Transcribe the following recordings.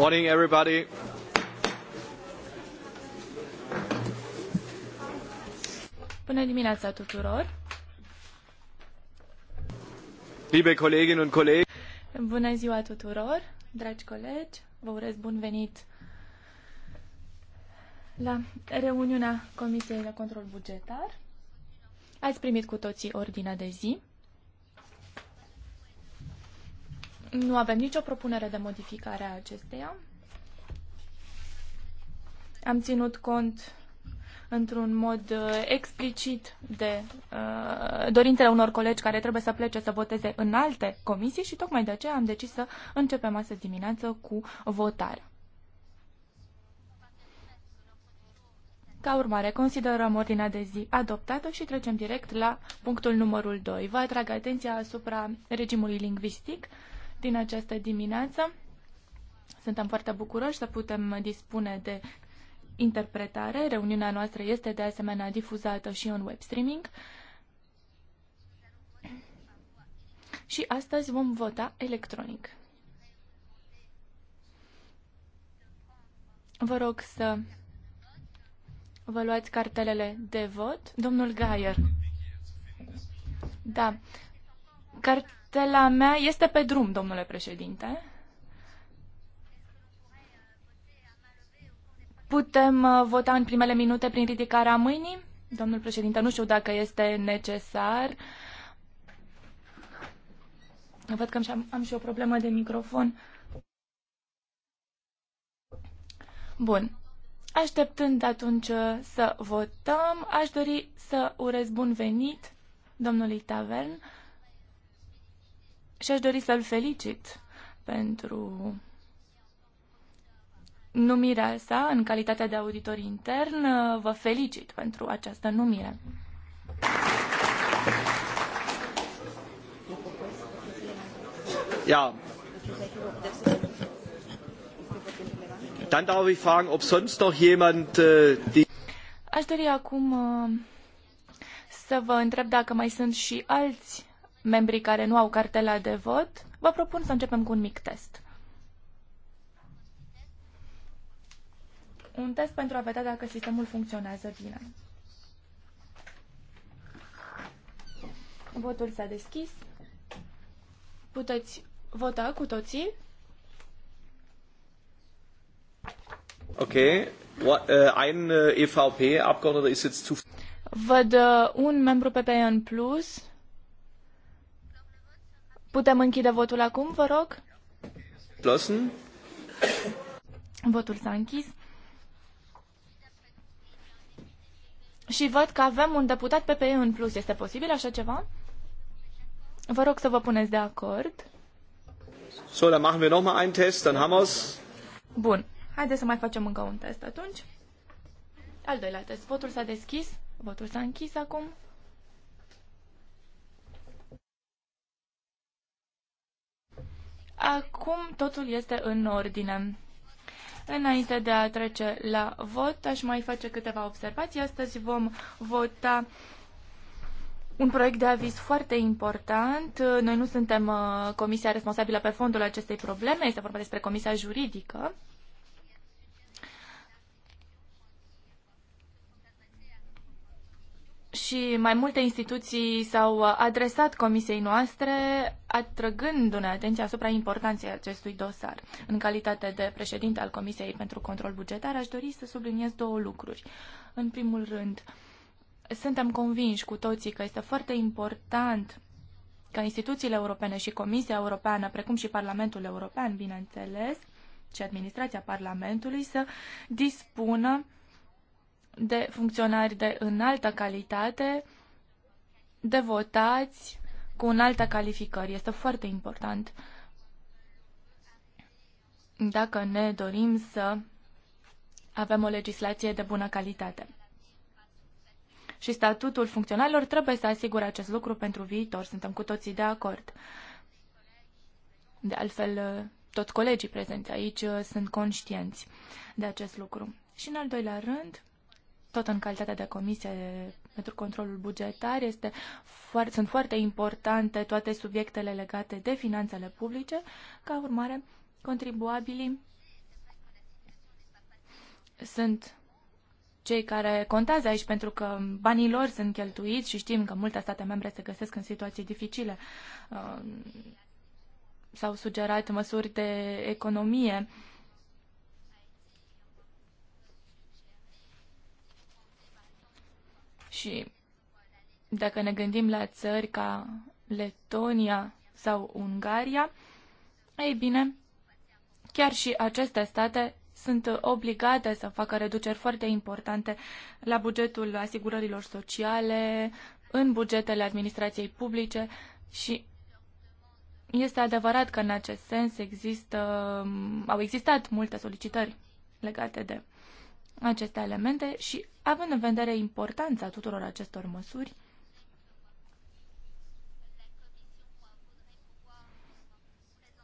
Morning, everybody. Bună dimineața tuturor. Liebe Kolleginnen und Kollegen. Bună ziua tuturor, dragi colegi. Vă urez bun venit la reuniunea Comisiei de Control Bugetar. Ați primit cu toții ordinea de zi. Nu avem nicio propunere de modificare a acesteia. Am ținut cont într-un mod uh, explicit de uh, dorintele unor colegi care trebuie să plece să voteze în alte comisii și tocmai de aceea am decis să începem astăzi dimineață cu votarea. Ca urmare, considerăm ordinea de zi adoptată și trecem direct la punctul numărul 2. Vă atrag atenția asupra regimului lingvistic din această dimineață. Suntem foarte bucuroși să putem dispune de interpretare. Reuniunea noastră este de asemenea difuzată și în web streaming. Și astăzi vom vota electronic. Vă rog să vă luați cartelele de vot. Domnul Gaier. Da. Cart Stela mea este pe drum, domnule președinte. Putem uh, vota în primele minute prin ridicarea mâinii? Domnul președinte, nu știu dacă este necesar. Văd că am, am și o problemă de microfon. Bun. Așteptând atunci uh, să votăm, aș dori să urez bun venit domnului Tavern și aș dori să-l felicit pentru numirea sa în calitate de auditor intern. Vă felicit pentru această numire. Ja. Dann darf ich fragen, ob sonst noch jemand äh, die Aș dori acum uh, să vă întreb dacă mai sunt și alți membrii care nu au cartela de vot, vă propun să începem cu un mic test. Un test pentru a vedea dacă sistemul funcționează bine. Votul s-a deschis. Puteți vota cu toții. Ok. What, uh, ein uh, EVP-Abgeordneter ist jetzt zu... Văd uh, un membru PPE în plus. Putem închide votul acum, vă rog? Schlossen. Votul s-a închis. Și văd că avem un deputat PPE în plus. Este posibil așa ceva? Vă rog să vă puneți de acord. So, dann machen wir mal einen Test, dann haben wir's. Bun. Haideți să mai facem încă un test atunci. Al doilea test. Votul s-a deschis. Votul s-a închis acum. Acum totul este în ordine. Înainte de a trece la vot, aș mai face câteva observații. Astăzi vom vota un proiect de aviz foarte important. Noi nu suntem uh, comisia responsabilă pe fondul acestei probleme, este vorba despre comisia juridică. și mai multe instituții s-au uh, adresat comisiei noastre, atrăgându-ne atenția asupra importanței acestui dosar. În calitate de președinte al Comisiei pentru Control Bugetar, aș dori să subliniez două lucruri. În primul rând, suntem convinși cu toții că este foarte important ca instituțiile europene și Comisia Europeană, precum și Parlamentul European, bineînțeles, și administrația Parlamentului, să dispună de funcționari de înaltă calitate, devotați, cu înaltă calificări. Este foarte important. Dacă ne dorim să avem o legislație de bună calitate. Și statutul funcționarilor trebuie să asigure acest lucru pentru viitor. Suntem cu toții de acord. De altfel, toți colegii prezenți aici sunt conștienți de acest lucru. Și în al doilea rând, tot în calitatea de comisie pentru controlul bugetar, este foarte, sunt foarte importante toate subiectele legate de finanțele publice. Ca urmare, contribuabilii sunt cei care contează aici pentru că banii lor sunt cheltuiți și știm că multe state membre se găsesc în situații dificile. Uh, s-au sugerat măsuri de economie Și dacă ne gândim la țări ca Letonia sau Ungaria, ei bine, chiar și aceste state sunt obligate să facă reduceri foarte importante la bugetul asigurărilor sociale, în bugetele administrației publice și este adevărat că în acest sens există, au existat multe solicitări legate de aceste elemente și, având în vedere importanța tuturor acestor măsuri,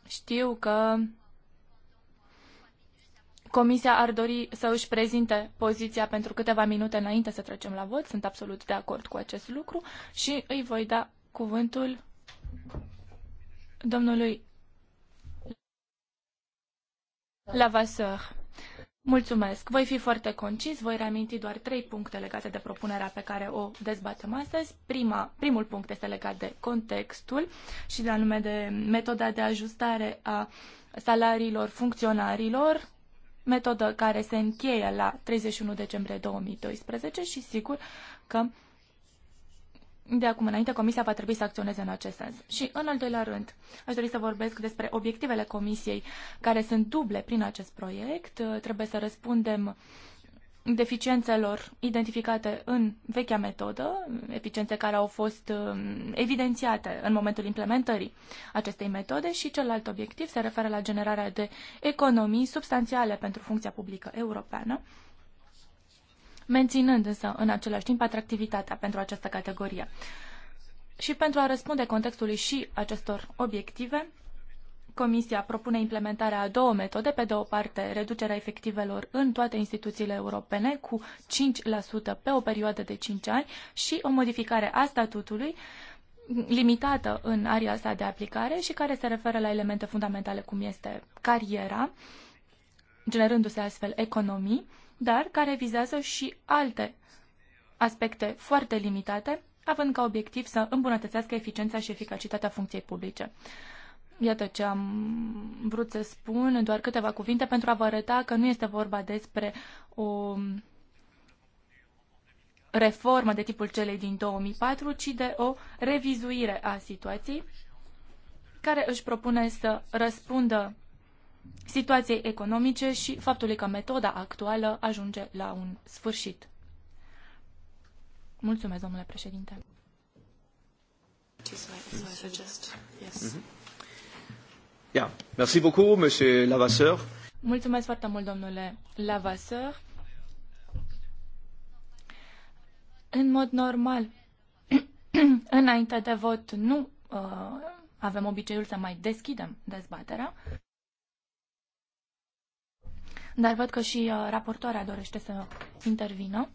știu că Comisia ar dori să își prezinte poziția pentru câteva minute înainte să trecem la vot. Sunt absolut de acord cu acest lucru și îi voi da cuvântul domnului Lavasseur. Mulțumesc. Voi fi foarte concis, voi reaminti doar trei puncte legate de propunerea pe care o dezbatem astăzi. Prima, primul punct este legat de contextul și de anume de metoda de ajustare a salariilor funcționarilor, metodă care se încheie la 31 decembrie 2012 și sigur că de acum înainte, Comisia va trebui să acționeze în acest sens. Și, în al doilea rând, aș dori să vorbesc despre obiectivele Comisiei, care sunt duble prin acest proiect. Trebuie să răspundem deficiențelor identificate în vechea metodă, eficiențe care au fost um, evidențiate în momentul implementării acestei metode și celălalt obiectiv se referă la generarea de economii substanțiale pentru funcția publică europeană, menținând însă în același timp atractivitatea pentru această categorie. Și pentru a răspunde contextului și acestor obiective, Comisia propune implementarea a două metode, pe de o parte reducerea efectivelor în toate instituțiile europene cu 5% pe o perioadă de 5 ani și o modificare a statutului limitată în area sa de aplicare și care se referă la elemente fundamentale cum este cariera, generându-se astfel economii, dar care vizează și alte aspecte foarte limitate, având ca obiectiv să îmbunătățească eficiența și eficacitatea funcției publice. Iată ce am vrut să spun, doar câteva cuvinte pentru a vă arăta că nu este vorba despre o reformă de tipul celei din 2004, ci de o revizuire a situației care își propune să răspundă situației economice și faptului că metoda actuală ajunge la un sfârșit. Mulțumesc, domnule președinte. Mulțumesc foarte mult, domnule Lavasseur. În mod normal, înainte de vot, nu uh, avem obiceiul să mai deschidem dezbaterea dar văd că și uh, raportoarea dorește să intervină.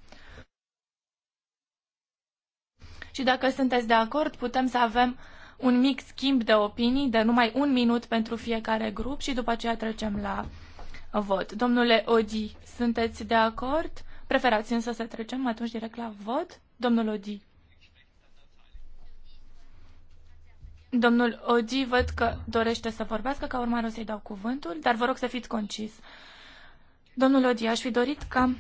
Și dacă sunteți de acord, putem să avem un mic schimb de opinii de numai un minut pentru fiecare grup și după aceea trecem la vot. Domnule Odi, sunteți de acord? Preferați însă să trecem atunci direct la vot? Domnul Odi. Domnul Odi, văd că dorește să vorbească, ca urmare o să-i dau cuvântul, dar vă rog să fiți concis. Domnul Odi, aș fi dorit ca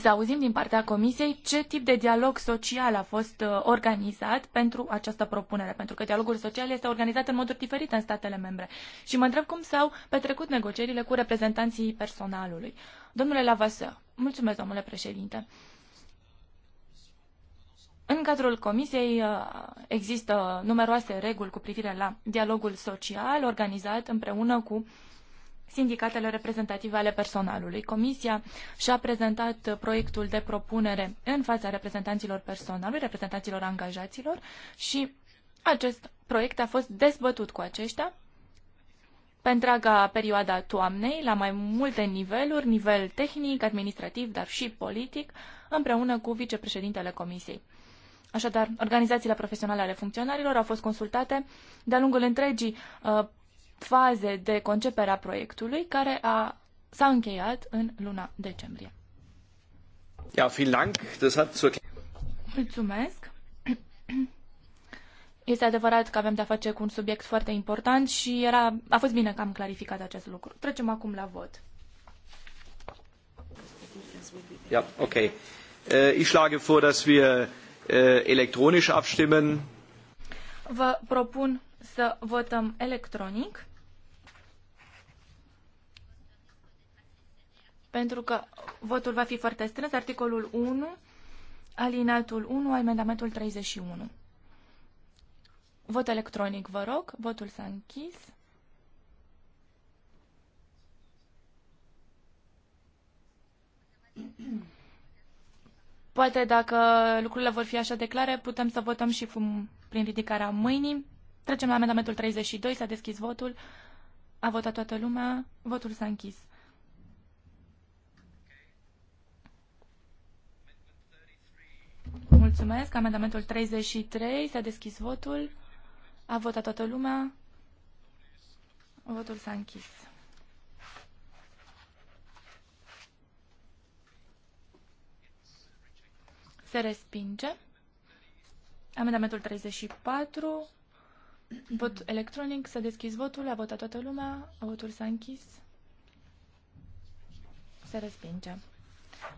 să auzim din partea Comisiei ce tip de dialog social a fost uh, organizat pentru această propunere, pentru că dialogul social este organizat în moduri diferite în statele membre. Și mă întreb cum s-au petrecut negocierile cu reprezentanții personalului. Domnule Lavasă, mulțumesc, domnule președinte. În cadrul comisiei uh, există numeroase reguli cu privire la dialogul social organizat împreună cu sindicatele reprezentative ale personalului. Comisia și-a prezentat proiectul de propunere în fața reprezentanților personalului, reprezentanților angajaților și acest proiect a fost dezbătut cu aceștia pe întreaga perioada toamnei, la mai multe niveluri, nivel tehnic, administrativ, dar și politic, împreună cu vicepreședintele Comisiei. Așadar, organizațiile profesionale ale funcționarilor au fost consultate de-a lungul întregii uh, faze de concepere a proiectului care a, s-a încheiat în luna decembrie. Ja, vielen Dank. Das hat zur... Mulțumesc. Este adevărat că avem de-a face cu un subiect foarte important și era, a fost bine că am clarificat acest lucru. Trecem acum la vot. Ja, ok. Äh, ich schlage vor, dass wir äh, elektronisch abstimmen. Vă propun să votăm electronic. pentru că votul va fi foarte strâns, articolul 1, alinatul 1, amendamentul 31. Vot electronic, vă rog. Votul s-a închis. Poate dacă lucrurile vor fi așa de clare, putem să votăm și fum prin ridicarea mâinii. Trecem la amendamentul 32, s-a deschis votul. A votat toată lumea, votul s-a închis. Mulțumesc. Amendamentul 33. S-a deschis votul. A votat toată lumea. Votul s-a închis. Se respinge. Amendamentul 34. Vot electronic. S-a deschis votul. A votat toată lumea. Votul s-a închis. Se respinge.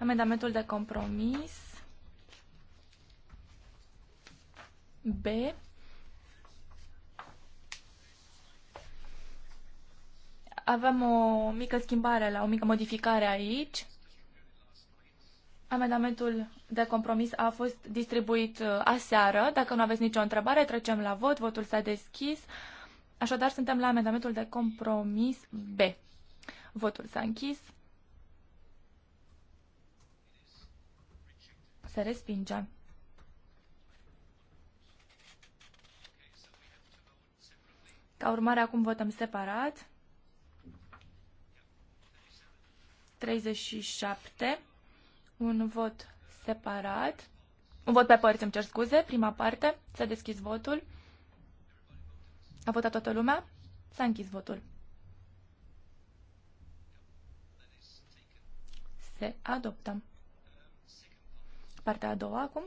Amendamentul de compromis B. Avem o mică schimbare, la o mică modificare aici. Amendamentul de compromis a fost distribuit uh, aseară. Dacă nu aveți nicio întrebare, trecem la vot. Votul s-a deschis. Așadar, suntem la amendamentul de compromis B. Votul s-a închis. Se respinge. Ca urmare, acum votăm separat. 37. Un vot separat. Un vot pe părți, îmi cer scuze. Prima parte. S-a deschis votul. A votat toată lumea? S-a închis votul. Se adoptă. Partea a doua acum.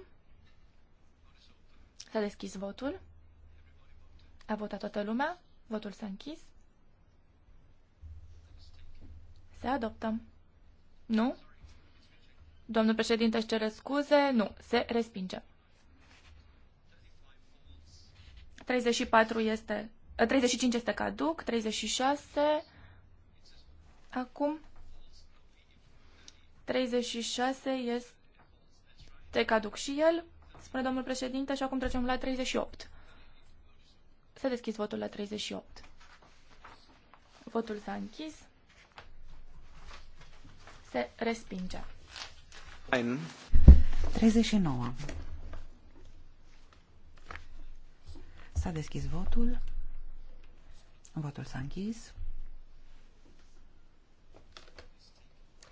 S-a deschis votul. A votat toată lumea? Votul s-a închis? Se adoptă. Nu? Domnul președinte își cere scuze? Nu. Se respinge. 34 este... 35 este caduc, 36... Acum... 36 este caduc și el, spune domnul președinte, și acum trecem la 38. S-a deschis votul la 38. Votul s-a închis. Se respinge. 39. S-a deschis votul. Votul s-a închis.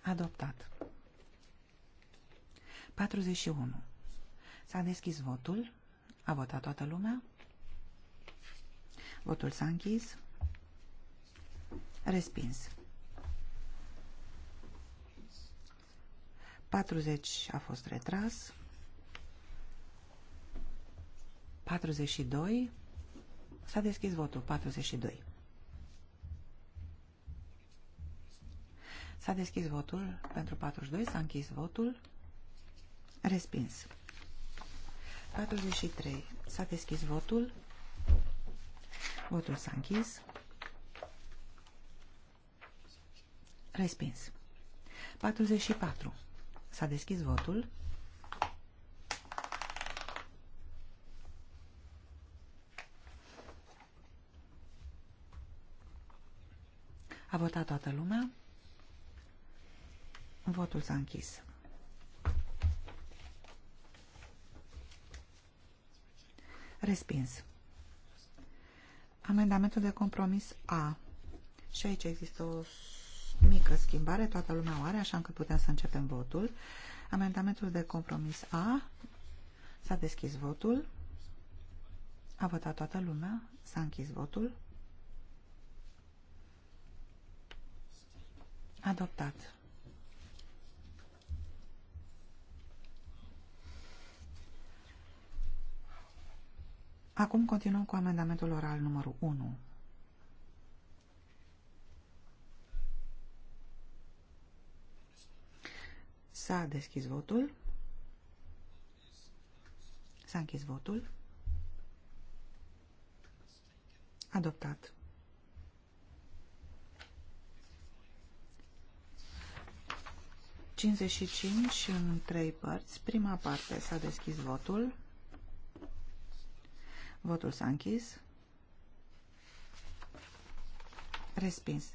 Adoptat. 41. S-a deschis votul. A votat toată lumea. Votul s-a închis. Respins. 40 a fost retras. 42. S-a deschis votul. 42. S-a deschis votul pentru 42. S-a închis votul. Respins. 43. S-a deschis votul. Votul s-a închis. Respins. 44. S-a deschis votul. A votat toată lumea. Votul s-a închis. Respins. Amendamentul de compromis A. Și aici există o mică schimbare, toată lumea o are, așa încât putem să începem votul. Amendamentul de compromis A. S-a deschis votul. A votat toată lumea. S-a închis votul. Adoptat. Acum continuăm cu amendamentul oral numărul 1. S-a deschis votul. S-a închis votul. Adoptat. Cincizeci și cinci în trei părți. Prima parte s-a deschis votul. Votul s-a închis. Respins.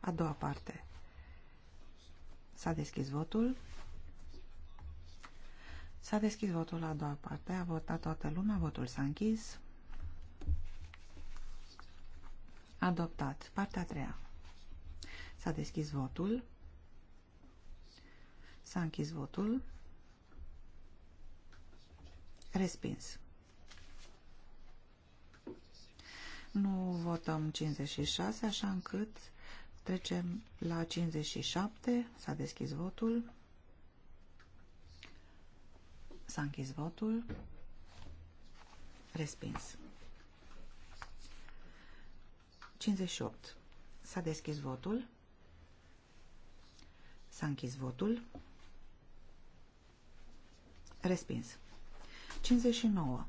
A doua parte. S-a deschis votul. S-a deschis votul la a doua parte. A votat toată lumea. Votul s-a închis. Adoptat. Partea a treia. S-a deschis votul. S-a închis votul. Respins. Nu votăm 56, așa încât trecem la 57. S-a deschis votul. S-a închis votul. Respins. 58. S-a deschis votul. S-a închis votul. Respins. 59.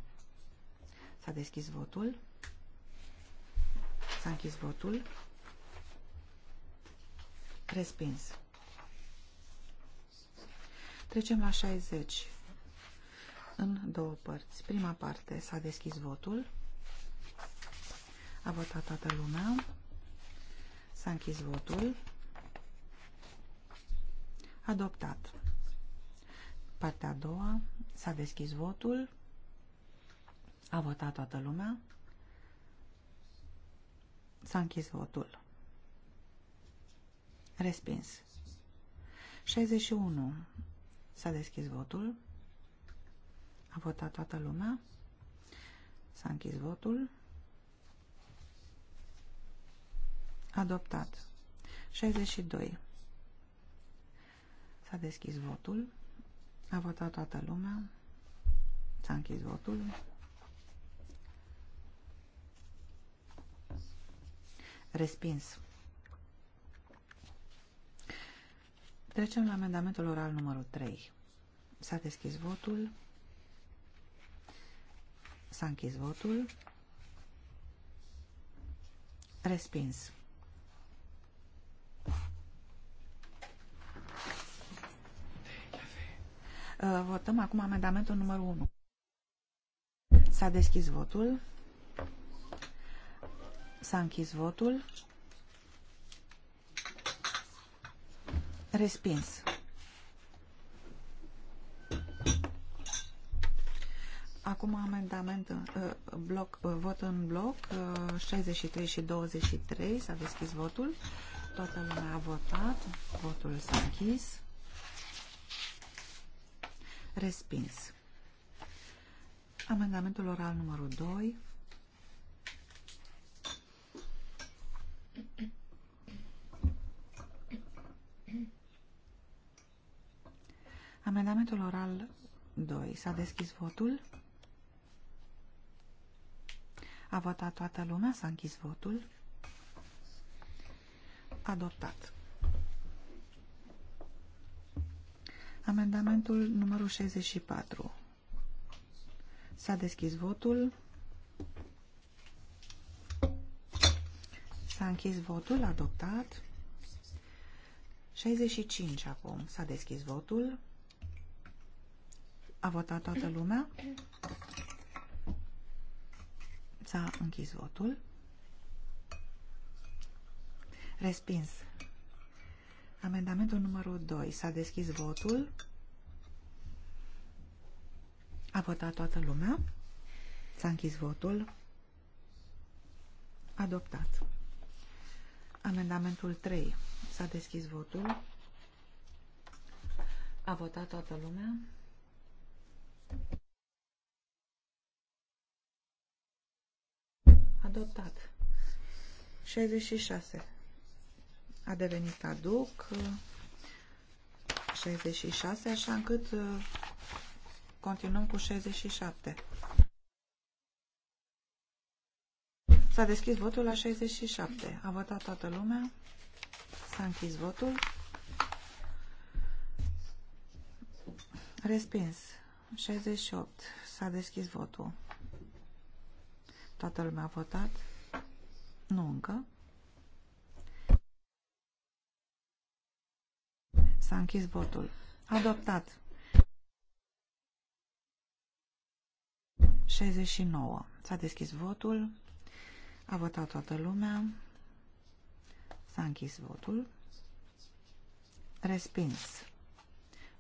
S-a deschis votul. S-a închis votul. Respins. Trecem la 60. În două părți. Prima parte s-a deschis votul. A votat toată lumea. S-a închis votul. Adoptat. Partea a doua s-a deschis votul. A votat toată lumea. S-a închis votul. Respins. 61. S-a deschis votul. A votat toată lumea. S-a închis votul. Adoptat. 62. S-a deschis votul. A votat toată lumea. S-a închis votul. Respins. Trecem la amendamentul oral numărul 3. S-a deschis votul. S-a închis votul. Respins. Uh, votăm acum amendamentul numărul 1. S-a deschis votul. S-a închis votul. Respins. Acum amendament, uh, bloc, uh, vot în bloc, 63 uh, și 23, s-a deschis votul. Toată lumea a votat, votul s-a închis. Respins. Amendamentul oral numărul 2. Amendamentul oral 2. S-a deschis votul. A votat toată lumea, s-a închis votul. Adoptat. Amendamentul numărul 64. S-a deschis votul. S-a închis votul, adoptat. 65 acum. S-a deschis votul. A votat toată lumea. S-a închis votul. Respins. Amendamentul numărul 2. S-a deschis votul. A votat toată lumea. S-a închis votul. Adoptat. Amendamentul 3. S-a deschis votul. A votat toată lumea. Adoptat. 66. A devenit aduc. 66, așa încât uh, continuăm cu 67. S-a deschis votul la 67. A votat toată lumea. S-a închis votul. Respins. 68. S-a deschis votul. Toată lumea a votat. Nu încă. S-a închis votul. Adoptat. 69. S-a deschis votul. A votat toată lumea. S-a închis votul. Respins.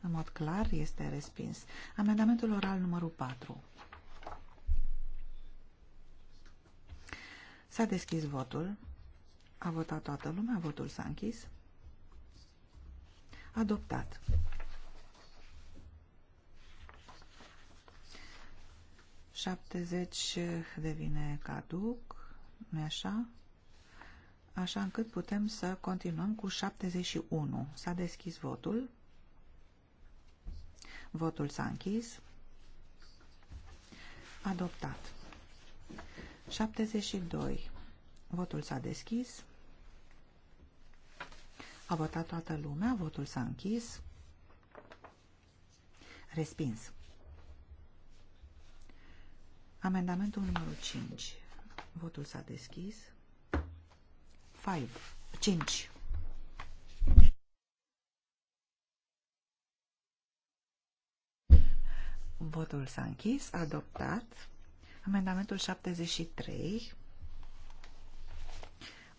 În mod clar este respins. Amendamentul oral numărul 4. S-a deschis votul. A votat toată lumea. Votul s-a închis. Adoptat. Șaptezeci devine caduc nu așa? Așa încât putem să continuăm cu 71. S-a deschis votul. Votul s-a închis. Adoptat. 72. Votul s-a deschis. A votat toată lumea, votul s-a închis. Respins. Amendamentul numărul 5. Votul s-a deschis. 5. 5. Votul s-a închis. Adoptat. Amendamentul 73.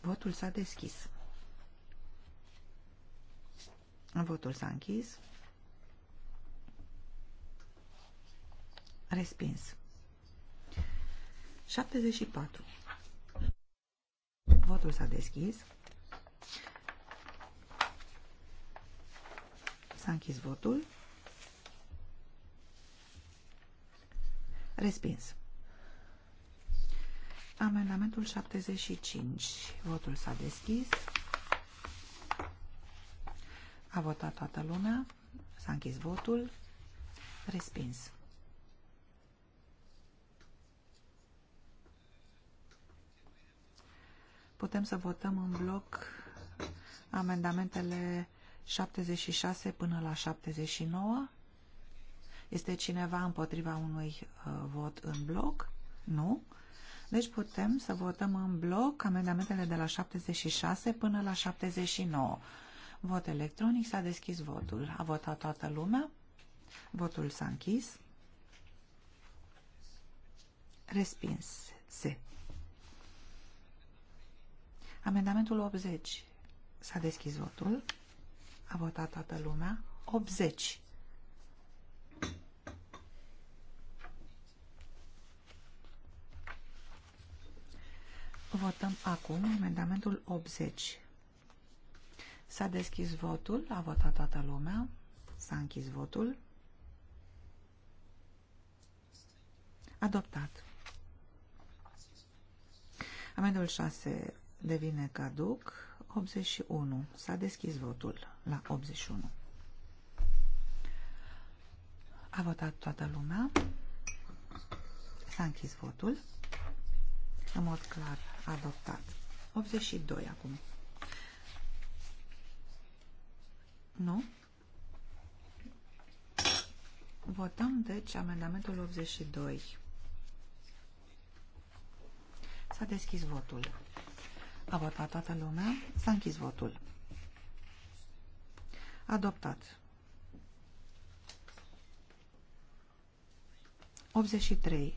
Votul s-a deschis. Votul s-a închis. Respins. 74. Votul s-a deschis. S-a închis votul. Respins. Amendamentul 75. Votul s-a deschis. A votat toată lumea. S-a închis votul. Respins. Putem să votăm în bloc amendamentele 76 până la 79. Este cineva împotriva unui uh, vot în bloc? Nu. Deci putem să votăm în bloc amendamentele de la 76 până la 79. Vot electronic, s-a deschis votul. A votat toată lumea. Votul s-a închis. Respins. Se. Amendamentul 80. S-a deschis votul. A votat toată lumea. 80. Votăm acum amendamentul 80. S-a deschis votul, a votat toată lumea, s-a închis votul. Adoptat. Amendul 6 devine caduc. 81. S-a deschis votul la 81. A votat toată lumea. S-a închis votul. În mod clar adoptat. 82 acum. Nu? Votăm, deci, amendamentul 82. S-a deschis votul. A votat toată lumea. S-a închis votul. Adoptat. 83.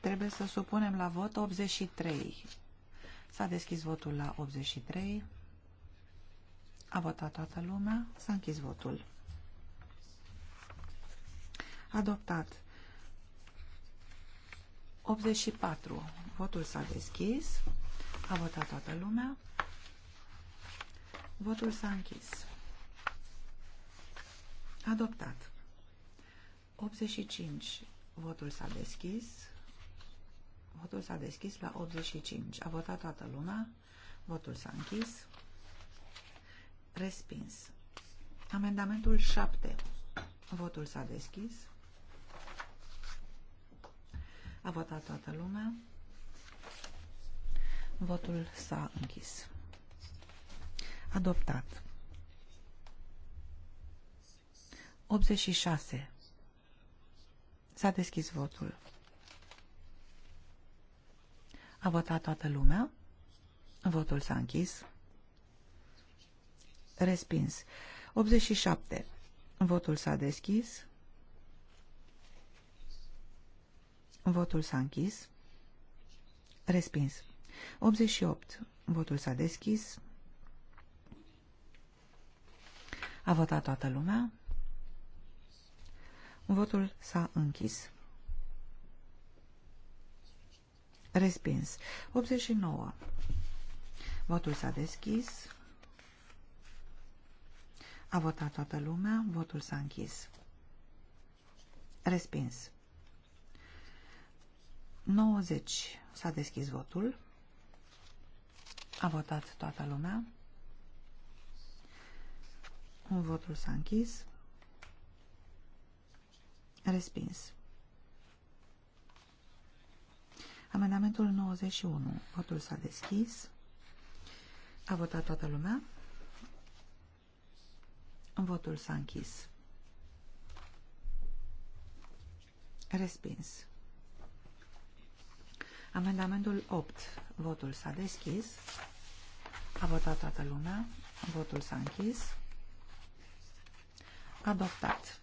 Trebuie să supunem la vot 83. S-a deschis votul la 83. A votat toată lumea. S-a închis votul. Adoptat. 84. Votul s-a deschis. A votat toată lumea. Votul s-a închis. Adoptat. 85. Votul s-a deschis. Votul s-a deschis la 85. A votat toată lumea. Votul s-a închis. Respins. Amendamentul 7. Votul s-a deschis. A votat toată lumea. Votul s-a închis. Adoptat. 86. S-a deschis votul. A votat toată lumea. Votul s-a închis. Respins. 87. Votul s-a deschis. Votul s-a închis. Respins. 88. Votul s-a deschis. A votat toată lumea. Votul s-a închis. Respins. 89. Votul s-a deschis. A votat toată lumea. Votul s-a închis. Respins. 90. S-a deschis votul. A votat toată lumea. un Votul s-a închis. Respins. Amendamentul 91. Votul s-a deschis. A votat toată lumea. Votul s-a închis. Respins. Amendamentul 8. Votul s-a deschis. A votat toată lumea. Votul s-a închis. Adoptat.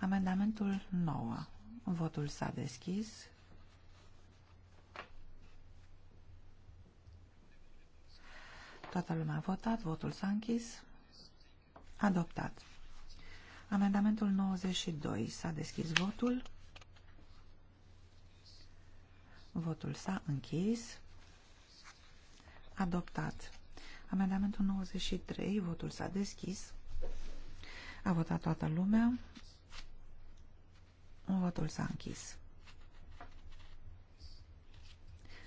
Amendamentul 9. Votul s-a deschis. Toată lumea a votat, votul s-a închis. Adoptat. Amendamentul 92. S-a deschis votul. Votul s-a închis. Adoptat. Amendamentul 93, votul s-a deschis. A votat toată lumea. Votul s-a închis.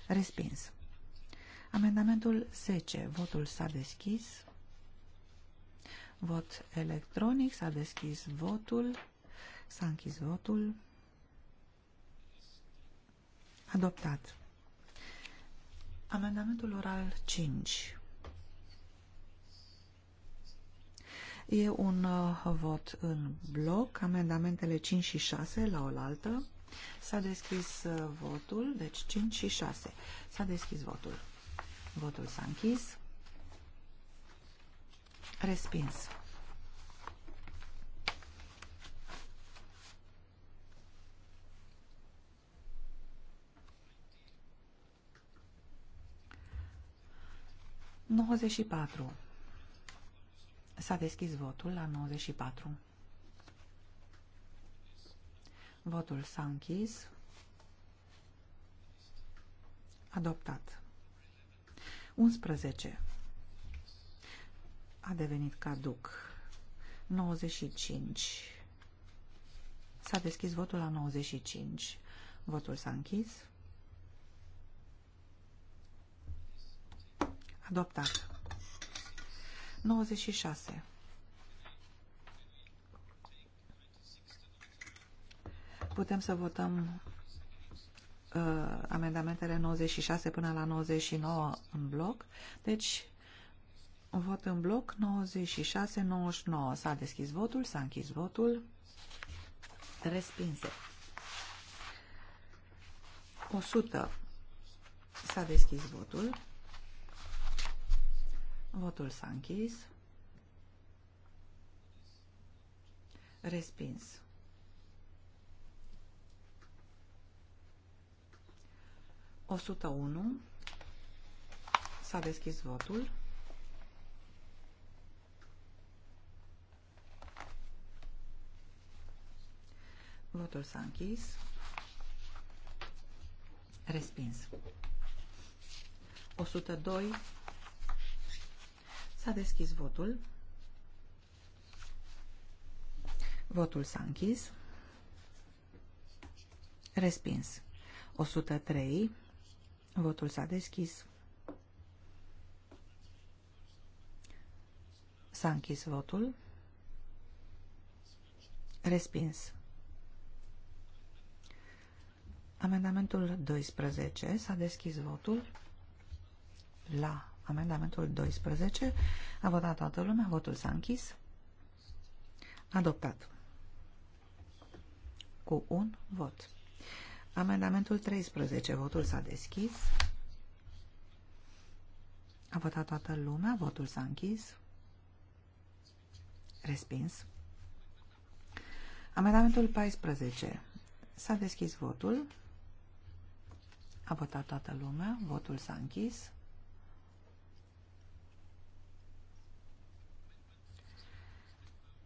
Respins. Amendamentul 10, votul s-a deschis. Vot electronic, s-a deschis votul, s-a închis votul. Adoptat. Amendamentul oral 5. E un uh, vot în bloc, amendamentele 5 și 6 la oaltă. S-a deschis uh, votul, deci 5 și 6. S-a deschis votul. Votul s-a închis. Respins. 94. S-a deschis votul la 94. Votul s-a închis. Adoptat. 11. A devenit caduc. 95. S-a deschis votul la 95. Votul s-a închis. Adoptat. 96. Putem să votăm uh, amendamentele 96 până la 99 în bloc. Deci, vot în bloc 96-99. S-a deschis votul, s-a închis votul. Respinse. 100. S-a deschis votul. Votul s-a închis. Respins. O sută unu. S-a deschis votul. Votul s-a închis. Respins. 102 S-a deschis votul. Votul s-a închis. Respins. 103. Votul s-a deschis. S-a închis votul. Respins. Amendamentul 12. S-a deschis votul la Amendamentul 12. A votat toată lumea. Votul s-a închis. Adoptat. Cu un vot. Amendamentul 13. Votul s-a deschis. A votat toată lumea. Votul s-a închis. Respins. Amendamentul 14. S-a deschis votul. A votat toată lumea. Votul s-a închis.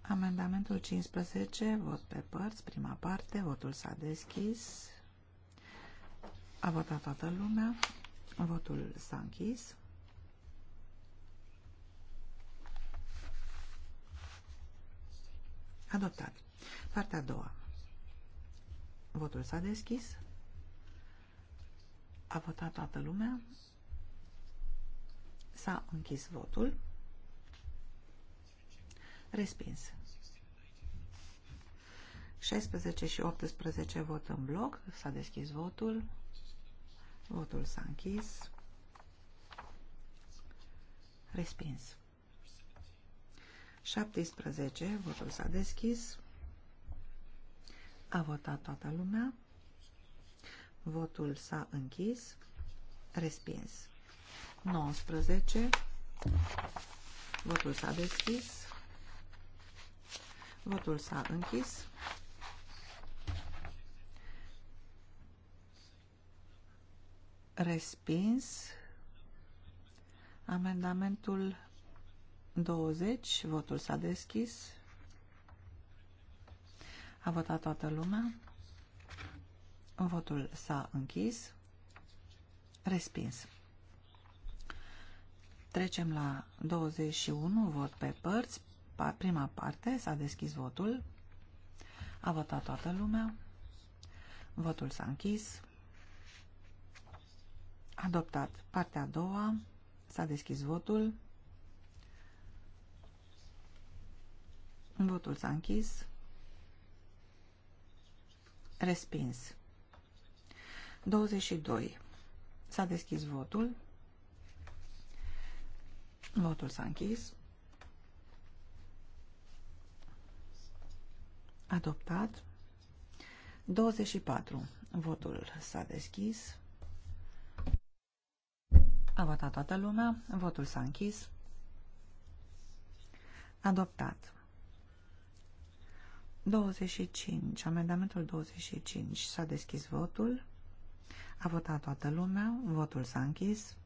Amendamentul 15, vot pe părți, prima parte, votul s-a deschis, a votat toată lumea, votul s-a închis. Adoptat. Partea a doua. Votul s-a deschis. A votat toată lumea. S-a închis votul. Respins. 16 și 18 vot în bloc. S-a deschis votul. Votul s-a închis. Respins. 17. Votul s-a deschis. A votat toată lumea. Votul s-a închis. Respins. 19. Votul s-a deschis. Votul s-a închis. Respins. Amendamentul 20. Votul s-a deschis. A votat toată lumea. Votul s-a închis. Respins. Trecem la 21, vot pe părți prima parte, s-a deschis votul, a votat toată lumea, votul s-a închis, adoptat partea a doua, s-a deschis votul, votul s-a închis, respins. 22. S-a deschis votul. Votul s-a închis. Adoptat. 24. Votul s-a deschis. A votat toată lumea. Votul s-a închis. Adoptat. 25. Amendamentul 25. S-a deschis votul. A votat toată lumea. Votul s-a închis.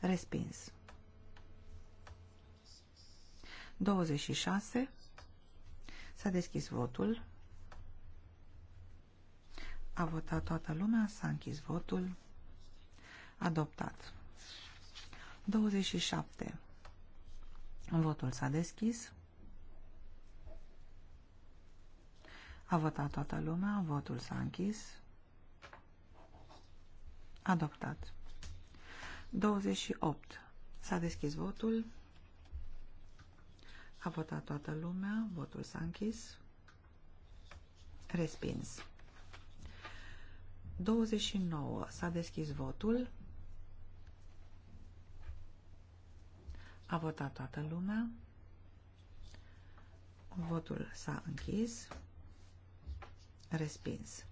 Respins. 26. S-a deschis votul. A votat toată lumea, s-a închis votul. Adoptat. 27. Votul s-a deschis. A votat toată lumea, votul s-a închis. Adoptat. 28. S-a deschis votul. A votat toată lumea, votul s-a închis. Respins. 29. S-a deschis votul. A votat toată lumea. Votul s-a închis. Respins.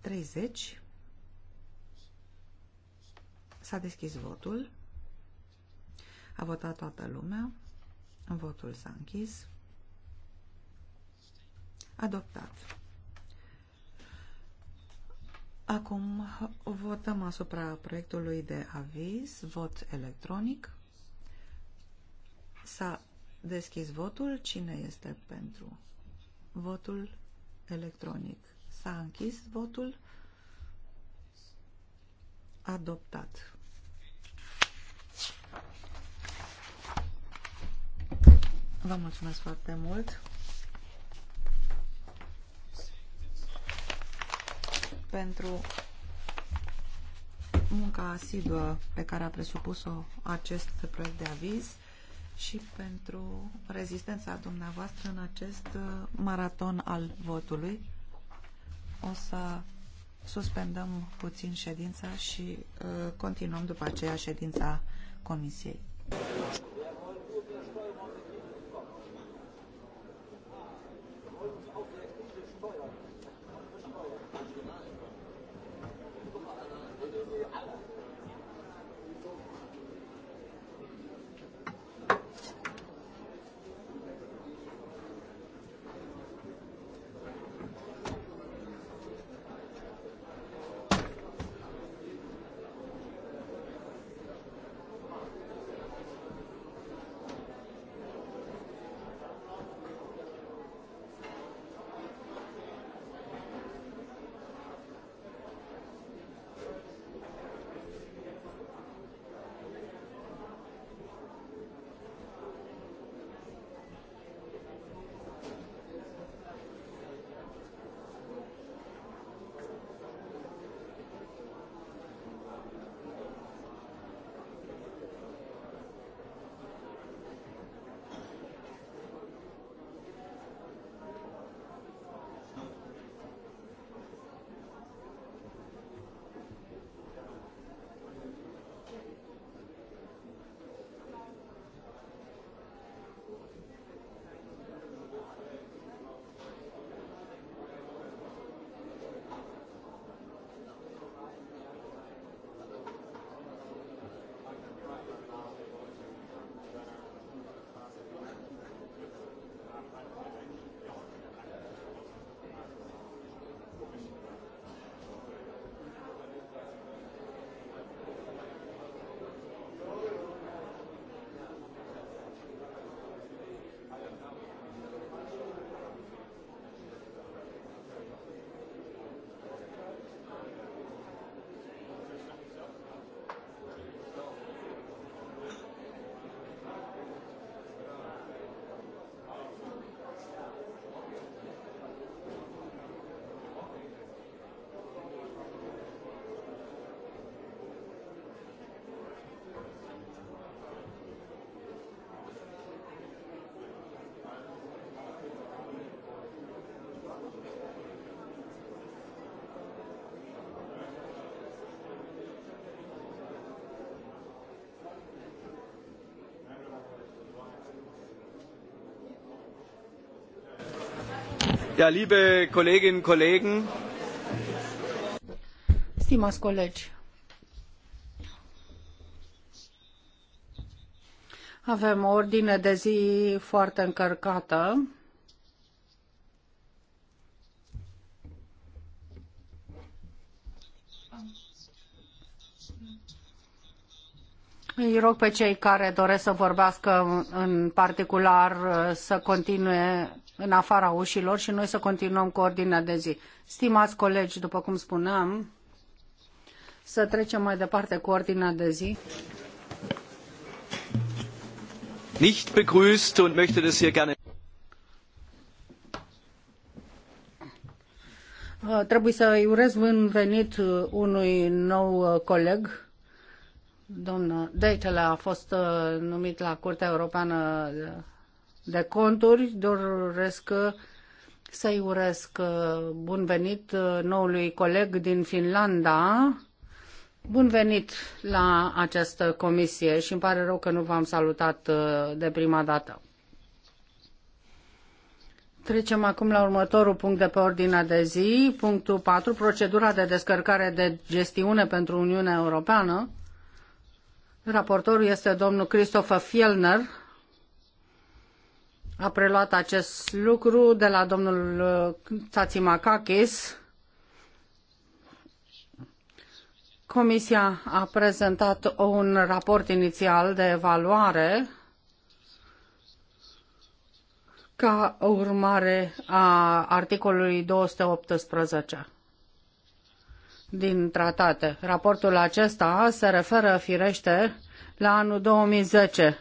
30. S-a deschis votul. A votat toată lumea. Votul s-a închis. Adoptat. Acum votăm asupra proiectului de aviz, vot electronic. S-a deschis votul. Cine este pentru? Votul electronic. S-a închis votul. Adoptat. Vă mulțumesc foarte mult pentru munca asiduă pe care a presupus-o acest proiect de aviz și pentru rezistența dumneavoastră în acest uh, maraton al votului. O să suspendăm puțin ședința și uh, continuăm după aceea ședința Comisiei. Ja, liebe Kolleginnen und Kollegen. Stimați colegi, avem o ordine de zi foarte încărcată. Îi rog pe cei care doresc să vorbească în particular să continue în afara ușilor și noi să continuăm cu ordinea de zi. Stimați colegi, după cum spuneam, să trecem mai departe cu ordinea de zi. Nicht begrüßt und möchte das hier gerne uh, Trebuie să îi urez bun venit uh, unui nou uh, coleg. Domnul Deitele a fost numit la Curtea Europeană de conturi, doresc să-i uresc uh, bun venit uh, noului coleg din Finlanda. Bun venit la această comisie și îmi pare rău că nu v-am salutat uh, de prima dată. Trecem acum la următorul punct de pe ordinea de zi, punctul 4, procedura de descărcare de gestiune pentru Uniunea Europeană. Raportorul este domnul Christopher Fielner, a preluat acest lucru de la domnul uh, Tsatsimakakis. Comisia a prezentat un raport inițial de evaluare ca urmare a articolului 218 din tratate. Raportul acesta se referă, firește, la anul 2010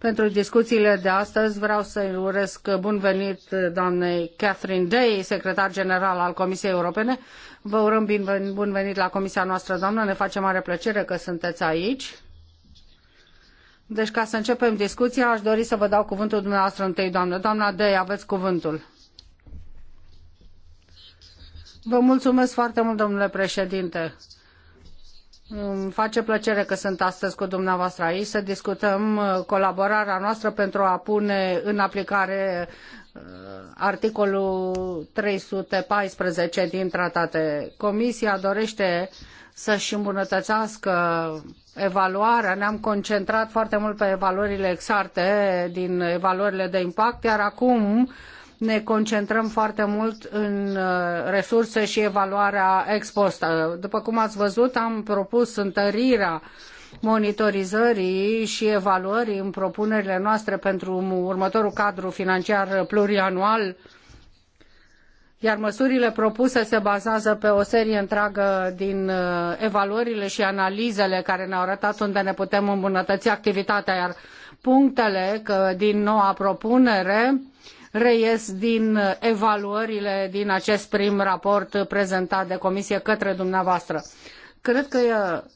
pentru discuțiile de astăzi vreau să-i urez bun venit doamnei Catherine Day, secretar general al Comisiei Europene. Vă urăm bun venit la comisia noastră, doamnă. Ne face mare plăcere că sunteți aici. Deci, ca să începem discuția, aș dori să vă dau cuvântul dumneavoastră întâi, doamnă. Doamna Day, aveți cuvântul. Vă mulțumesc foarte mult, domnule președinte. Îmi face plăcere că sunt astăzi cu dumneavoastră aici să discutăm uh, colaborarea noastră pentru a pune în aplicare uh, articolul 314 din tratate. Comisia dorește să-și îmbunătățească evaluarea. Ne-am concentrat foarte mult pe evaluările exarte din evaluările de impact, iar acum uh, ne concentrăm foarte mult în uh, resurse și evaluarea ex post. Uh, după cum ați văzut, am propus întărirea monitorizării și evaluării în propunerile noastre pentru următorul cadru financiar plurianual iar măsurile propuse se bazează pe o serie întreagă din uh, evaluările și analizele care ne-au arătat unde ne putem îmbunătăți activitatea, iar punctele din noua propunere uh, reies din evaluările din acest prim raport prezentat de comisie către dumneavoastră. Cred că uh,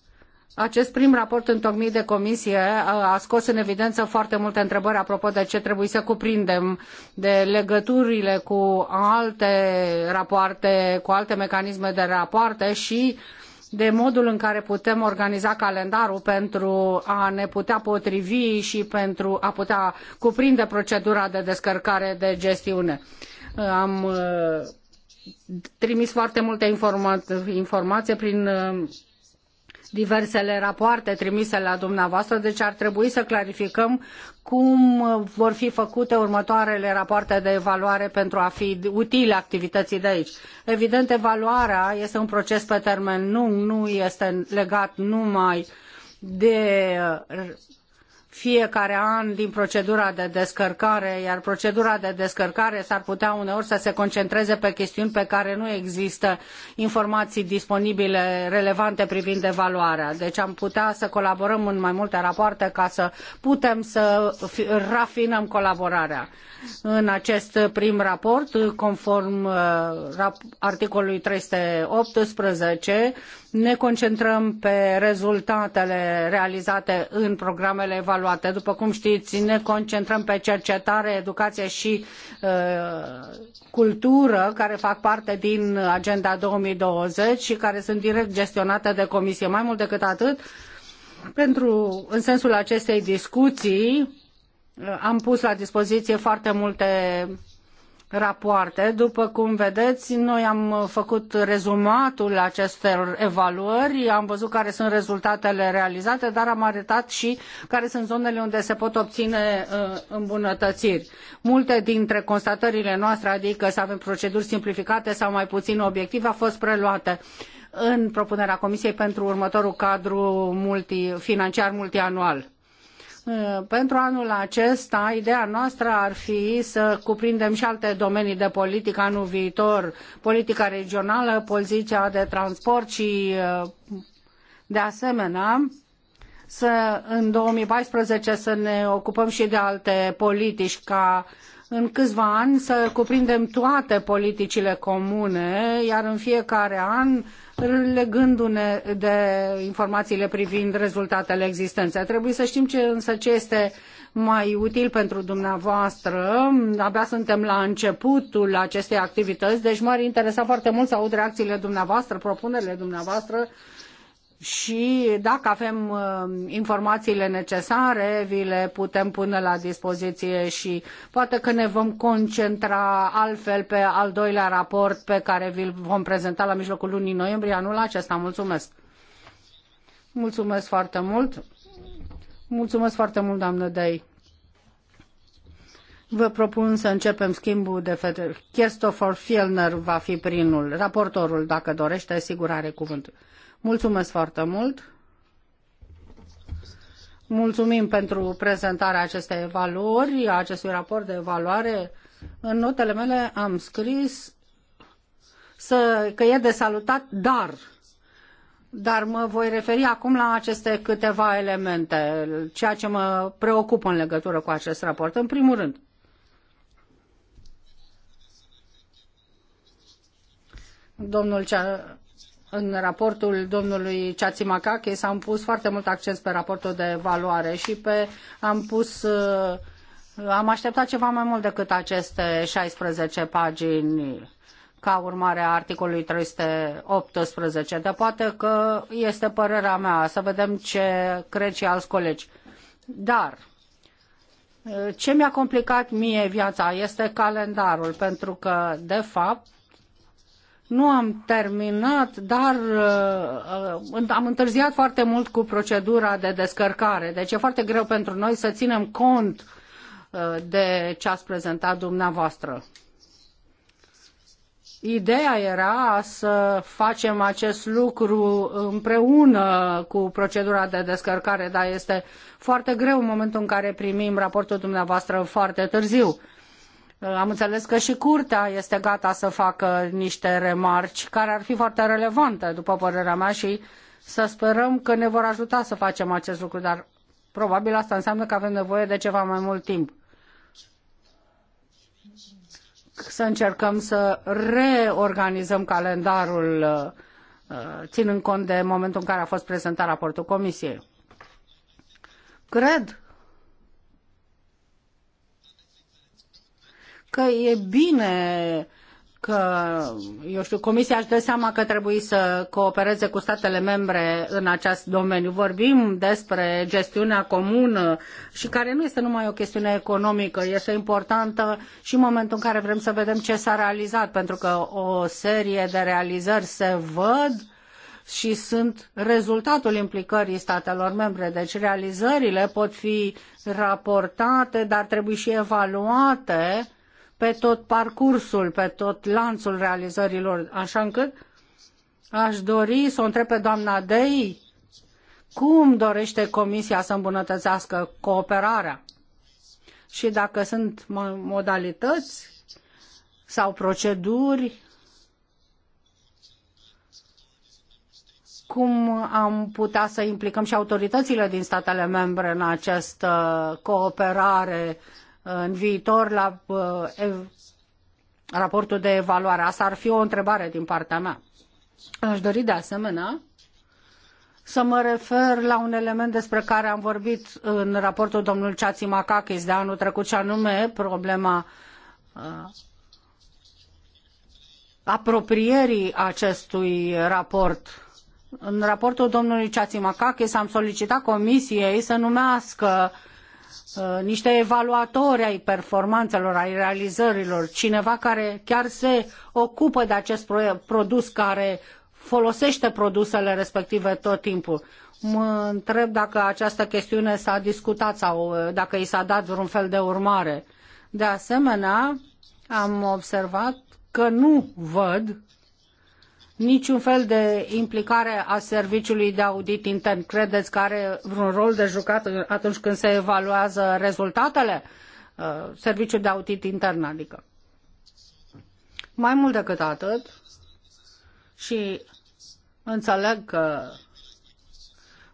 acest prim raport întocmit de comisie uh, a scos în evidență foarte multe întrebări apropo de ce trebuie să cuprindem, de legăturile cu alte rapoarte, cu alte mecanisme de rapoarte și uh, de modul în care putem organiza calendarul pentru a ne putea potrivi și pentru a putea cuprinde procedura de descărcare de gestiune. Am uh, trimis foarte multe informa- informații prin uh, diversele rapoarte trimise la dumneavoastră, deci ar trebui să clarificăm cum vor fi făcute următoarele rapoarte de evaluare pentru a fi utile activității de aici. Evident, evaluarea este un proces pe termen lung, nu este legat numai de fiecare an din procedura de descărcare, iar procedura de descărcare s-ar putea uneori să se concentreze pe chestiuni pe care nu există informații disponibile relevante privind evaluarea. Deci am putea să colaborăm în mai multe rapoarte ca să putem să rafinăm colaborarea. În acest prim raport, conform uh, articolului 318, ne concentrăm pe rezultatele realizate în programele evaluate. După cum știți, ne concentrăm pe cercetare, educație și uh, cultură, care fac parte din Agenda 2020 și care sunt direct gestionate de Comisie. Mai mult decât atât, pentru, în sensul acestei discuții, uh, am pus la dispoziție foarte multe rapoarte. După cum vedeți, noi am făcut rezumatul acestor evaluări, am văzut care sunt rezultatele realizate, dar am arătat și care sunt zonele unde se pot obține uh, îmbunătățiri. Multe dintre constatările noastre, adică să avem proceduri simplificate sau mai puțin obiective, au fost preluate în propunerea Comisiei pentru următorul cadru multi, financiar multianual Eh, pentru anul acesta, ideea noastră ar fi să cuprindem și alte domenii de politică anul viitor, politica regională, poziția de transport și, eh, de asemenea, să în 2014 să ne ocupăm și de alte politici ca în câțiva ani să cuprindem toate politicile comune, iar în fiecare an legându-ne de informațiile privind rezultatele existenței. Trebuie să știm ce, însă ce este mai util pentru dumneavoastră. Abia suntem la începutul acestei activități, deci m-ar interesa foarte mult să aud reacțiile dumneavoastră, propunerile dumneavoastră și dacă avem uh, informațiile necesare, vi le putem pune la dispoziție și poate că ne vom concentra altfel pe al doilea raport pe care vi-l vom prezenta la mijlocul lunii noiembrie anul acesta. Mulțumesc! Mulțumesc foarte mult! Mulțumesc foarte mult, doamnă Dei! Vă propun să începem schimbul de fete. Christopher Fielner va fi primul, raportorul, dacă dorește, sigur are cuvântul. Mulțumesc foarte mult! Mulțumim pentru prezentarea acestei evaluări, a acestui raport de evaluare. În notele mele am scris să, că e de salutat, dar dar mă voi referi acum la aceste câteva elemente, ceea ce mă preocupă în legătură cu acest raport. În primul rând, domnul Cea în raportul domnului s a pus foarte mult accent pe raportul de valoare și pe am pus uh, am așteptat ceva mai mult decât aceste 16 pagini ca urmare a articolului 318, dar poate că este părerea mea, să vedem ce cred și alți colegi. Dar uh, ce mi-a complicat mie viața este calendarul, pentru că, de fapt, nu am terminat, dar uh, uh, am întârziat foarte mult cu procedura de descărcare, deci e foarte greu pentru noi să ținem cont uh, de ce ați prezentat dumneavoastră. Ideea era să facem acest lucru împreună cu procedura de descărcare, dar este foarte greu în momentul în care primim raportul dumneavoastră foarte târziu. Uh, am înțeles că și curtea este gata să facă niște remarci care ar fi foarte relevante, după părerea mea, și să sperăm că ne vor ajuta să facem acest lucru, dar probabil asta înseamnă că avem nevoie de ceva mai mult timp. Să încercăm să reorganizăm calendarul, uh, uh, ținând cont de momentul în care a fost prezentat raportul Comisiei. Cred că e bine că, eu știu, Comisia își dă seama că trebuie să coopereze cu statele membre în acest domeniu. Vorbim despre gestiunea comună și care nu este numai o chestiune economică, este importantă și în momentul în care vrem să vedem ce s-a realizat, pentru că o serie de realizări se văd și sunt rezultatul implicării statelor membre. Deci realizările pot fi raportate, dar trebuie și evaluate uh, pe tot parcursul, pe tot lanțul realizărilor, așa încât aș dori să o întreb pe doamna Dei cum dorește Comisia să îmbunătățească cooperarea și dacă sunt modalități sau proceduri cum am putea să implicăm și autoritățile din statele membre în această cooperare uh, în viitor la uh, raportul de evaluare. Asta ar fi o întrebare din partea mea. Aș dori de asemenea să mă refer la un element despre care am vorbit în raportul domnului Ceații Macachis de anul trecut, și anume problema uh, apropierii acestui raport. În raportul domnului Ceații Macachis am solicitat comisiei să numească uh, Uh, niște evaluatori ai performanțelor, ai realizărilor, cineva care chiar se ocupă de acest produs, care folosește produsele respective tot timpul. Mă întreb dacă această chestiune s-a discutat sau uh, dacă i s-a dat vreun fel de urmare. De asemenea, am observat că nu văd niciun fel de implicare a serviciului de audit intern. Credeți că are vreun rol de jucat atunci când se evaluează rezultatele? Uh, serviciul de audit intern, adică. Mai mult decât atât, și înțeleg că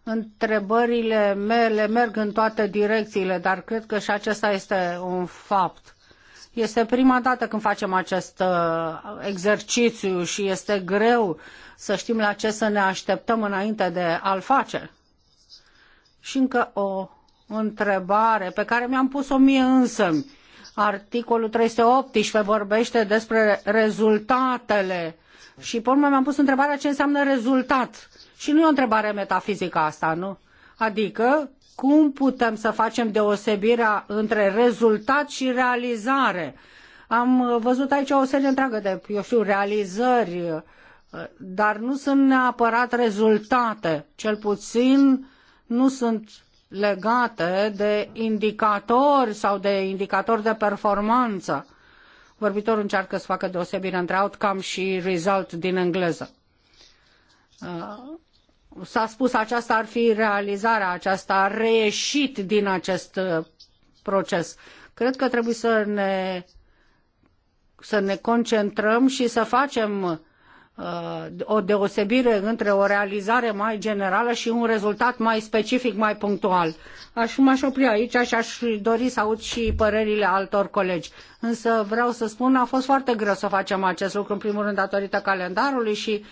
întrebările mele merg în toate direcțiile, dar cred că și acesta este un fapt este prima dată când facem acest uh, exercițiu și este greu să știm la ce să ne așteptăm înainte de a-l face. Și încă o întrebare pe care mi-am pus-o mie însă. Articolul 318 vorbește despre rezultatele și pe urmă mi-am pus întrebarea ce înseamnă rezultat. Și nu e o întrebare metafizică asta, nu? Adică cum putem să facem deosebirea între rezultat și realizare. Am uh, văzut aici o serie întreagă de, eu știu, realizări, uh, dar nu sunt neapărat rezultate, cel puțin nu sunt legate de indicatori sau de indicatori de performanță. Vorbitorul încearcă să facă deosebire între outcome și result din engleză. Uh, s-a spus aceasta ar fi realizarea, aceasta a reieșit din acest uh, proces. Cred că trebuie să ne, să ne concentrăm și să facem uh, o deosebire între o realizare mai generală și un rezultat mai specific, mai punctual. Aș m-aș opri aici și aș dori să aud și părerile altor colegi. Însă vreau să spun, a fost foarte greu să facem acest lucru, în primul rând datorită calendarului și uh,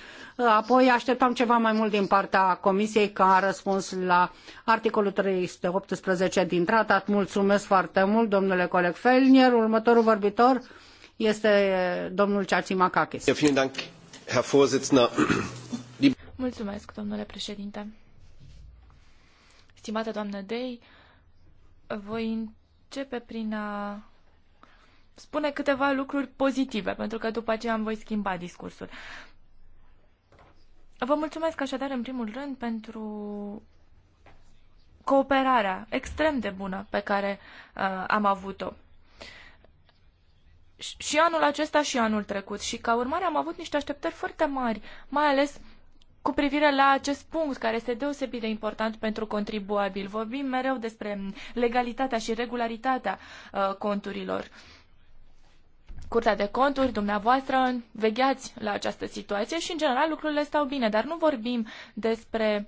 Apoi așteptam ceva mai mult din partea Comisiei ca a răspuns la articolul 318 din tratat. Mulțumesc foarte mult, domnule coleg Felnier. Următorul vorbitor este domnul Ciacimakakis. Mulțumesc, domnule președinte. Stimată doamnă Dei, voi începe prin a spune câteva lucruri pozitive, pentru că după aceea îmi voi schimba discursul. Vă mulțumesc așadar în primul rând pentru cooperarea extrem de bună pe care uh, am avut-o. Și anul acesta și anul trecut și ca urmare am avut niște așteptări foarte mari, mai ales cu privire la acest punct care este deosebit de important pentru contribuabil. Vorbim mereu despre legalitatea și regularitatea uh, conturilor. Uh, Curtea de conturi, dumneavoastră, vegheați la această situație și, în general, lucrurile stau bine, dar nu vorbim despre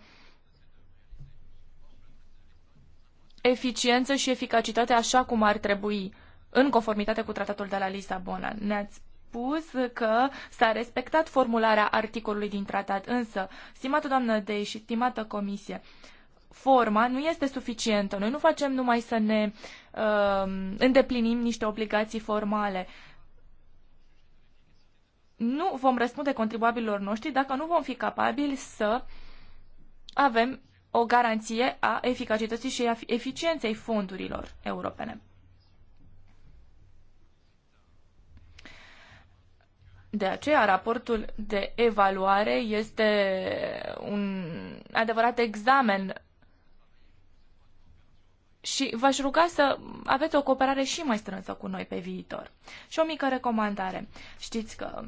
eficiență și eficacitate așa cum ar trebui, în conformitate cu tratatul de la Lisabona. Ne-ați spus că s-a respectat formularea articolului din tratat, însă, stimată doamnă Dei și stimată comisie, forma nu este suficientă. Noi nu facem numai să ne uh, îndeplinim niște obligații formale. Uh, nu vom răspunde contribuabililor noștri dacă nu vom fi capabili să avem o garanție a eficacității și a eficienței fondurilor europene. De aceea, raportul de evaluare este un adevărat examen și v-aș ruga să aveți o cooperare și mai strânsă cu noi pe viitor. Și o mică recomandare. Știți că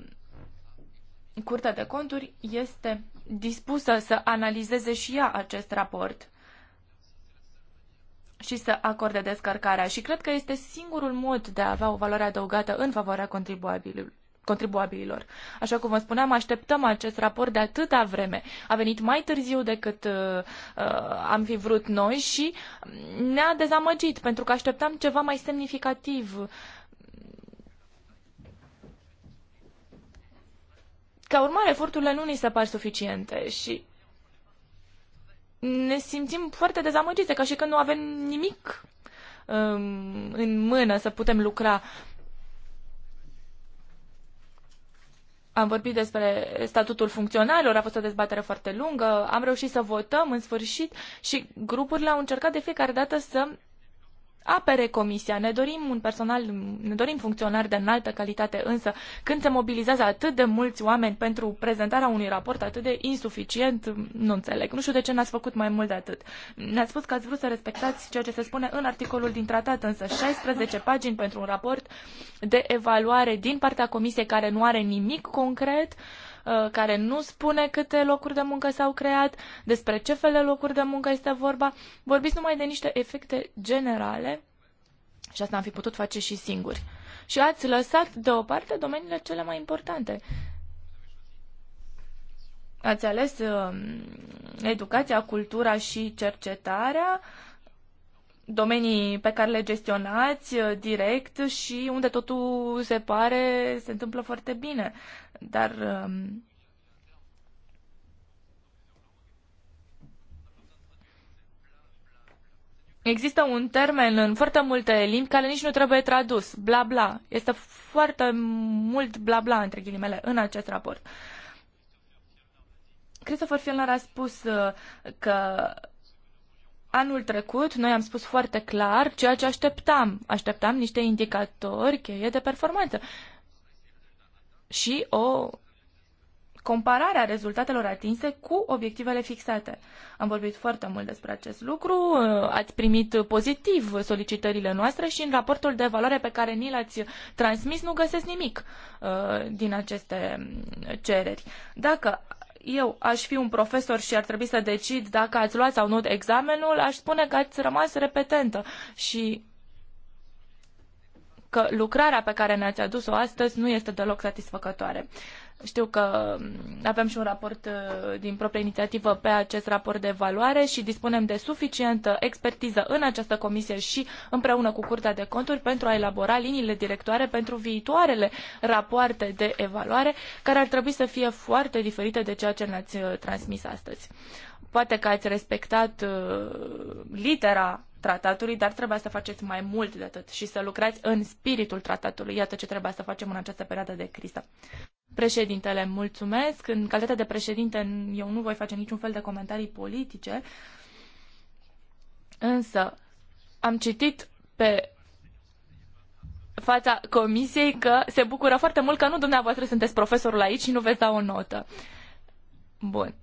Curtea de Conturi este dispusă să analizeze și ea acest raport și să acorde descărcarea și cred că este singurul mod de a avea o valoare adăugată în favoarea contribuabililor contribuabililor. Așa cum vă spuneam, așteptăm acest raport de atâta vreme. A venit mai târziu decât uh, uh am fi vrut noi și ne-a dezamăgit pentru că așteptam ceva mai semnificativ uh, Ca urmare, eforturile nu ni se par suficiente și ne simțim foarte dezamăgite, ca și când nu avem nimic um, în mână să putem lucra. Am vorbit despre statutul funcționarilor, a fost o dezbatere foarte lungă, am reușit să votăm în sfârșit și grupurile au încercat de fiecare dată să apere comisia. Ne dorim un personal, ne dorim funcționari de înaltă calitate, însă când se mobilizează atât de mulți oameni pentru prezentarea unui raport atât de insuficient, nu înțeleg. Nu știu de ce n-ați făcut mai mult de atât. Ne-ați spus că ați vrut să respectați ceea ce se spune în articolul din tratat, însă 16 pagini pentru un raport de evaluare din partea comisiei care nu are nimic concret, uh, Uh, care nu spune câte locuri de muncă s-au creat, despre ce fel de locuri de muncă este vorba. Vorbiți numai de niște efecte generale și asta am fi putut face și singuri. Și ați lăsat deoparte domeniile cele mai importante. Ați ales um, educația, cultura și cercetarea domenii pe care le gestionați uh, direct și unde totul se pare se întâmplă foarte bine. Dar um, Există un termen în foarte multe limbi care nici nu trebuie tradus, bla bla. Este foarte mult bla bla, între ghilimele, în acest raport. Christopher Fielner a spus uh, că Anul trecut, noi am spus foarte clar ceea ce așteptam. Așteptam niște indicatori cheie de performanță și o comparare a rezultatelor atinse cu obiectivele fixate. Am vorbit foarte mult despre acest lucru, ați primit pozitiv solicitările noastre și în raportul de valoare pe care ni l-ați transmis nu găsesc nimic uh, din aceste cereri. Dacă eu aș fi un profesor și ar trebui să decid dacă ați luat sau nu examenul, aș spune că ați rămas repetentă și că lucrarea pe care ne-ați adus-o astăzi nu este deloc satisfăcătoare. Știu că mm, avem și un raport uh, din proprie inițiativă pe acest raport de evaluare și dispunem de suficientă expertiză în această comisie și împreună cu Curtea de Conturi pentru a elabora liniile directoare pentru viitoarele rapoarte de evaluare, care ar trebui să fie foarte diferite de ceea ce ne-ați uh, transmis astăzi. Poate că ați respectat uh, litera tratatului, dar trebuia să faceți mai mult de atât și să lucrați în spiritul tratatului. Iată ce trebuia să facem în această perioadă de criză. Președintele, mulțumesc. În calitate de președinte, eu nu voi face niciun fel de comentarii politice, însă am citit pe fața comisiei că se bucură foarte mult că nu dumneavoastră sunteți profesorul aici și nu veți da o notă. Bun.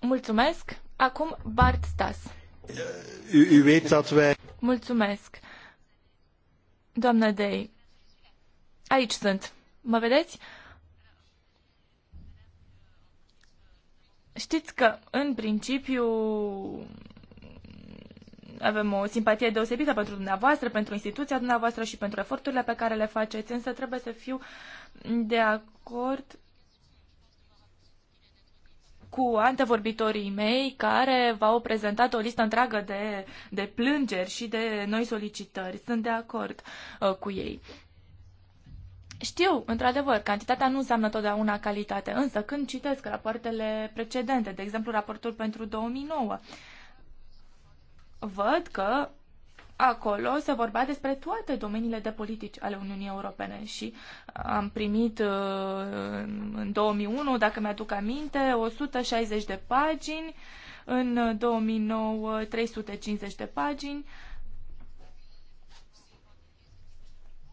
Mulțumesc. Acum Bart Stas. weet dat wij... Mulțumesc. Doamnă Dei, Aici sunt. Mă vedeți? Știți că, în principiu, avem o simpatie deosebită pentru dumneavoastră, pentru instituția dumneavoastră și pentru eforturile pe care le faceți, însă trebuie să fiu de acord cu antevorbitorii mei care v-au prezentat o listă întreagă de, de plângeri și de noi solicitări. Sunt de acord uh, cu ei. Știu, într-adevăr, cantitatea nu înseamnă totdeauna calitate, însă când citesc rapoartele precedente, de exemplu raportul pentru 2009, văd că acolo se vorbea despre toate domeniile de politici ale Uniunii Europene și am primit uh, în 2001, dacă mi-aduc aminte, 160 de pagini, în 2009 350 de pagini,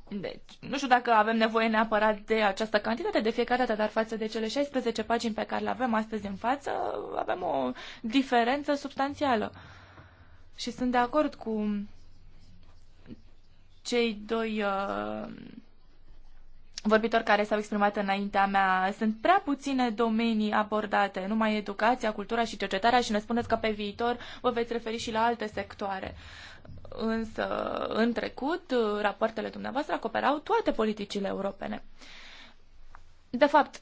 Deci, nu știu dacă avem nevoie neapărat de această cantitate de fiecare dată, dar față de cele 16 pagini pe care le avem astăzi în față, avem o diferență substanțială. Și sunt de acord cu cei doi uh, vorbitori care s-au exprimat înaintea mea. Sunt prea puține domenii abordate, numai educația, cultura și cercetarea și ne spuneți că pe viitor vă veți referi și la alte sectoare însă în trecut rapoartele dumneavoastră acoperau toate politicile europene. De fapt,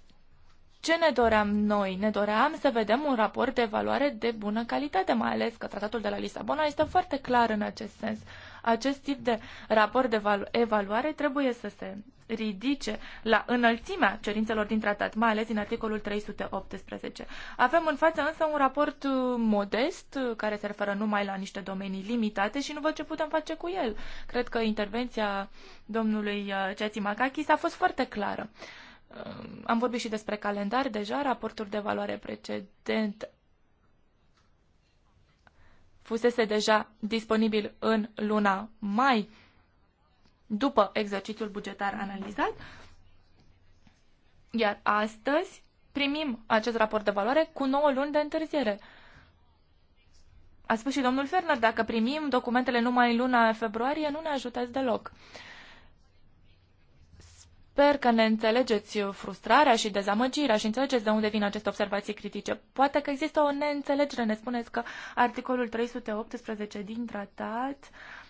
ce ne doream noi? Ne doream să vedem un raport de evaluare de bună calitate, mai ales că tratatul de la Lisabona este foarte clar în acest sens. Acest tip de raport de evaluare trebuie să se ridice la înălțimea cerințelor din tratat, mai ales din articolul 318. Avem în față însă un raport uh, modest, uh, care se referă numai la niște domenii limitate și nu văd ce putem face cu el. Cred că intervenția domnului uh, Ceații Macachis a fost foarte clară. Am vorbit și despre calendar deja, raportul de valoare precedent fusese deja disponibil în luna mai după exercițiul bugetar analizat. Iar astăzi primim acest raport de valoare cu 9 luni de întârziere. A spus și domnul Ferner, dacă primim documentele numai în luna februarie, nu ne ajutați deloc. Sper că ne înțelegeți frustrarea și dezamăgirea și înțelegeți de unde vin aceste observații critice. Poate că există o neînțelegere. Ne spuneți că articolul 318 din tratat uh,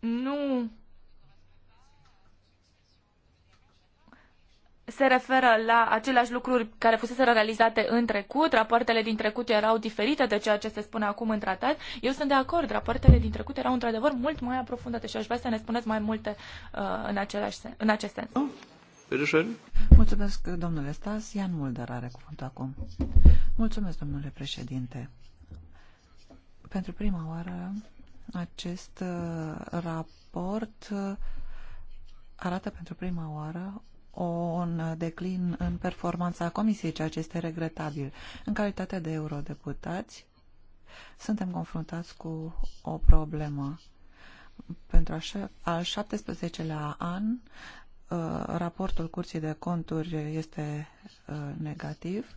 nu se referă la aceleași lucruri care fusese realizate în trecut, rapoartele din trecut erau diferite de ceea ce se spune acum în tratat. Eu sunt de acord, rapoartele din trecut erau într-adevăr mult mai aprofundate și aș vrea să ne spuneți mai multe uh, în, același sen- în acest sens. Oh. Mulțumesc, domnule Stas. Ian Mulder are cuvântul acum. Mulțumesc, domnule președinte. Pentru prima oară acest uh, raport uh, arată pentru prima oară un declin în performanța Comisiei, ceea ce este regretabil. În calitate de eurodeputați, suntem confruntați cu o problemă. Pentru așa, al 17-lea an, uh, raportul Curții de Conturi este negativ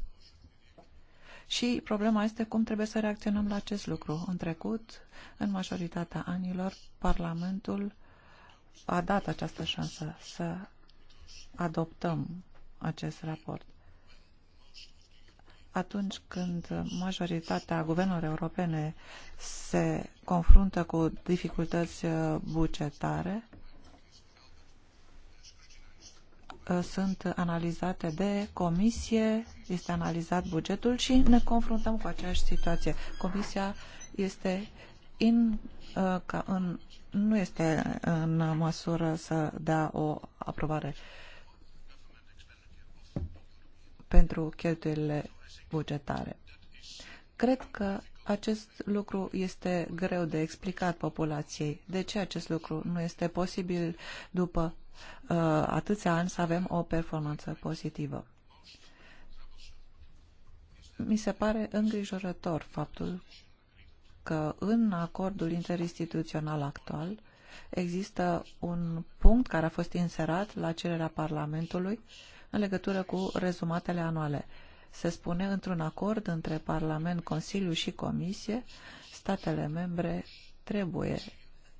și problema este cum trebuie să reacționăm la acest lucru. În trecut, în majoritatea anilor, Parlamentul a dat această șansă să adoptăm acest raport. Atunci când majoritatea guvernelor europene se confruntă cu dificultăți uh, bugetare, Uh, sunt analizate de comisie, este analizat bugetul și ne confruntăm cu aceeași situație. Comisia este in, uh, ca în, nu este în măsură să dea o aprobare pentru cheltuielile bugetare. Cred că acest lucru este greu de explicat populației. De ce acest lucru nu este posibil după Uh, atâția ani să avem o performanță pozitivă. Mi se pare îngrijorător faptul că în acordul interinstituțional actual există un punct care a fost inserat la cererea Parlamentului în legătură cu rezumatele anuale. Se spune într-un acord între Parlament, Consiliu și Comisie, statele membre trebuie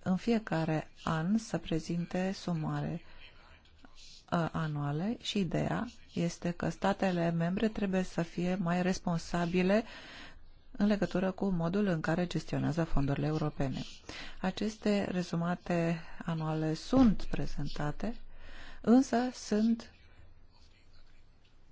în fiecare an să prezinte sumare anuale și ideea este că statele membre trebuie să fie mai responsabile în legătură cu modul în care gestionează fondurile europene. Aceste rezumate anuale sunt prezentate, însă sunt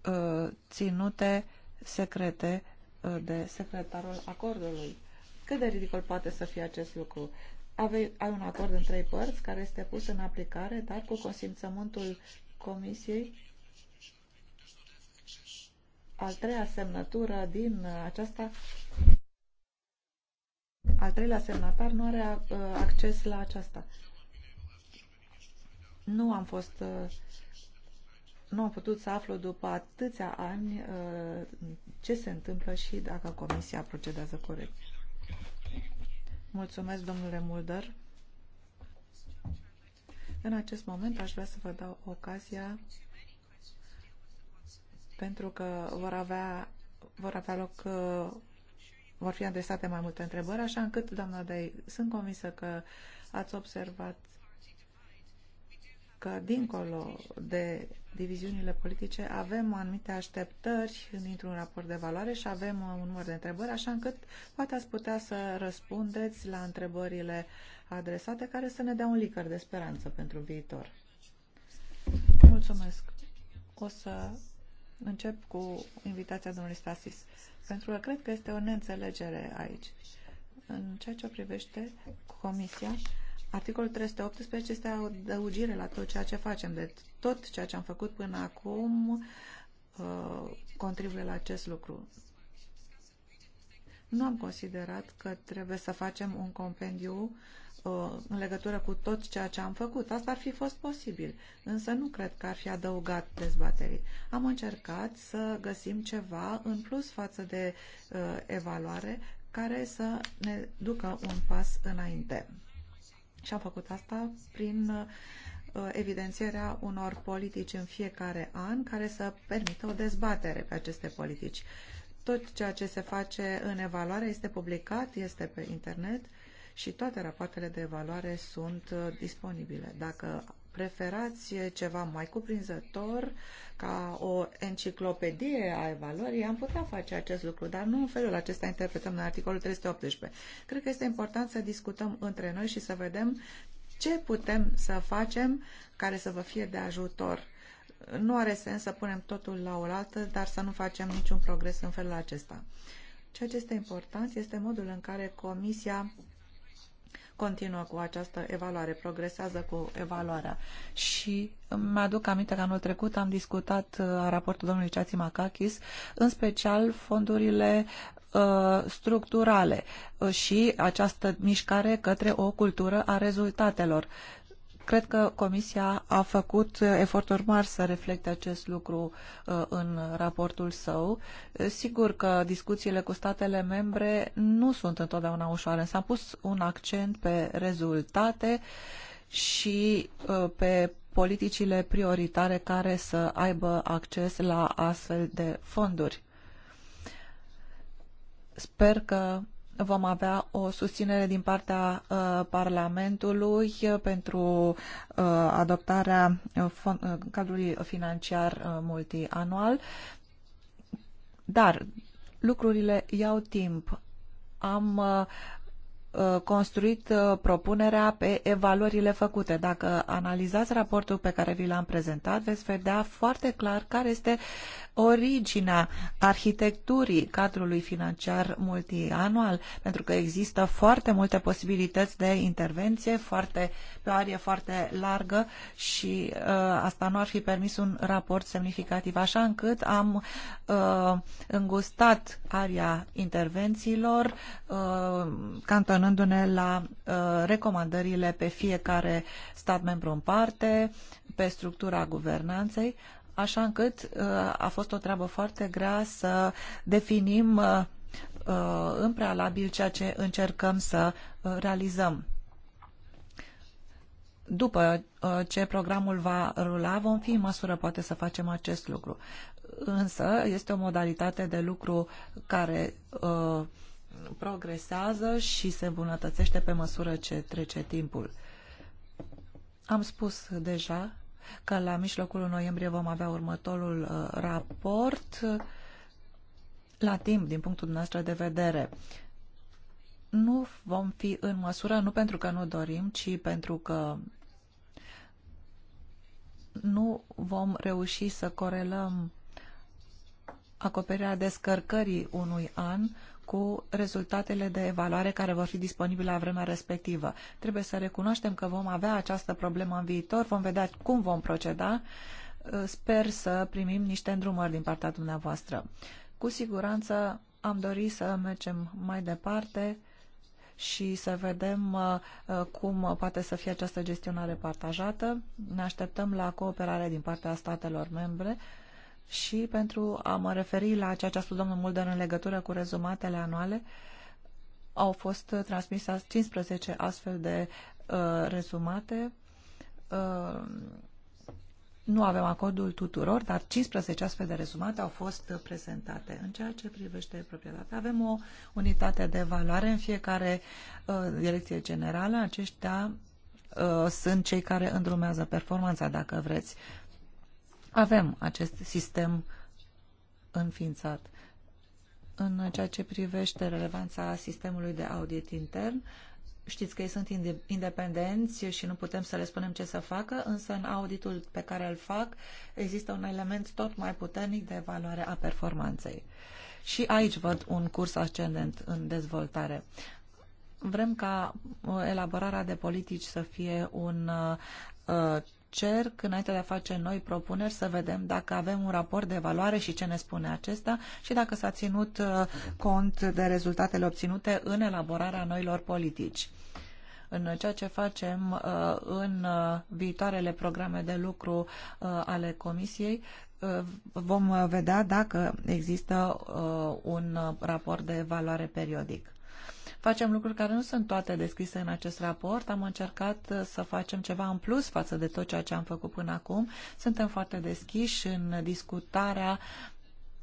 uh, ținute secrete ă, de secretarul acordului. Cât de ridicol poate să fie acest lucru? ai un acord în trei părți care este pus în aplicare, dar cu consimțământul Comisiei. Al treia semnătură din uh, aceasta, al treilea semnatar nu are uh, acces la aceasta. Nu am fost, uh, nu am putut să aflu după atâția ani ce se întâmplă și dacă Comisia procedează corect. Mulțumesc, domnule Mulder. În acest moment aș vrea să vă dau ocazia pentru că vor avea, vor avea loc, uh, vor fi adresate mai multe întrebări, așa încât, doamna Dei, sunt convinsă că ați observat că dincolo de diviziunile politice avem anumite așteptări dintr-un raport de valoare și avem uh, un număr de întrebări, așa încât poate ați putea să răspundeți la întrebările adresate care să ne dea un licăr de speranță pentru viitor. Mulțumesc. O să încep cu invitația domnului Stasis, pentru că cred că este o neînțelegere aici. În ceea ce privește Comisia, Articolul 318 este adăugire la tot ceea ce facem. De deci, tot ceea ce am făcut până acum uh, contribuie la acest lucru. Nu am considerat că trebuie să facem un compendiu uh, în legătură cu tot ceea ce am făcut. Asta ar fi fost posibil, însă nu cred că ar fi adăugat dezbaterii. Am încercat să găsim ceva în plus față de uh, evaluare care să ne ducă un pas înainte. Și am făcut asta prin uh, evidențierea unor politici în fiecare an care să permită o dezbatere pe aceste politici. Tot ceea ce se face în evaluare este publicat, este pe internet și toate rapoartele de evaluare sunt uh, disponibile. Dacă preferați ceva mai cuprinzător, ca o enciclopedie a evaluării, am putea face acest lucru, dar nu în felul acesta interpretăm în articolul 318. Cred că este important să discutăm între noi și să vedem ce putem să facem care să vă fie de ajutor. Nu are sens să punem totul la oaltă, dar să nu facem niciun progres în felul acesta. Ceea ce este important este modul în care Comisia continuă cu această evaluare, progresează cu evaluarea. Și mă aduc aminte că anul trecut am discutat uh, raportul domnului Ceații Macachis, în special fondurile uh, structurale uh, și această mișcare către o cultură a rezultatelor. Cred că Comisia a făcut eforturi mari să reflecte acest lucru uh, în raportul său. Uh, sigur că discuțiile cu statele membre nu sunt întotdeauna ușoare. S-a pus un accent pe rezultate și uh, pe politicile prioritare care să aibă acces la astfel de fonduri. Sper că vom avea o susținere din partea uh, Parlamentului uh, pentru uh, adoptarea cadrului financiar multianual. Dar lucrurile iau timp. Am Uh, construit uh, propunerea pe evaluările făcute. Dacă analizați raportul pe care vi l-am prezentat, veți vedea foarte clar care este originea arhitecturii cadrului financiar multianual, pentru că există foarte multe posibilități de intervenție, foarte, pe o arie foarte largă și uh, asta nu ar fi permis un raport semnificativ, așa încât am uh, îngustat aria intervențiilor, uh, canton raționându-ne la uh, recomandările pe fiecare stat membru în parte, pe structura guvernanței, așa încât uh, a fost o treabă foarte grea să definim uh, în prealabil ceea ce încercăm să realizăm. După ce programul va rula, vom fi în măsură poate să facem acest lucru. Însă este o modalitate de lucru care progresează și se îmbunătățește pe măsură ce trece timpul. Am spus deja că la mijlocul noiembrie vom avea următorul uh, raport uh, la timp, din punctul nostru de vedere. Nu vom fi în măsură, nu pentru că nu dorim, ci pentru că nu vom reuși să corelăm acoperirea descărcării unui an uh, cu rezultatele de evaluare care vor fi disponibile la vremea respectivă. Trebuie să recunoaștem că vom avea această problemă în viitor, vom vedea cum vom proceda. Uh, sper să primim niște îndrumări din partea dumneavoastră. Cu siguranță am dorit să mergem mai departe și să vedem uh, uh, cum poate să fie această gestionare partajată. Ne așteptăm la cooperare din partea statelor membre și pentru a mă referi la ceea ce a spus domnul Mulder în legătură cu rezumatele anuale, au fost transmise 15 astfel de uh, rezumate. Uh, nu avem acordul tuturor, dar 15 astfel de rezumate au fost prezentate. În ceea ce privește proprietatea, avem o unitate de valoare în fiecare uh, direcție generală. Aceștia uh, sunt cei care îndrumează performanța, dacă vreți. Avem acest sistem înființat. În ceea ce privește relevanța sistemului de audit intern, știți că ei sunt independenți și nu putem să le spunem ce să facă, însă în auditul pe care îl fac există un element tot mai puternic de evaluare a performanței. Și aici văd un curs ascendent în dezvoltare. Vrem ca uh, elaborarea de politici să fie un uh, încerc, înainte de a face noi propuneri, să vedem dacă avem un raport de evaluare și ce ne spune acesta și dacă s-a ținut uh, cont de rezultatele obținute în elaborarea noilor politici în ceea ce facem uh, în uh, viitoarele programe de lucru ale Comisiei. Vom vedea dacă există un raport de evaluare periodic. Facem lucruri care nu sunt toate descrise în acest raport. Am încercat uh, să facem ceva în plus față de tot ceea ce am făcut până acum. Suntem foarte deschiși în discutarea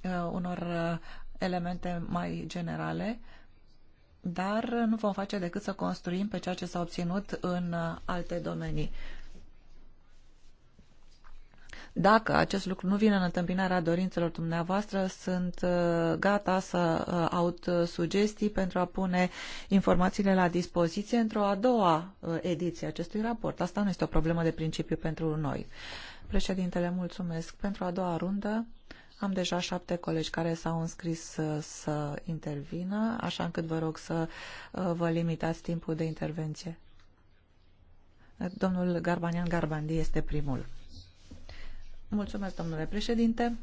uh, unor uh, elemente mai generale dar nu vom face decât să construim pe ceea ce s-a obținut în alte domenii. Dacă acest lucru nu vine în întâmpinarea dorințelor dumneavoastră, sunt uh, gata să uh, aud sugestii pentru a pune informațiile la dispoziție într-o a doua uh, ediție a acestui raport. Asta nu este o problemă de principiu pentru noi. Președintele, mulțumesc pentru a doua rundă. Am deja șapte colegi care s-au înscris să, să intervină, așa încât vă rog să vă limitați timpul de intervenție. Domnul Garbanian Garbandi este primul. Mulțumesc, domnule președinte.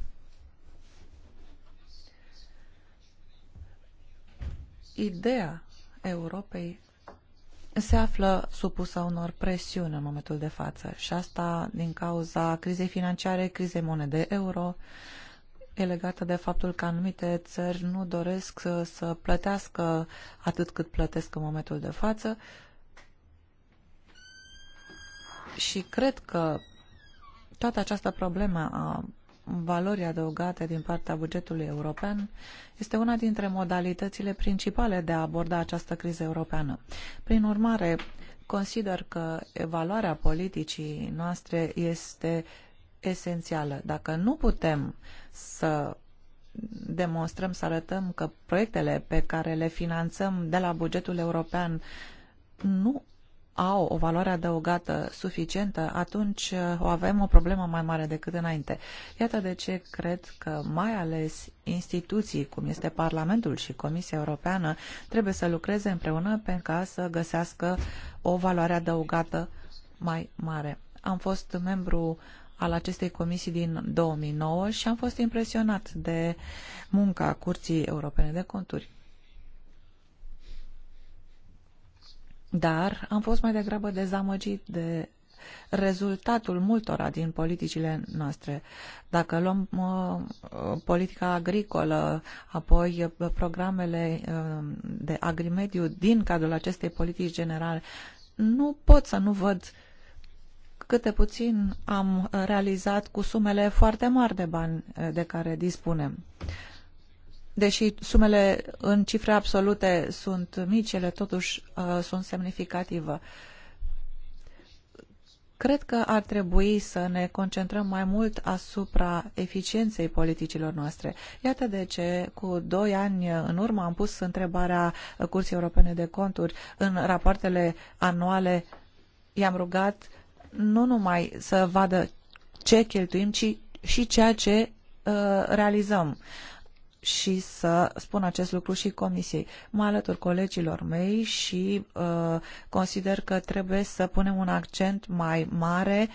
Ideea Europei se află supusă unor presiuni în momentul de față și asta din cauza crizei financiare, crizei monede euro, e legată de faptul că anumite țări nu doresc să, să plătească atât cât plătesc în momentul de față și cred că Toată această problemă a valorii adăugate din partea bugetului european este una dintre modalitățile principale de a aborda această criză europeană. Prin urmare, consider că evaluarea politicii noastre este esențială. Dacă nu putem să demonstrăm, să arătăm că proiectele pe care le finanțăm de la bugetul european nu au o valoare adăugată suficientă, atunci uh, o avem o problemă mai mare decât înainte. Iată de ce cred că mai ales instituții, cum este Parlamentul și Comisia Europeană, trebuie să lucreze împreună pentru ca să găsească o valoare adăugată mai mare. Am fost membru al acestei comisii din 2009 și am fost impresionat de munca Curții Europene de Conturi. Dar am fost mai degrabă dezamăgit de rezultatul multora din politicile noastre. Dacă luăm uh, politica agricolă, apoi uh, programele uh, de agrimediu din cadrul acestei politici generale, nu pot să nu văd câte puțin am realizat cu sumele foarte mari de bani eh, de care dispunem deși sumele în cifre absolute sunt mici, ele totuși uh, sunt semnificative. Cred că ar trebui să ne concentrăm mai mult asupra eficienței politicilor noastre. Iată de ce, cu doi ani în urmă, am pus întrebarea Curții Europene de Conturi în rapoartele anuale. I-am rugat nu numai să vadă ce cheltuim, ci și ceea ce uh, realizăm. Uh, și să spun acest lucru și Comisiei. Mă alătur colegilor mei și uh, consider că trebuie să punem un accent mai mare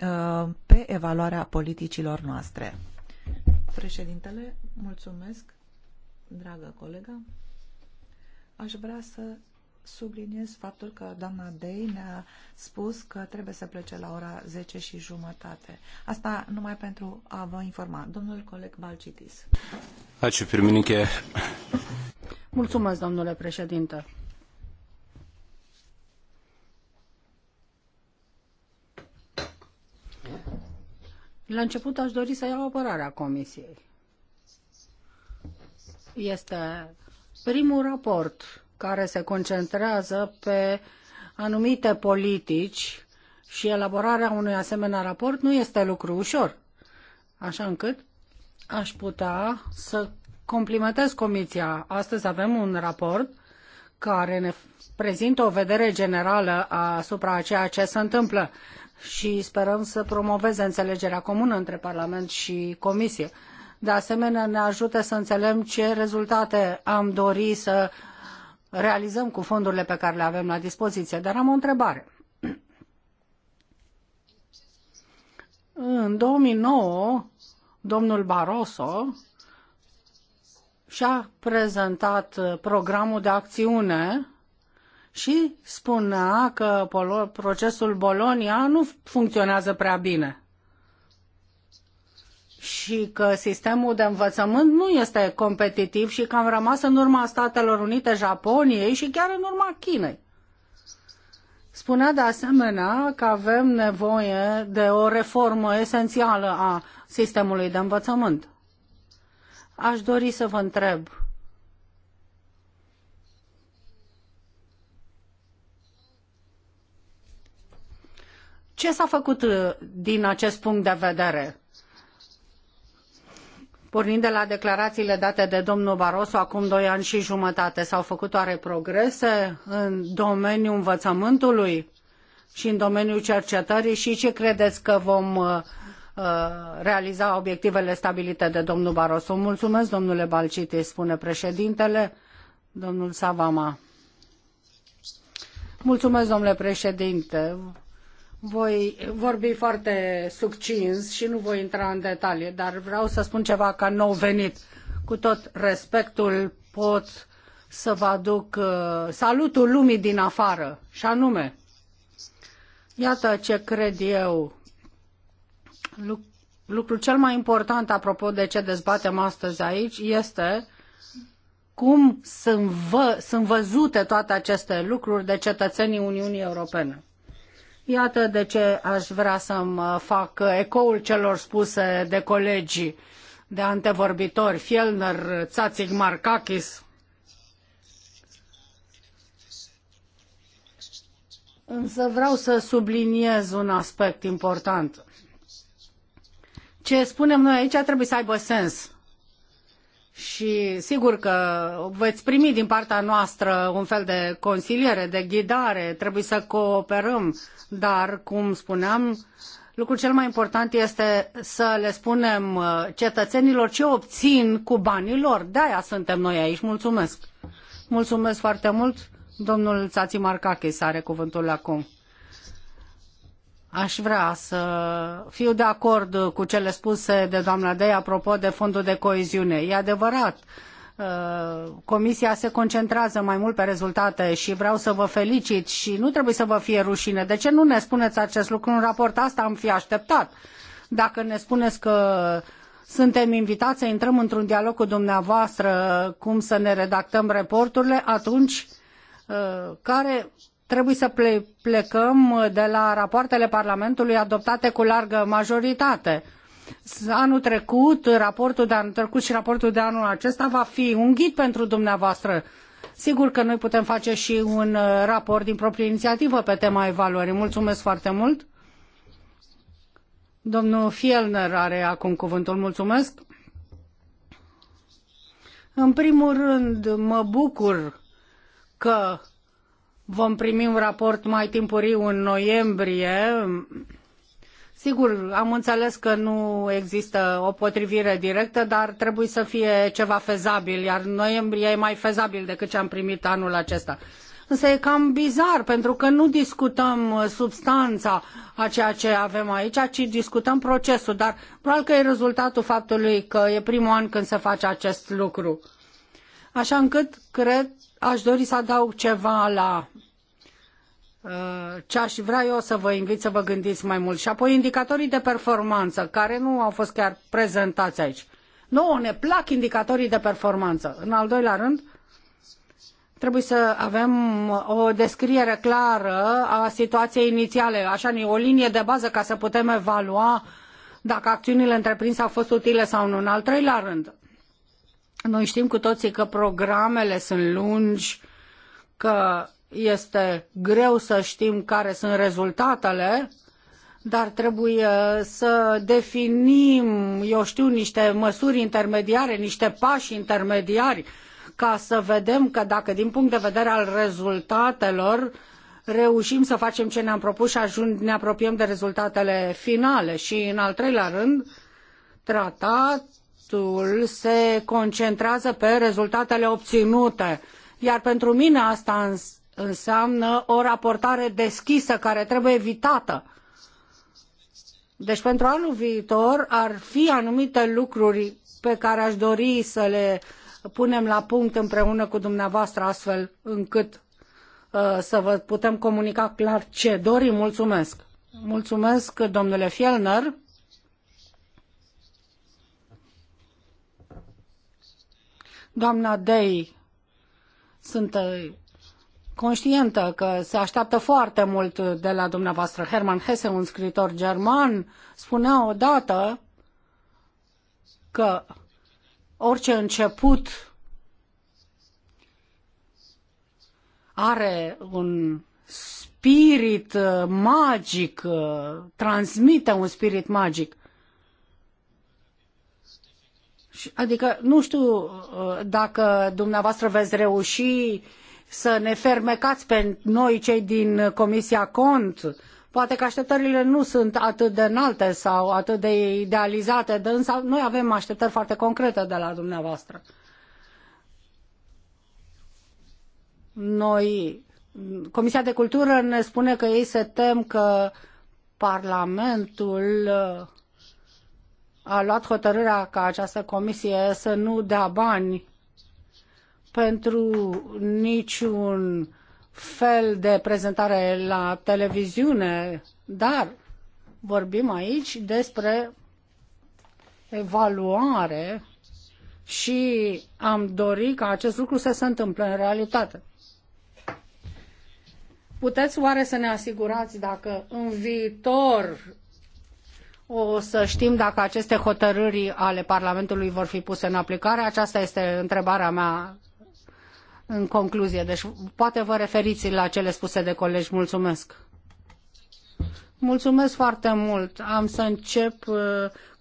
uh, pe evaluarea politicilor noastre. Președintele, mulțumesc, dragă colega. Aș vrea să subliniez faptul că doamna Dei ne-a spus că trebuie să plece la ora 10 și jumătate. Asta numai pentru a vă informa. Domnul coleg Balcitis domnule președinte. La început aș dori să iau apărarea Comisiei. Este primul raport care se concentrează pe anumite politici și elaborarea unui asemenea raport nu este lucru ușor. Așa încât aș putea să complimentez Comisia. Astăzi avem un raport care ne prezintă o vedere generală asupra ceea ce se întâmplă și sperăm să promoveze înțelegerea comună între Parlament și Comisie. De asemenea, ne ajută să înțelegem ce rezultate am dori să realizăm cu fondurile pe care le avem la dispoziție. Dar am o întrebare. În 2009, domnul Barroso și-a prezentat uh, programul de acțiune și spunea că procesul Bolonia nu funcționează prea bine și că sistemul de învățământ nu este competitiv și că am rămas în urma Statelor Unite, Japoniei și chiar în urma Chinei. Spunea de asemenea că avem nevoie de o reformă esențială a sistemului de învățământ. Aș dori să vă întreb ce s-a făcut uh, din acest punct de vedere? Pornind de la declarațiile date de domnul Barroso acum doi ani și jumătate, s-au făcut oare progrese în domeniul învățământului și în domeniul cercetării și ce credeți că vom uh, Uh, realiza obiectivele stabilite de domnul Barroso. Mulțumesc, domnule Balcite, spune președintele, domnul Savama. Mulțumesc, domnule președinte. Voi vorbi foarte succins și nu voi intra în detalii, dar vreau să spun ceva ca nou venit. Cu tot respectul pot să vă aduc uh, salutul lumii din afară, și anume, iată ce cred eu lucrul cel mai important, apropo de ce dezbatem astăzi aici, este cum sunt, vă, sunt văzute toate aceste lucruri de cetățenii Uniunii Europene. Iată de ce aș vrea să-mi uh, fac ecoul celor spuse de colegii, de antevorbitori, Fielner, Tzatzik, Markakis. Însă vreau să subliniez un aspect important ce spunem noi aici trebuie să aibă sens. Și sigur că veți primi din partea noastră un fel de consiliere, de ghidare, trebuie să cooperăm, dar, cum spuneam, lucrul cel mai important este să le spunem uh, cetățenilor ce obțin cu banii lor. De-aia suntem noi aici. Mulțumesc! Mulțumesc foarte mult! Domnul Țați Marcache are cuvântul acum. Aș vrea să fiu de acord cu cele spuse de doamna Dei apropo de fondul de coeziune. E adevărat, uh, Comisia se concentrează mai mult pe rezultate și vreau să vă felicit și nu trebuie să vă fie rușine. De ce nu ne spuneți acest lucru în raport? Asta am fi așteptat. Dacă ne spuneți că suntem invitați să intrăm într-un dialog cu dumneavoastră cum să ne redactăm raporturile, atunci uh, care trebuie să plecăm de la rapoartele Parlamentului adoptate cu largă majoritate. Anul trecut, raportul de anul trecut și raportul de anul acesta va fi un ghid pentru dumneavoastră. Sigur că noi putem face și un raport din proprie inițiativă pe tema evaluării. Mulțumesc foarte mult. Domnul Fielner are acum cuvântul. Mulțumesc. În primul rând, mă bucur că Vom primi un raport mai timpuriu în noiembrie. Sigur, am înțeles că nu există o potrivire directă, dar trebuie să fie ceva fezabil, iar noiembrie e mai fezabil decât ce am primit anul acesta. Însă e cam bizar, pentru că nu discutăm uh, substanța a ceea ce avem aici, ci discutăm procesul, dar probabil că e rezultatul faptului că e primul an când se face acest lucru. Așa încât cred Aș dori să adaug ceva la uh, ce aș vrea eu să vă invit să vă gândiți mai mult. Și apoi indicatorii de performanță, care nu au fost chiar prezentați aici. Nouă ne plac indicatorii de performanță. În al doilea rând, trebuie să avem o descriere clară a situației inițiale, așa, o linie de bază ca să putem evalua dacă acțiunile întreprinse au fost utile sau nu. În al treilea rând, noi știm cu toții că programele sunt lungi, că este greu să știm care sunt rezultatele, dar trebuie să definim, eu știu, niște măsuri intermediare, niște pași intermediari, ca să vedem că dacă din punct de vedere al rezultatelor reușim să facem ce ne-am propus și ajung, ne apropiem de rezultatele finale. Și în al treilea rând, tratat textul se concentrează pe rezultatele obținute, iar pentru mine asta înseamnă o raportare deschisă care trebuie evitată. Deci pentru anul viitor ar fi anumite lucruri pe care aș dori să le punem la punct împreună cu dumneavoastră astfel încât uh, să vă putem comunica clar ce dorim. Mulțumesc! Mulțumesc, domnule Fielner! Doamna Dei, sunt uh, conștientă că se așteaptă foarte mult de la dumneavoastră. Hermann Hesse, un scriitor german, spunea odată că orice început are un spirit magic, transmite un spirit magic. Adică nu știu uh, dacă dumneavoastră veți reuși să ne fermecați pe noi cei din Comisia Cont. Poate că așteptările nu sunt atât de înalte sau atât de idealizate, dar însă noi avem așteptări foarte concrete de la dumneavoastră. Noi, Comisia de Cultură ne spune că ei se tem că Parlamentul uh, a luat hotărârea ca această comisie să nu dea bani pentru niciun fel de prezentare la televiziune, dar vorbim aici despre evaluare și am dorit ca acest lucru să se întâmple în realitate. Puteți oare să ne asigurați dacă în viitor o să știm dacă aceste hotărâri ale Parlamentului vor fi puse în aplicare. Aceasta este întrebarea mea în concluzie. Deci poate vă referiți la cele spuse de colegi. Mulțumesc. Mulțumesc foarte mult. Am să încep uh,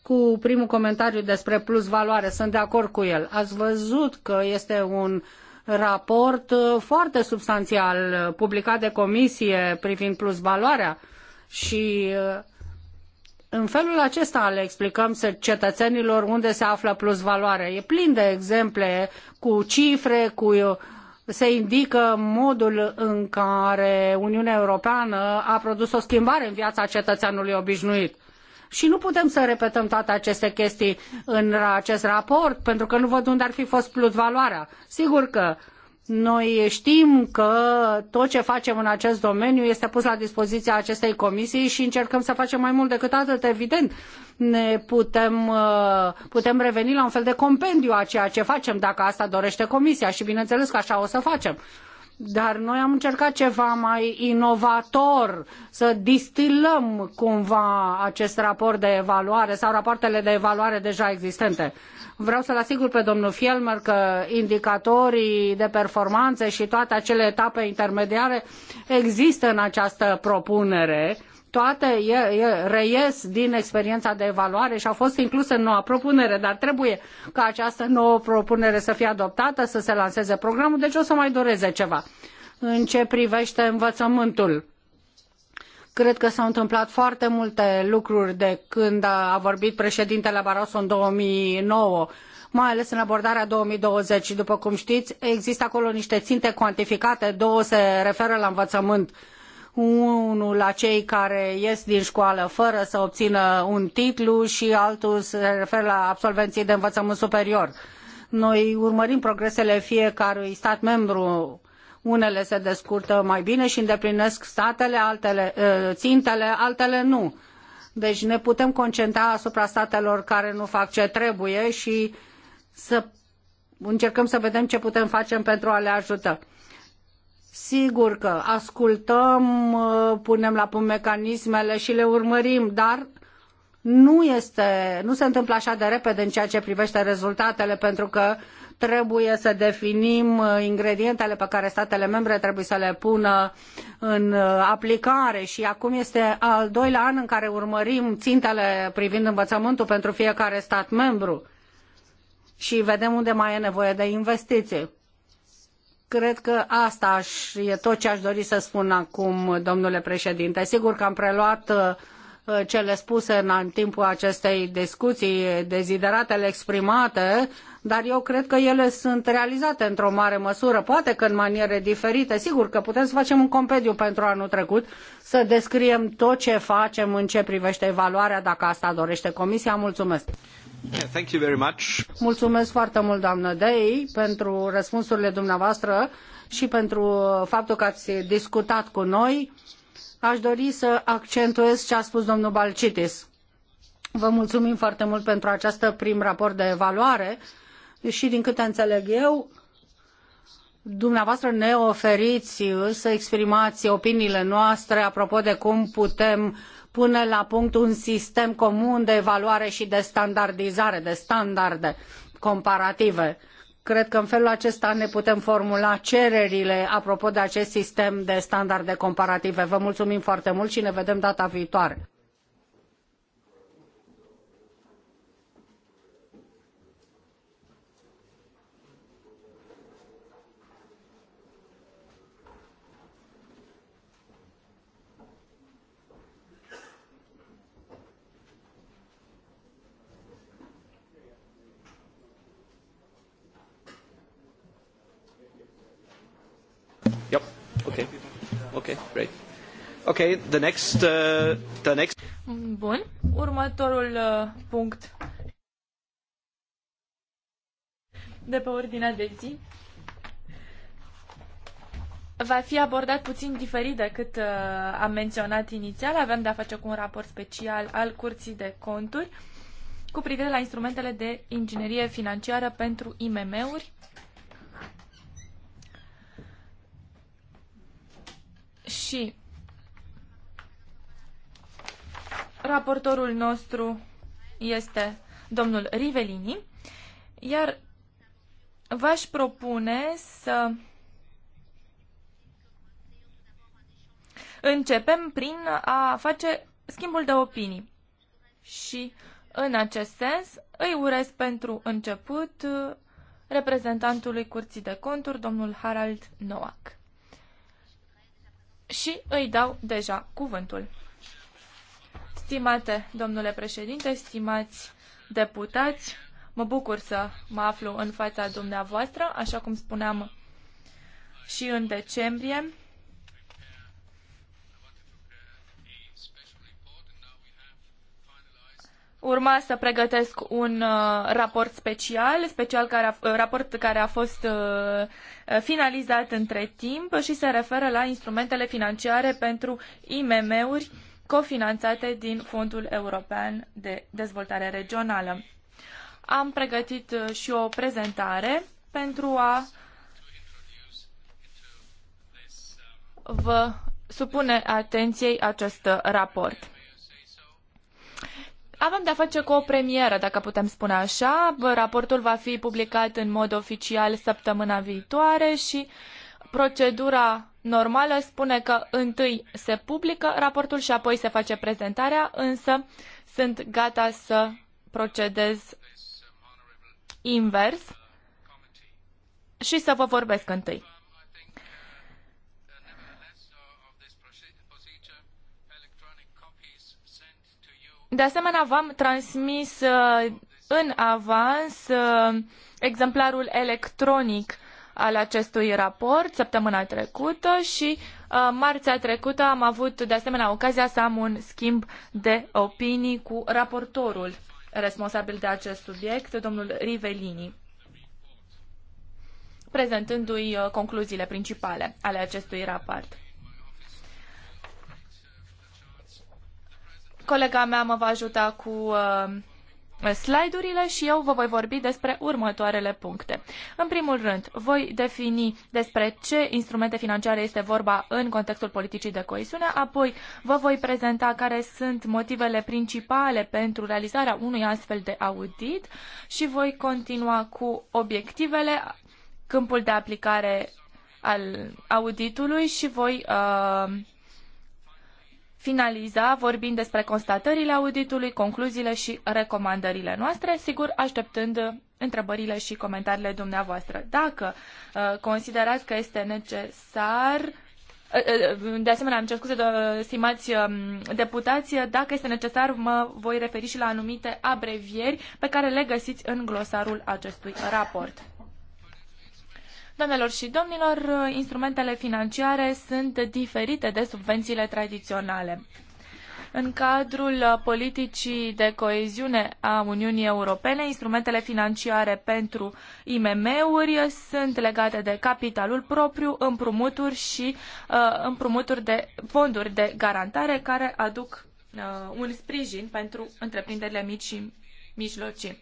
cu primul comentariu despre plus valoare. Sunt de acord cu el. Ați văzut că este un raport uh, foarte substanțial uh, publicat de comisie privind plus valoarea și uh, în felul acesta le explicăm cetățenilor unde se află plus valoare. E plin de exemple cu cifre, cu se indică modul în care Uniunea Europeană a produs o schimbare în viața cetățeanului obișnuit. Și nu putem să repetăm toate aceste chestii în acest raport, pentru că nu văd unde ar fi fost plus valoarea. Sigur că noi știm că tot ce facem în acest domeniu este pus la dispoziția acestei comisii și încercăm să facem mai mult decât atât, evident. Ne putem, uh, putem reveni la un fel de compendiu a ceea ce facem, dacă asta dorește comisia și bineînțeles că așa o să facem. Dar noi am încercat ceva mai inovator, să distilăm cumva acest raport de evaluare sau rapoartele de evaluare deja existente Vreau să-l asigur pe domnul Fielmer că indicatorii de performanță și toate acele etape intermediare există în această propunere. Toate e, e, reies din experiența de evaluare și au fost incluse în noua propunere, dar trebuie ca această nouă propunere să fie adoptată, să se lanseze programul, deci o să mai doreze ceva. În ce privește învățământul, Cred că s-au întâmplat foarte multe lucruri de când a vorbit președintele Barroso în 2009, mai ales în abordarea 2020. După cum știți, există acolo niște ținte cuantificate, două se referă la învățământ unul la cei care ies din școală fără să obțină un titlu și altul se referă la absolvenții de învățământ superior. Noi urmărim progresele fiecărui stat membru unele se descurcă mai bine și îndeplinesc statele, altele, ă, țintele, altele nu. Deci ne putem concentra asupra statelor care nu fac ce trebuie și să încercăm să vedem ce putem face pentru a le ajuta. Sigur că ascultăm, ă, punem la punct mecanismele și le urmărim, dar nu, este, nu se întâmplă așa de repede în ceea ce privește rezultatele, pentru că trebuie să definim uh, ingredientele pe care statele membre trebuie să le pună în uh, aplicare și acum este al doilea an în care urmărim țintele privind învățământul pentru fiecare stat membru și vedem unde mai e nevoie de investiții. Cred că asta aș, e tot ce aș dori să spun acum, domnule președinte. Sigur că am preluat uh, cele spuse în timpul acestei discuții, dezideratele exprimate dar eu cred că ele sunt realizate într-o mare măsură, poate că în maniere diferite. Sigur că putem să facem un compendiu pentru anul trecut, să descriem tot ce facem în ce privește evaluarea, dacă asta dorește Comisia. Mulțumesc! Thank you very much. Mulțumesc foarte mult, doamnă Dei, pentru răspunsurile dumneavoastră și pentru faptul că ați discutat cu noi. Aș dori să accentuez ce a spus domnul Balcitis. Vă mulțumim foarte mult pentru acest prim raport de evaluare și din câte înțeleg eu, dumneavoastră ne oferiți să exprimați opiniile noastre apropo de cum putem pune la punct un sistem comun de evaluare și de standardizare, de standarde comparative. Cred că în felul acesta ne putem formula cererile apropo de acest sistem de standarde comparative. Vă mulțumim foarte mult și ne vedem data viitoare. Ok, ok, great. Ok, the next, uh, the next... Bun. Următorul uh, punct de pe ordinea de zi va fi abordat puțin diferit decât uh, am menționat inițial. Avem de a face cu un raport special al Curții de Conturi cu privire la instrumentele de inginerie financiară pentru IMM-uri și raportorul nostru este domnul Rivelini, iar v-aș propune să începem prin a face schimbul de opinii. Și în acest sens îi urez pentru început reprezentantului Curții de Conturi, domnul Harald Noack și îi dau deja cuvântul. Stimate domnule președinte, stimați deputați, mă bucur să mă aflu în fața dumneavoastră, așa cum spuneam și în decembrie. urma să pregătesc un uh, raport special, special care a, uh, raport care a fost uh, uh, finalizat între timp și se referă la instrumentele financiare pentru IMM-uri cofinanțate din Fondul European de Dezvoltare Regională. Am pregătit uh, și o prezentare pentru a vă supune atenției acest raport. Avem de-a face cu o premieră, dacă putem spune așa. Raportul va fi publicat în mod oficial săptămâna viitoare și procedura normală spune că întâi se publică raportul și apoi se face prezentarea, însă sunt gata să procedez invers și să vă vorbesc întâi. De asemenea, v-am transmis uh, în avans uh, exemplarul electronic al acestui raport săptămâna trecută și uh, marțea trecută am avut de asemenea ocazia să am un schimb de opinii cu raportorul responsabil de acest subiect, domnul Rivelini, prezentându-i concluziile principale ale acestui raport. Colega mea mă va ajuta cu uh, slide-urile și eu vă voi vorbi despre următoarele puncte. În primul rând, voi defini despre ce instrumente financiare este vorba în contextul politicii de coesiune, apoi vă voi prezenta care sunt motivele principale pentru realizarea unui astfel de audit și voi continua cu obiectivele, câmpul de aplicare al auditului și voi uh, finaliza vorbind despre constatările auditului, concluziile și recomandările noastre, sigur așteptând întrebările și comentariile dumneavoastră. Dacă uh, considerați că este necesar uh, uh, de asemenea, îmi cer scuze, stimați um, deputați, dacă este necesar, mă voi referi și la anumite abrevieri pe care le găsiți în glosarul acestui raport. Doamnelor și domnilor, instrumentele financiare sunt diferite de subvențiile tradiționale. În cadrul politicii de coeziune a Uniunii Europene, instrumentele financiare pentru IMM-uri sunt legate de capitalul propriu, împrumuturi și uh, împrumuturi de fonduri de garantare care aduc uh, un sprijin pentru întreprinderile mici și mijlocii.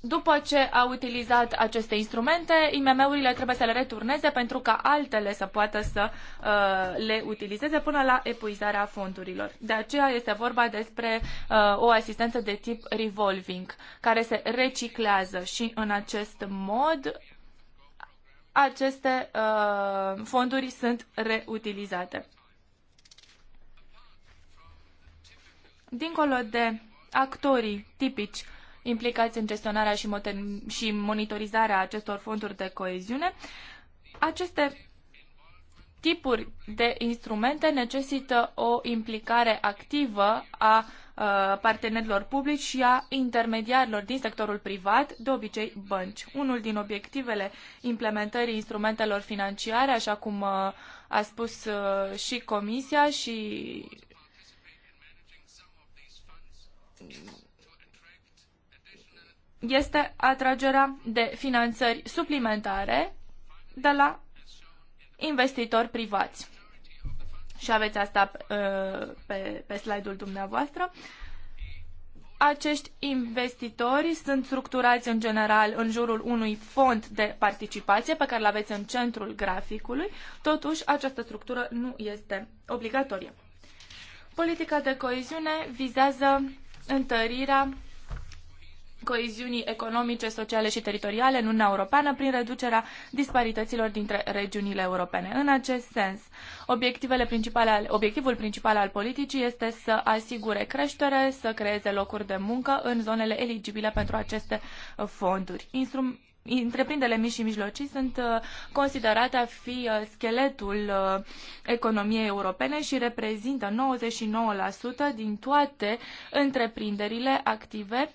După ce au utilizat aceste instrumente, IMM-urile trebuie să le returneze pentru ca altele să poată să uh, le utilizeze până la epuizarea fondurilor. De aceea este vorba despre uh, o asistență de tip revolving, care se reciclează și în acest mod aceste uh, fonduri sunt reutilizate. Dincolo de actorii tipici implicați în gestionarea și, și monitorizarea acestor fonduri de coeziune. Aceste tipuri de instrumente necesită o implicare activă a uh, partenerilor publici și a intermediarilor din sectorul privat, de obicei bănci. Unul din obiectivele implementării instrumentelor financiare, așa cum uh, a spus uh, și Comisia și este atragerea de finanțări suplimentare de la investitori privați. Și aveți asta uh, pe, pe slide-ul dumneavoastră. Acești investitori sunt structurați în general în jurul unui fond de participație pe care îl aveți în centrul graficului, totuși această structură nu este obligatorie. Politica de coeziune vizează întărirea coeziunii economice, sociale și teritoriale în Uniunea Europeană prin reducerea disparităților dintre regiunile europene. În acest sens, obiectivele principale, obiectivul principal al politicii este să asigure creștere, să creeze locuri de muncă în zonele eligibile pentru aceste fonduri. Instrum- întreprinderile mici și mijlocii sunt uh, considerate a fi uh, scheletul uh, economiei europene și reprezintă 99% din toate întreprinderile active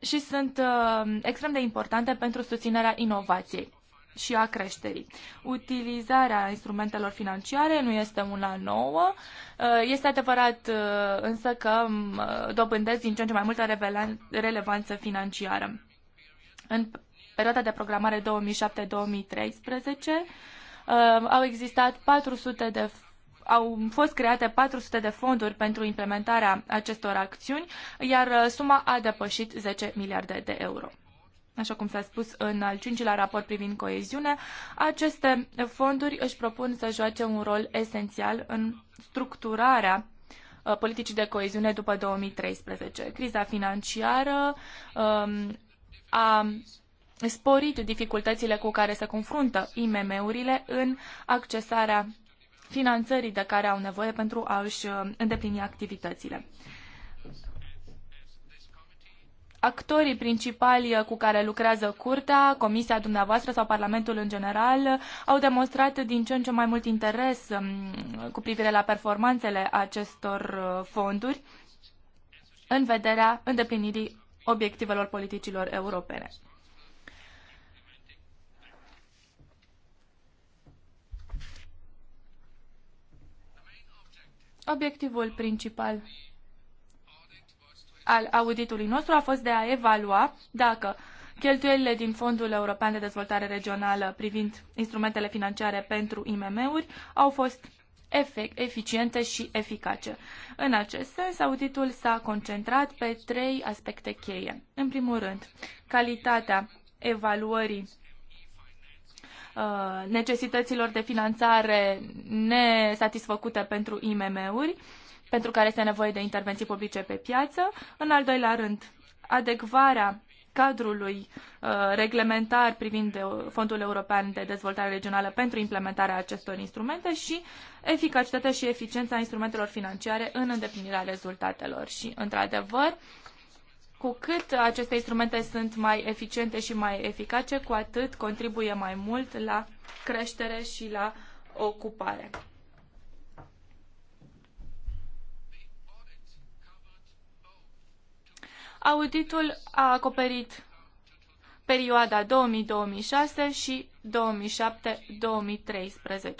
și sunt uh, extrem de importante pentru susținerea inovației și a creșterii. Utilizarea instrumentelor financiare nu este una nouă. Uh, este adevărat uh, însă că um, dobândesc din ce în ce mai multă relevanță financiară. În perioada de programare 2007-2013 au existat 400 de au fost create 400 de fonduri pentru implementarea acestor acțiuni, iar uh, suma a depășit 10 miliarde de euro. Așa cum s-a spus în al cincilea raport privind coeziune, aceste fonduri își propun să joace un rol esențial în structurarea uh, politicii de coeziune după 2013. Criza financiară um, a sporit dificultățile cu care se confruntă IMM-urile în accesarea finanțării de care au nevoie pentru a-și uh, îndeplini activitățile. Actorii principali uh, cu care lucrează Curtea, Comisia dumneavoastră sau Parlamentul în general au demonstrat din ce în ce mai mult interes um, cu privire la performanțele acestor uh, fonduri în vederea îndeplinirii obiectivelor politicilor europene. Obiectivul principal al auditului nostru a fost de a evalua dacă cheltuielile din Fondul European de Dezvoltare Regională privind instrumentele financiare pentru IMM-uri au fost efect, eficiente și eficace. În acest sens, auditul s-a concentrat pe trei aspecte cheie. În primul rând, calitatea evaluării Uh, necesităților de finanțare nesatisfăcute pentru IMM-uri, pentru care este nevoie de intervenții publice pe piață. În al doilea rând, adecvarea cadrului uh, reglementar privind Fondul European de Dezvoltare Regională pentru implementarea acestor instrumente și eficacitatea și eficiența instrumentelor financiare în îndeplinirea rezultatelor. Și, într-adevăr, cu cât aceste instrumente sunt mai eficiente și mai eficace, cu atât contribuie mai mult la creștere și la ocupare. Auditul a acoperit perioada 2006 și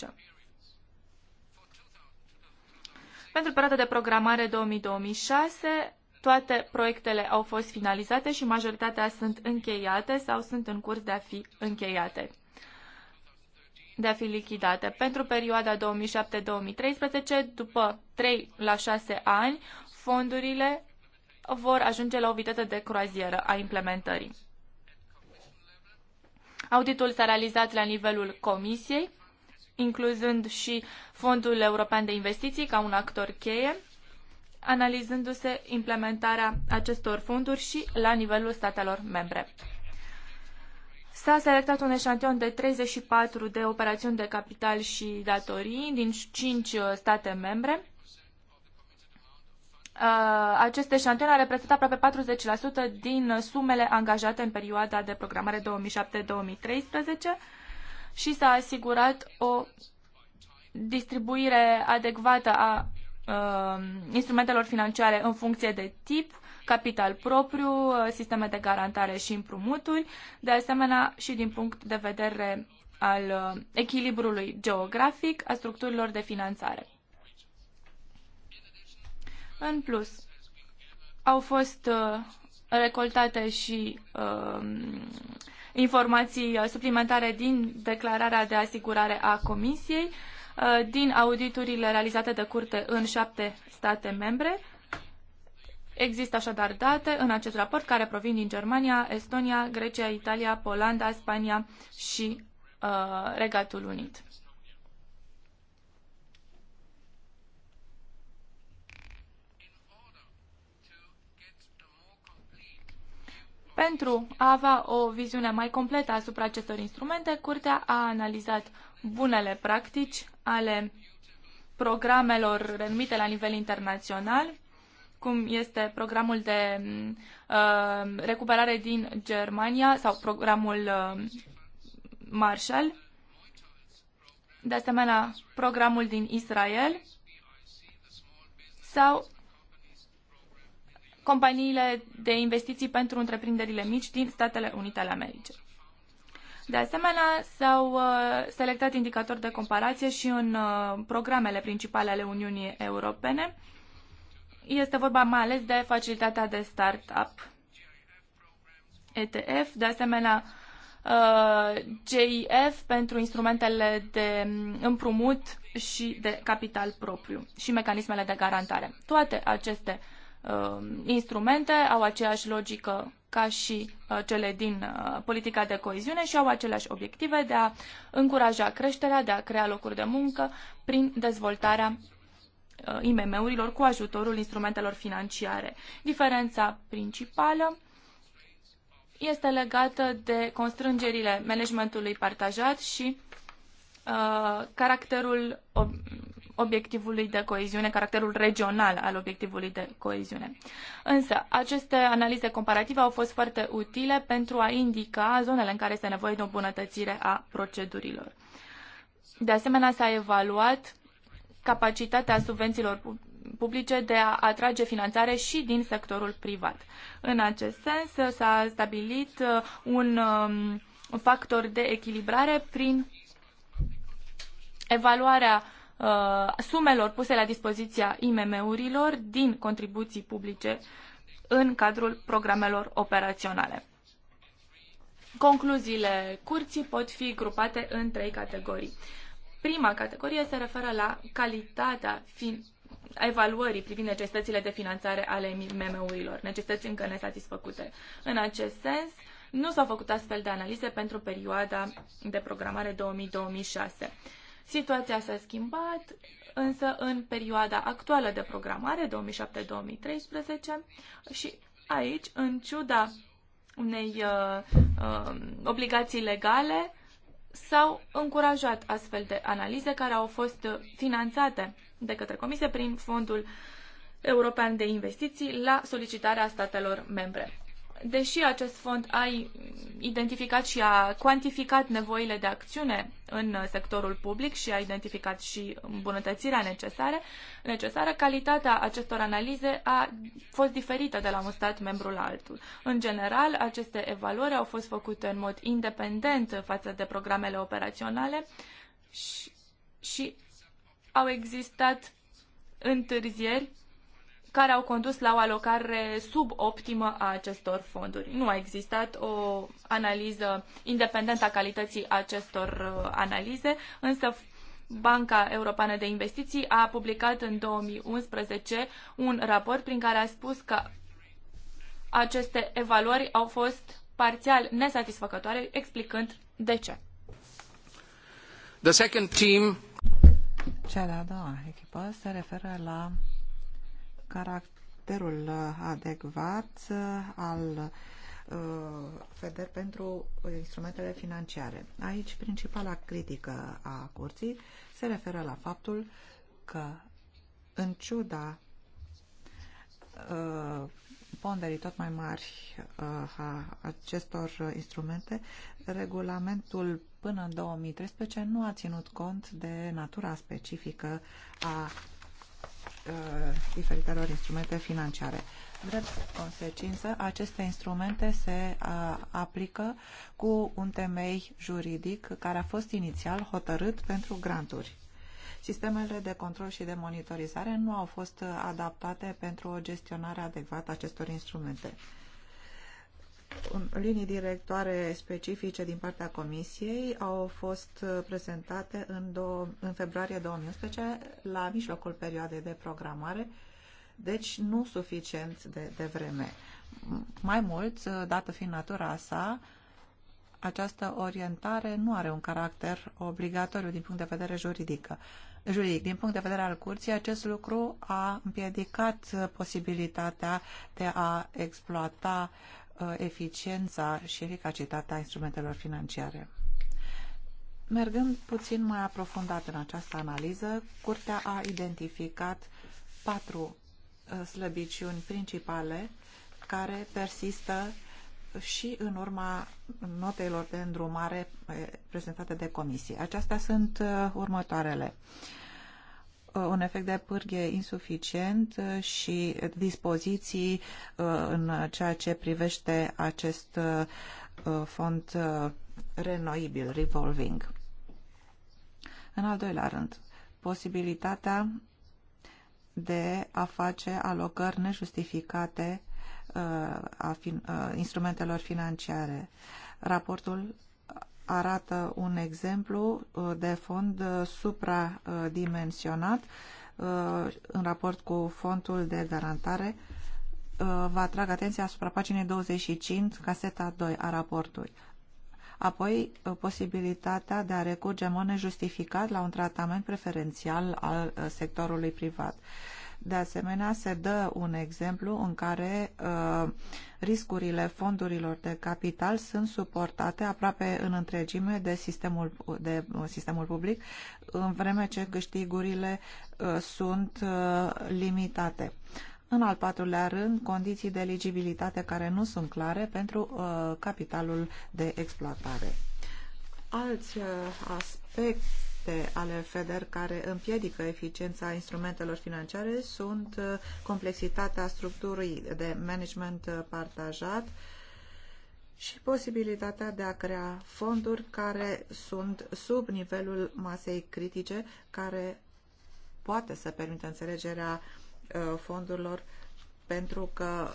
2007-2013. Pentru perioada de programare 2006 toate proiectele au fost finalizate și majoritatea sunt încheiate sau sunt în curs de a fi încheiate de a fi lichidate. Pentru perioada 2007-2013, după 3 la 6 ani, fondurile vor ajunge la o viteză de croazieră a implementării. Auditul s-a realizat la nivelul Comisiei, incluzând și Fondul European de Investiții ca un actor cheie analizându-se implementarea acestor fonduri și la nivelul statelor membre. S-a selectat un eșantion de 34 de operațiuni de capital și datorii din 5 uh, state membre. Uh, acest eșantion a reprezentat aproape 40% din uh, sumele angajate în perioada de programare 2007-2013 și s-a asigurat o distribuire adecvată a Um, instrumentelor financiare în funcție de tip, capital propriu, uh, sisteme de garantare și împrumuturi, de asemenea și din punct de vedere al uh, echilibrului geografic a structurilor de finanțare. În plus, au fost uh, recoltate și um, uh, informații suplimentare din declararea de asigurare a Comisiei. Uh, Uh, din auditurile realizate de curte în șapte state membre. Există așadar date în acest raport care provin din Germania, Estonia, Grecia, Italia, Polanda, Spania și uh, Regatul Unit. Pentru a avea o viziune mai completă asupra acestor instrumente, Curtea a analizat bunele practici ale programelor renumite la nivel internațional, cum este programul de uh, recuperare din Germania sau programul uh, Marshall, de asemenea programul din Israel sau companiile de investiții pentru întreprinderile mici din Statele Unite ale Americii. De asemenea, s-au uh, selectat indicatori de comparație și în uh, programele principale ale Uniunii Europene. Este vorba mai ales de facilitatea de start up, ETF, de asemenea GIF uh, pentru instrumentele de mm, împrumut și de capital propriu și mecanismele de garantare. Toate aceste uh, instrumente au aceeași logică ca și uh, cele din uh, politica de coeziune și au aceleași obiective de a încuraja creșterea, de a crea locuri de muncă prin dezvoltarea uh, IMM-urilor cu ajutorul instrumentelor financiare. Diferența principală este legată de constrângerile managementului partajat și uh, caracterul obiectivului de coeziune, caracterul regional al obiectivului de coeziune. Însă, aceste analize comparative au fost foarte utile pentru a indica zonele în care este nevoie de o îmbunătățire a procedurilor. De asemenea, s-a evaluat capacitatea subvențiilor publice de a atrage finanțare și din sectorul privat. În acest sens, s-a stabilit uh, um, un factor de echilibrare prin evaluarea Uh, sumelor puse la dispoziția IMM-urilor din contribuții publice în cadrul programelor operaționale. Concluziile curții pot fi grupate în trei categorii. Prima categorie se referă la calitatea fin- a evaluării privind necesitățile de finanțare ale MMU-urilor, necesități încă nesatisfăcute. În acest sens, nu s-au făcut astfel de analize pentru perioada de programare 2000-2006. Situația s-a schimbat, însă în perioada actuală de programare, 2007-2013, și aici, în ciuda unei uh, uh, obligații legale, s-au încurajat astfel de analize care au fost finanțate de către Comisie prin Fondul European de Investiții la solicitarea statelor membre deși acest fond a identificat și a cuantificat nevoile de acțiune în sectorul public și a identificat și îmbunătățirea necesară, necesară calitatea acestor analize a fost diferită de la un stat membru la altul. În general, aceste evaluări au fost făcute în mod independent față de programele operaționale și, și au existat întârzieri care au condus la o alocare suboptimă a acestor fonduri. Nu a existat o analiză independentă a calității acestor uh, analize, însă Banca Europeană de Investiții a publicat în 2011 un raport prin care a spus că aceste evaluări au fost parțial nesatisfăcătoare, explicând de ce. The second team... Cea de-a doua echipă se referă la caracterul uh, adecvat uh, al uh, FEDER pentru instrumentele financiare. Aici, principala critică a curții se referă la faptul că, în ciuda ponderii tot mai mari a acestor instrumente, regulamentul până în 2013 nu a ținut cont de natura specifică a Uh, diferitelor instrumente financiare. Drept consecință, aceste instrumente se aplică cu un temei juridic care a fost inițial hotărât pentru granturi. Sistemele de control și de monitorizare nu au fost adaptate pentru o gestionare adecvată a acestor instrumente linii directoare specifice din partea Comisiei au fost uh, prezentate în, două, în februarie 2011 la mijlocul perioadei de programare, deci nu suficient de, de vreme. Mai mult, uh, dată fiind natura sa, această orientare nu are un caracter obligatoriu din punct de vedere juridică. juridic. Din punct de vedere al curții, acest lucru a împiedicat uh, posibilitatea de a exploata Uh, eficiența și eficacitatea instrumentelor financiare. Mergând puțin mai aprofundat în această analiză, Curtea a identificat patru uh, slăbiciuni principale care persistă și în urma notelor de îndrumare uh, prezentate de comisie. Acestea sunt următoarele. Uh, Uh, un efect de pârghie insuficient uh, și dispoziții uh, în ceea ce privește acest fond renoibil, revolving. În al doilea rând, posibilitatea de a face alocări nejustificate a instrumentelor financiare. Raportul arată un exemplu uh, de fond uh, supradimensionat uh, în raport cu fondul de garantare. Vă atrag atenția asupra paginii 25, caseta 2 a raportului. Apoi, posibilitatea de a recurge în mod nejustificat la un tratament preferențial al sectorului privat. De asemenea, se dă un exemplu în care uh, riscurile fondurilor de capital sunt suportate aproape în întregime de sistemul, de uh, sistemul public, în vreme ce câștigurile uh, sunt uh, limitate. În al patrulea rând, condiții de eligibilitate care nu sunt clare pentru uh, capitalul de exploatare. Alți uh, aspecte aspecte ale FEDER care împiedică eficiența instrumentelor financiare sunt uh, complexitatea structurii de management uh, partajat și posibilitatea de a crea fonduri care sunt sub nivelul masei critice care poate să permită înțelegerea uh, fondurilor pentru că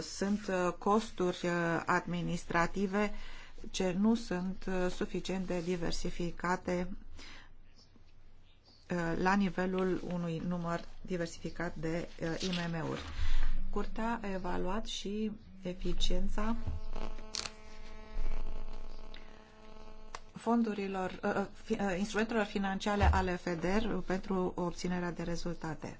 sunt costuri administrative uh, ce nu sunt uh, suficient de diversificate uh, la nivelul unui număr diversificat de uh, IMM-uri. Curtea a evaluat și eficiența fondurilor, instrumentelor financiare ale FEDER pentru obținerea de rezultate.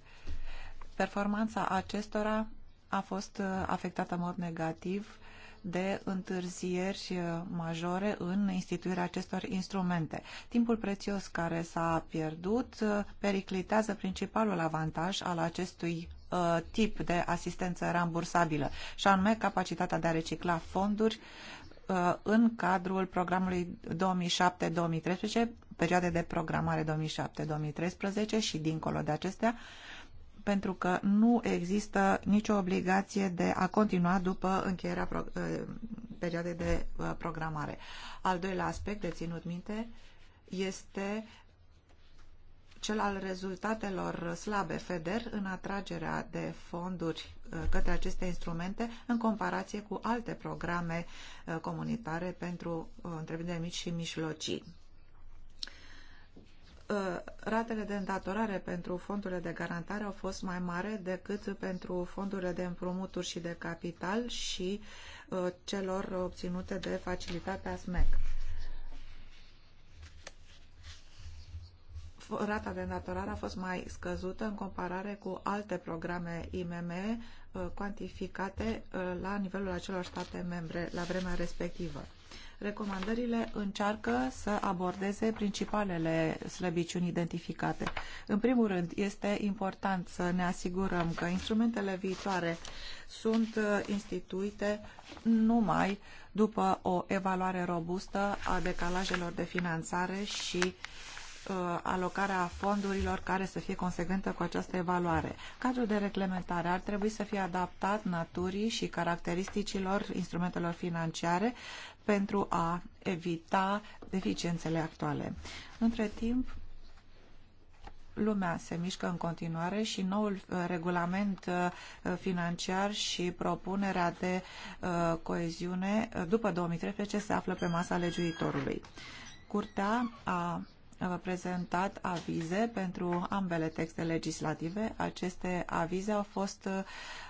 Performanța acestora a fost afectată în mod negativ de întârzieri uh, majore în instituirea acestor instrumente. Timpul prețios care s-a pierdut uh, periclitează principalul avantaj al acestui uh, tip de asistență rambursabilă, și anume capacitatea de a recicla fonduri în cadrul programului 2007-2013, perioade de programare 2007-2013 și dincolo de acestea, pentru că nu există nicio obligație de a continua după încheierea pro, eh, perioadei de eh, programare. Al doilea aspect de ținut minte este cel al rezultatelor slabe FEDER în atragerea de fonduri eh, către aceste instrumente în comparație cu alte programe comunitare pentru întreprinderi mici și mijlocii. Uh, ratele de îndatorare pentru fondurile de garantare au fost mai mare decât pentru fondurile de împrumuturi și de capital și uh, celor obținute de facilitatea SMEC. Rata de îndatorare a fost mai scăzută în comparare cu alte programe IMM uh, cuantificate la nivelul acelor state membre la vremea respectivă. Recomandările încearcă să abordeze principalele slăbiciuni identificate. În primul rând, este important să ne asigurăm că instrumentele viitoare sunt uh, instituite numai după o evaluare robustă a decalajelor de finanțare și uh, alocarea fondurilor care să fie consecventă cu această evaluare. Cadrul de reglementare ar trebui să fie adaptat naturii și caracteristicilor instrumentelor financiare pentru a evita deficiențele actuale. Între timp, lumea se mișcă în continuare și noul uh, regulament uh, financiar și propunerea de uh, coeziune după 2013 se află pe masa legiuitorului. Curtea a prezentat avize pentru ambele texte legislative. Aceste avize au fost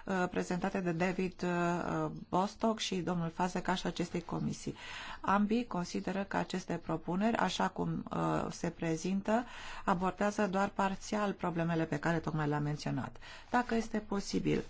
uh, prezentate de David uh, Bostock și domnul Fazecaș acestei comisii. Ambii consideră că aceste propuneri, așa cum uh, se prezintă, abordează doar parțial problemele pe care tocmai le-am menționat. Dacă este posibil,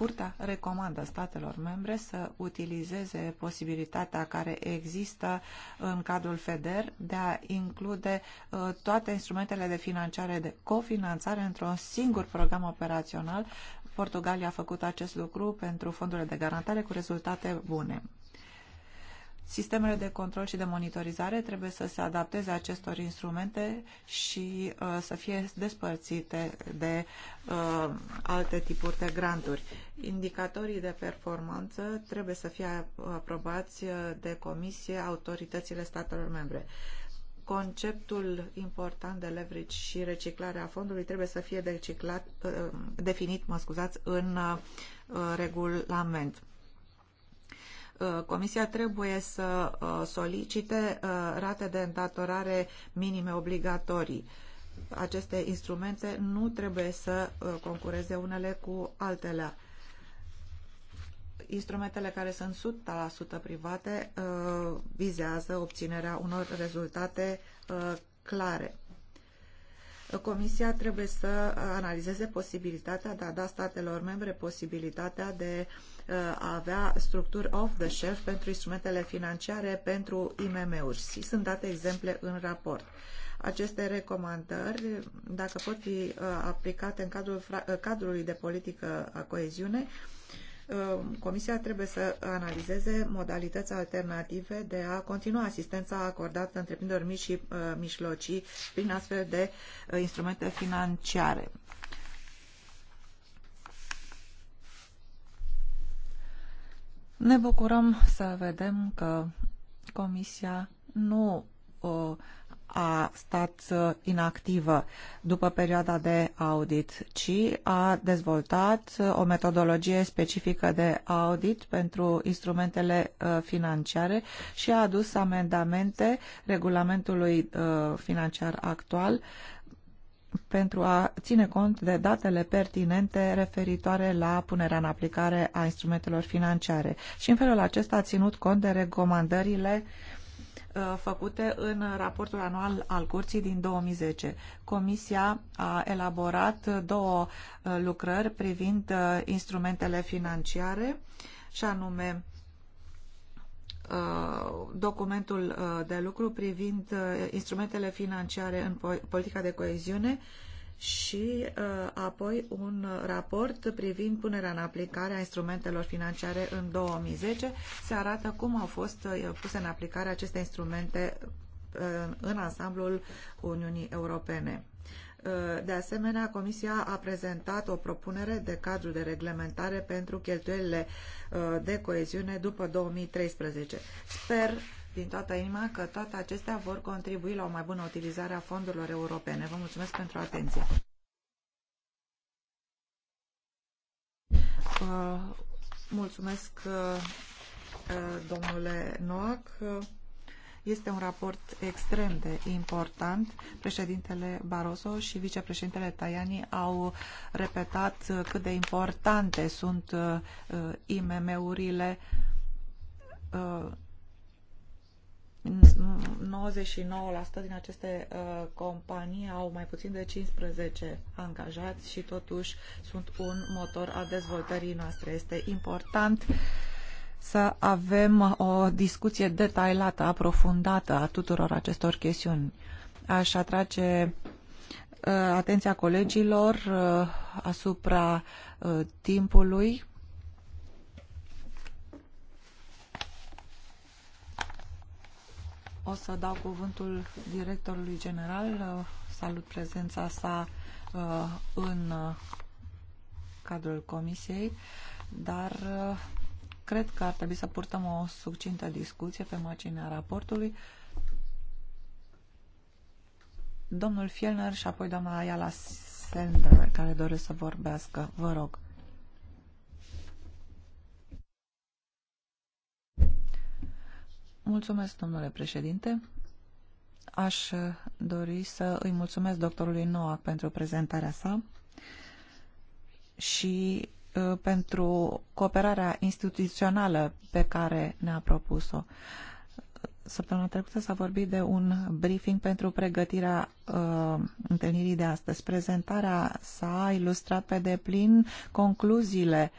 Curtea recomandă statelor membre să utilizeze posibilitatea care există în cadrul FEDER de a include uh, toate instrumentele de finanțare, de cofinanțare într-un singur program operațional. Portugalia a făcut acest lucru pentru fondurile de garantare cu rezultate bune. Sistemele de control și de monitorizare trebuie să se adapteze acestor instrumente și uh, să fie despărțite de uh, alte tipuri de granturi. Indicatorii de performanță trebuie să fie uh, aprobați uh, de comisie autoritățile statelor membre. Conceptul important de leverage și reciclarea fondului trebuie să fie uh, definit mă scuzați, în uh, regulament Uh, Comisia trebuie să uh, solicite uh, rate de îndatorare minime obligatorii. Aceste instrumente nu trebuie să concureze unele cu altele. Instrumentele care sunt 100% private vizează obținerea unor rezultate clare. Comisia trebuie să analizeze posibilitatea de a da statelor membre posibilitatea de a uh, avea structuri off-the-shelf pentru instrumentele financiare pentru IMM-uri. și Sunt date exemple în raport. Aceste recomandări, dacă pot fi uh, aplicate în cadrul uh, cadrului de politică a coeziune, Comisia trebuie să analizeze modalități alternative de a continua asistența acordată întreprinderilor mici și mijlocii prin astfel de instrumente financiare. Ne bucurăm să vedem că Comisia nu uh, a stat uh, inactivă după perioada de audit, ci a dezvoltat uh, o metodologie specifică de audit pentru instrumentele financiare și a adus amendamente regulamentului financiar actual pentru a ține cont de datele pertinente referitoare la punerea în aplicare a instrumentelor financiare. Și în felul acesta a ținut cont de recomandările uh, făcute în raportul anual al curții din 2010. Comisia a elaborat două uh, lucrări privind uh, instrumentele financiare și anume Uh, documentul uh, de lucru privind uh, instrumentele financiare în politica de coeziune și apoi un raport privind punerea în aplicare a instrumentelor financiare în 2010. Se arată cum au fost puse în aplicare aceste instrumente în ansamblul Uniunii Europene. De asemenea, Comisia a prezentat o propunere de cadru de reglementare pentru cheltuielile uh, de coeziune după 2013. Sper din toată inima că toate acestea vor contribui la o mai bună utilizare a fondurilor europene. Vă mulțumesc pentru atenție. Uh, mulțumesc, uh, domnule Noac. Este un raport extrem de important. Președintele Barroso și vicepreședintele Tajani au repetat cât de importante sunt uh, IMM-urile 99% uh, din aceste uh, companii au mai puțin de 15 angajați și totuși sunt un motor a dezvoltării noastre. Este important uh, să avem o discuție detailată, aprofundată a tuturor acestor chestiuni. Aș atrage uh, atenția colegilor uh, asupra uh, timpului. O să dau cuvântul directorului general. Salut prezența sa în cadrul comisiei, dar Cred că ar trebui să purtăm o succintă discuție pe marginea raportului. Domnul Fielner și apoi doamna Ayala Sender, care doresc să vorbească. Vă rog. Mulțumesc, domnule președinte. Aș dori să îi mulțumesc doctorului Noac pentru prezentarea sa și Uh, pentru cooperarea instituțională pe care ne-a propus-o. Săptămâna trecută s-a vorbit de un briefing pentru pregătirea uh, întâlnirii de astăzi. Prezentarea s-a ilustrat pe deplin concluziile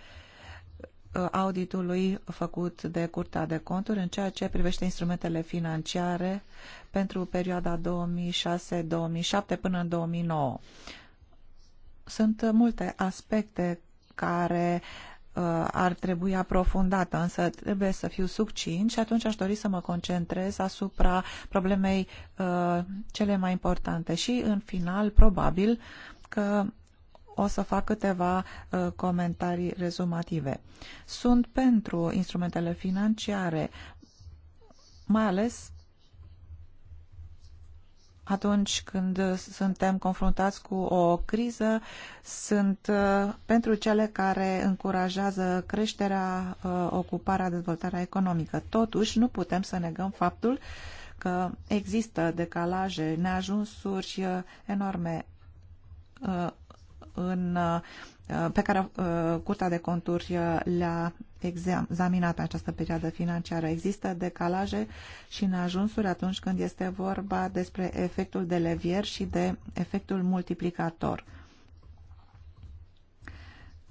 uh, auditului făcut de Curtea de Conturi în ceea ce privește instrumentele financiare pentru perioada 2006-2007 până în 2009. Sunt multe aspecte care uh, ar trebui aprofundată, însă trebuie să fiu succint și atunci aș dori să mă concentrez asupra problemei uh, cele mai importante și în final probabil că o să fac câteva uh, comentarii rezumative. Sunt pentru instrumentele financiare, mai ales atunci când suntem confruntați cu o criză sunt uh, pentru cele care încurajează creșterea, uh, ocuparea, dezvoltarea economică. Totuși, nu putem să negăm faptul că există decalaje, neajunsuri uh, enorme în Uh, pe care uh, Curtea de Conturi uh, le-a examinat în această perioadă financiară. Există decalaje și neajunsuri atunci când este vorba despre efectul de levier și de efectul multiplicator.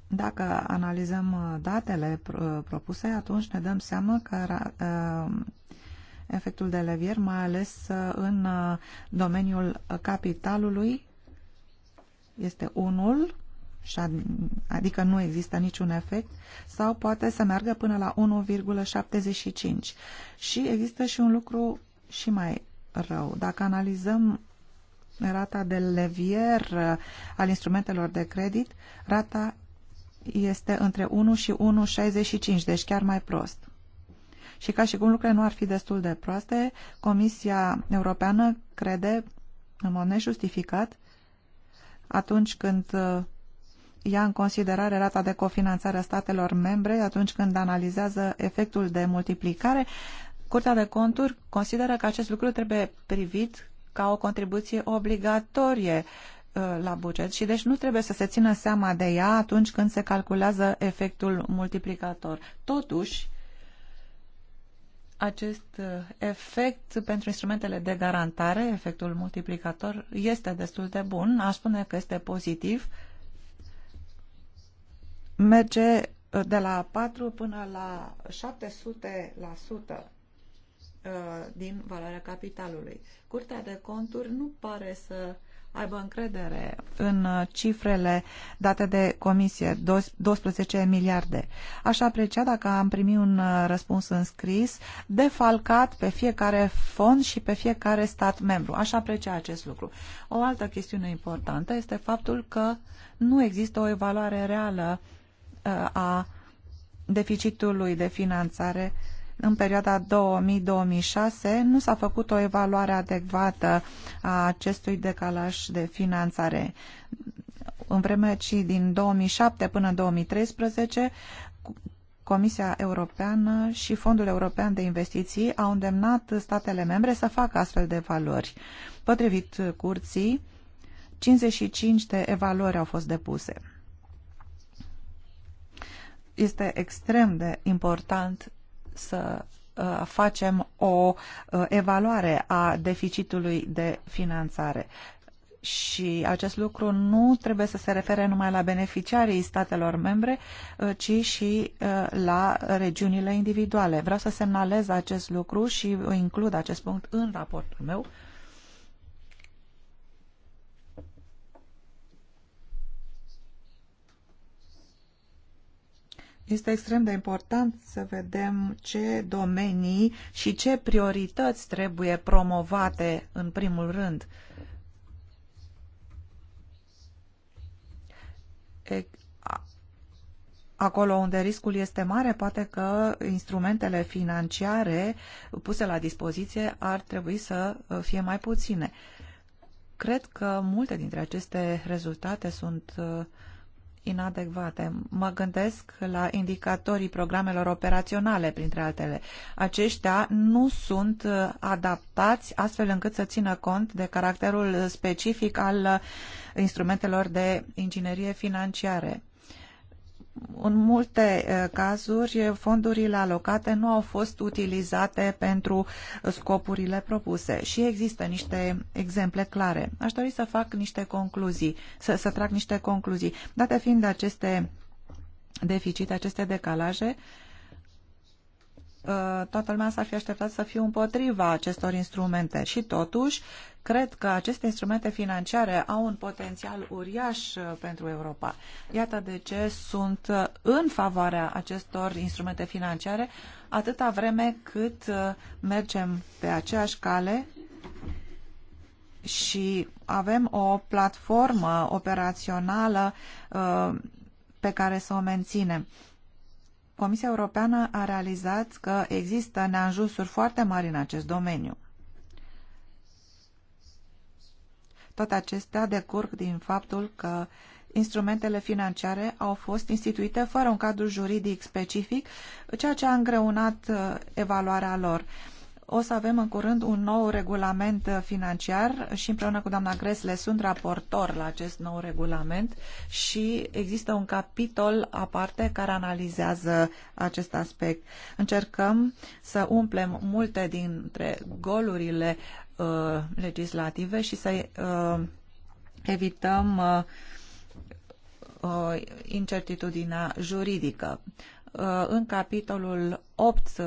Dacă analizăm datele propuse, atunci ne dăm seama că efectul de levier, mai ales în domeniul capitalului, este unul adică nu există niciun efect, sau poate să meargă până la 1,75. Și există și un lucru și mai rău. Dacă analizăm rata de levier uh, al instrumentelor de credit, rata este între 1 și 1,65, deci chiar mai prost. Și ca și cum lucrurile nu ar fi destul de proaste, Comisia Europeană crede, în mod nejustificat, atunci când uh, ia în considerare rata de cofinanțare a statelor membre atunci când analizează efectul de multiplicare, Curtea de Conturi consideră că acest lucru trebuie privit ca o contribuție obligatorie uh, la buget și deci nu trebuie să se țină seama de ea atunci când se calculează efectul multiplicator. Totuși, acest uh, efect pentru instrumentele de garantare, efectul multiplicator, este destul de bun, aș spune că este pozitiv, merge uh, de la 4 până la 700% uh, din valoarea capitalului. Curtea de conturi nu pare să aibă încredere în uh, cifrele date de comisie, 12 miliarde. Aș aprecia dacă am primit un răspuns în scris, defalcat pe fiecare fond și pe fiecare stat membru. Aș aprecia acest lucru. O altă chestiune importantă este faptul că nu există o evaluare reală Uh, a deficitului de finanțare în perioada 2000-2006 nu s-a făcut o evaluare adecvată a acestui decalaj de finanțare. În vreme ci din 2007 până 2013, Comisia Europeană și Fondul European de Investiții au îndemnat statele membre să facă astfel de evaluări. Potrivit curții, 55 de evaluări au fost depuse este extrem de important să uh, facem o uh, evaluare a deficitului de finanțare. Și acest lucru nu trebuie să se refere numai la beneficiarii statelor membre, uh, ci și la regiunile individuale. Vreau să semnalez acest lucru și includ acest punct în raportul meu. Este extrem de important să vedem ce domenii și ce priorități trebuie promovate în primul rând. acolo unde riscul este mare, poate că instrumentele financiare puse la dispoziție ar trebui să uh, fie mai puține. Cred că multe dintre aceste rezultate sunt uh, inadecvate. Mă gândesc la indicatorii programelor operaționale, printre altele. Aceștia nu sunt uh, adaptați astfel încât să țină cont de caracterul specific al uh, instrumentelor de inginerie financiare în multe cazuri, fondurile alocate nu au fost utilizate pentru scopurile propuse și există niște exemple clare. Aș dori să fac niște concluzii, să, să trag niște concluzii. Date fiind aceste deficite, aceste decalaje, uh, Uh, toată lumea s-ar fi așteptat să fie împotriva acestor instrumente și totuși cred că aceste instrumente financiare au un potențial uriaș uh, pentru Europa. Iată de ce sunt uh, în favoarea acestor instrumente financiare atâta vreme cât mergem pe aceeași cale și avem o platformă operațională pe care să o menținem. Comisia Europeană a realizat că există neajunsuri foarte mari în acest domeniu. Toate acestea decurg din faptul că instrumentele financiare au fost instituite fără un cadru juridic specific, ceea ce a îngreunat uh, evaluarea lor. O să avem în curând un nou regulament financiar și împreună cu doamna Gresle sunt raportor la acest nou regulament și există un capitol aparte care analizează acest aspect. Încercăm să umplem multe dintre golurile uh, legislative și să uh, evităm uh, uh incertitudinea juridică. Uh, în capitolul 8 uh,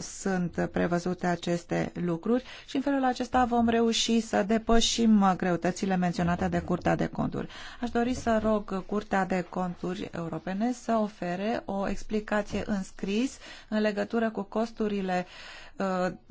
sunt prevăzute aceste lucruri și în felul acesta vom reuși să depășim greutățile menționate de Curtea de Conturi. Aș dori să rog Curtea de Conturi Europene să ofere o explicație în scris în legătură cu costurile uh,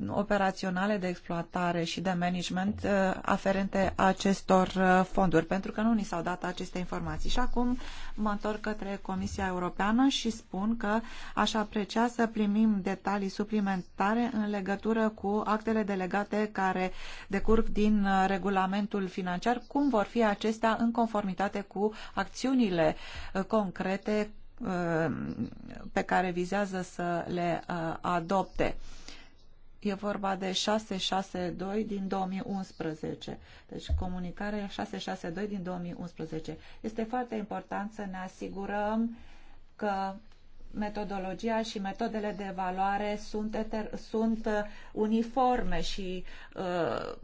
operaționale de exploatare și de management uh, aferente acestor uh, fonduri, pentru că nu ni s-au dat aceste informații. Și acum mă întorc către Comisia Europeană și spun că aș aprecia să primim primim detalii suplimentare în legătură cu actele delegate care decurg din uh, regulamentul financiar, cum vor fi acestea în conformitate cu acțiunile uh, concrete uh, pe care vizează să le adopte. E vorba de 662 din 2011. Deci comunicare 662 din 2011. Este foarte important să ne asigurăm că metodologia și metodele de evaluare sunt, sunt uh, uniforme și uh,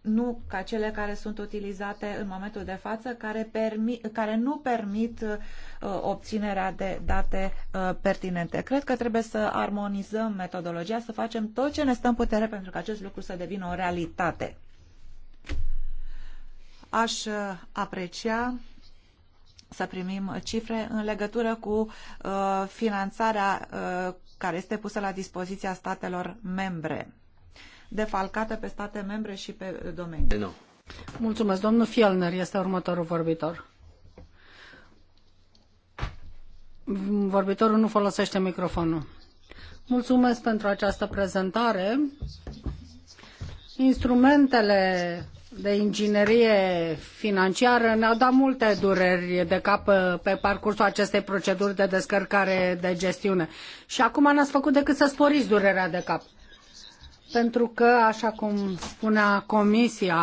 nu ca cele care sunt utilizate în momentul de față, care, permi, care nu permit uh, obținerea de date pertinente. Cred că trebuie să armonizăm metodologia, să facem tot ce ne stă în putere pentru că acest lucru să devină o realitate. Aș aprecia să primim cifre în legătură cu uh, finanțarea uh, care este pusă la dispoziția statelor membre, defalcată pe state membre și pe uh, domenii. No. Mulțumesc. Domnul Fielner este următorul vorbitor. Vorbitorul nu folosește microfonul. Mulțumesc pentru această prezentare. Instrumentele de inginerie financiară ne-au dat multe dureri de cap uh, pe parcursul acestei proceduri de descărcare de gestiune. Și acum n-ați făcut decât să sporiți durerea de cap. Pentru că, așa cum spunea Comisia,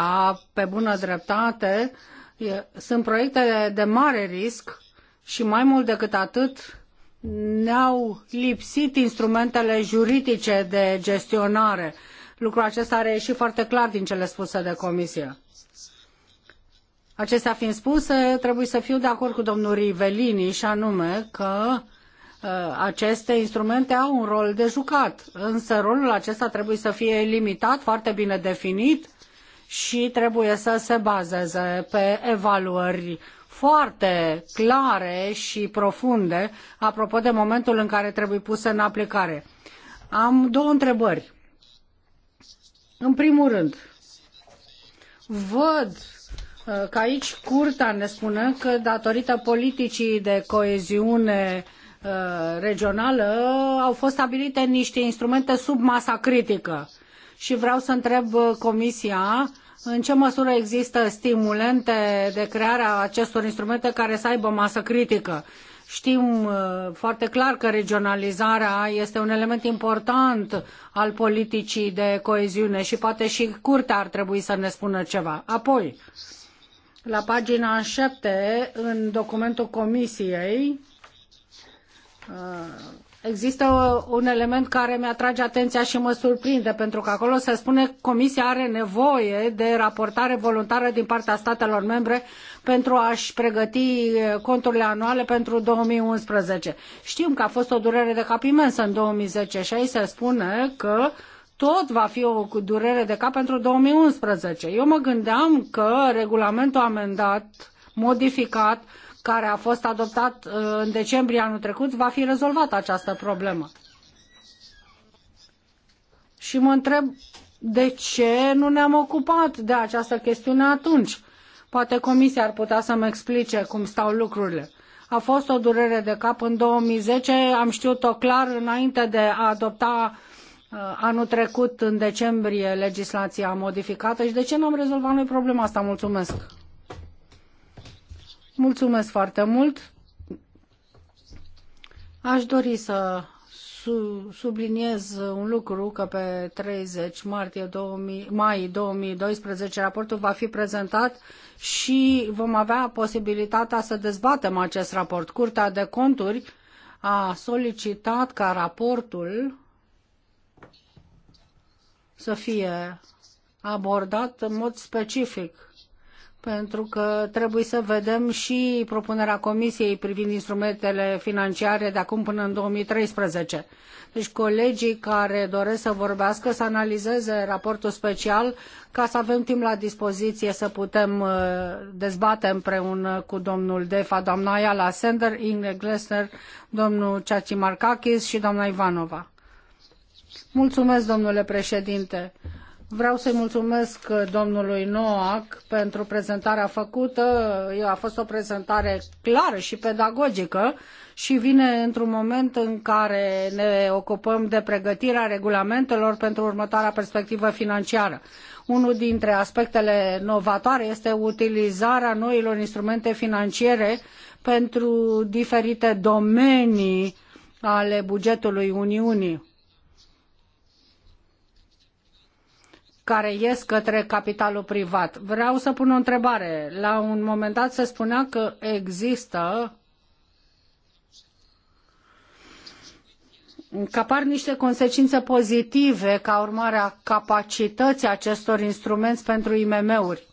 pe bună dreptate, sunt proiecte de mare risc și mai mult decât atât ne-au lipsit instrumentele juridice de gestionare. Uh, Lucrul acesta are și foarte clar din cele spuse de comisie. Acestea fiind spuse, trebuie să fiu de acord cu domnul Rivelini și anume că uh, aceste instrumente au un rol de jucat, însă rolul acesta trebuie să fie limitat, foarte bine definit și trebuie să se bazeze pe evaluări foarte clare și profunde apropo de momentul în care trebuie puse în aplicare. Am două întrebări. În primul rând, văd uh, că aici Curta ne spune că datorită politicii de coeziune uh, regională au fost stabilite niște instrumente sub masa critică. Și vreau să întreb uh, Comisia în ce măsură există stimulente de creare a acestor instrumente care să aibă masă critică Știm uh, foarte clar că regionalizarea este un element important al politicii de coeziune și poate și curtea ar trebui să ne spună ceva. Apoi, la pagina 7, în documentul comisiei, uh, Există un element care mi-atrage atenția și mă surprinde, pentru că acolo se spune că Comisia are nevoie de raportare voluntară din partea statelor membre pentru a-și pregăti conturile anuale pentru 2011. Știm că a fost o durere de cap imensă în 2010 și aici se spune că tot va fi o durere de cap pentru 2011. Eu mă gândeam că regulamentul amendat, modificat, care a fost adoptat în decembrie anul trecut, va fi rezolvată această problemă. Și mă întreb de ce nu ne-am ocupat de această chestiune atunci. Poate comisia ar putea să-mi explice cum stau lucrurile. A fost o durere de cap în 2010, am știut-o clar înainte de a adopta uh, anul trecut, în decembrie, legislația modificată și de ce n-am rezolvat noi problema asta? Mulțumesc! Mulțumesc foarte mult! Aș dori să subliniez un lucru că pe 30 martie 2000, mai 2012 raportul va fi prezentat și vom avea posibilitatea să dezbatem acest raport. Curtea de conturi a solicitat ca raportul să fie abordat în mod specific pentru că trebuie să vedem și propunerea Comisiei privind instrumentele financiare de acum până în 2013. Deci colegii care doresc să vorbească să analizeze raportul special ca să avem timp la dispoziție să putem uh, dezbate împreună cu domnul Defa, doamna Ayala Sender, Inge Glesner, domnul Ceaci Markakis și doamna Ivanova. Mulțumesc, domnule președinte. Vreau să-i mulțumesc domnului Noac pentru prezentarea făcută. A fost o prezentare clară și pedagogică și vine într-un moment în care ne ocupăm de pregătirea regulamentelor pentru următoarea perspectivă financiară. Unul dintre aspectele novatoare este utilizarea noilor instrumente financiare pentru diferite domenii ale bugetului Uniunii care ies către capitalul privat. Vreau să pun o întrebare. La un moment dat se spunea că există că apar niște consecințe pozitive ca urmare a capacității acestor instrumente pentru IMM-uri.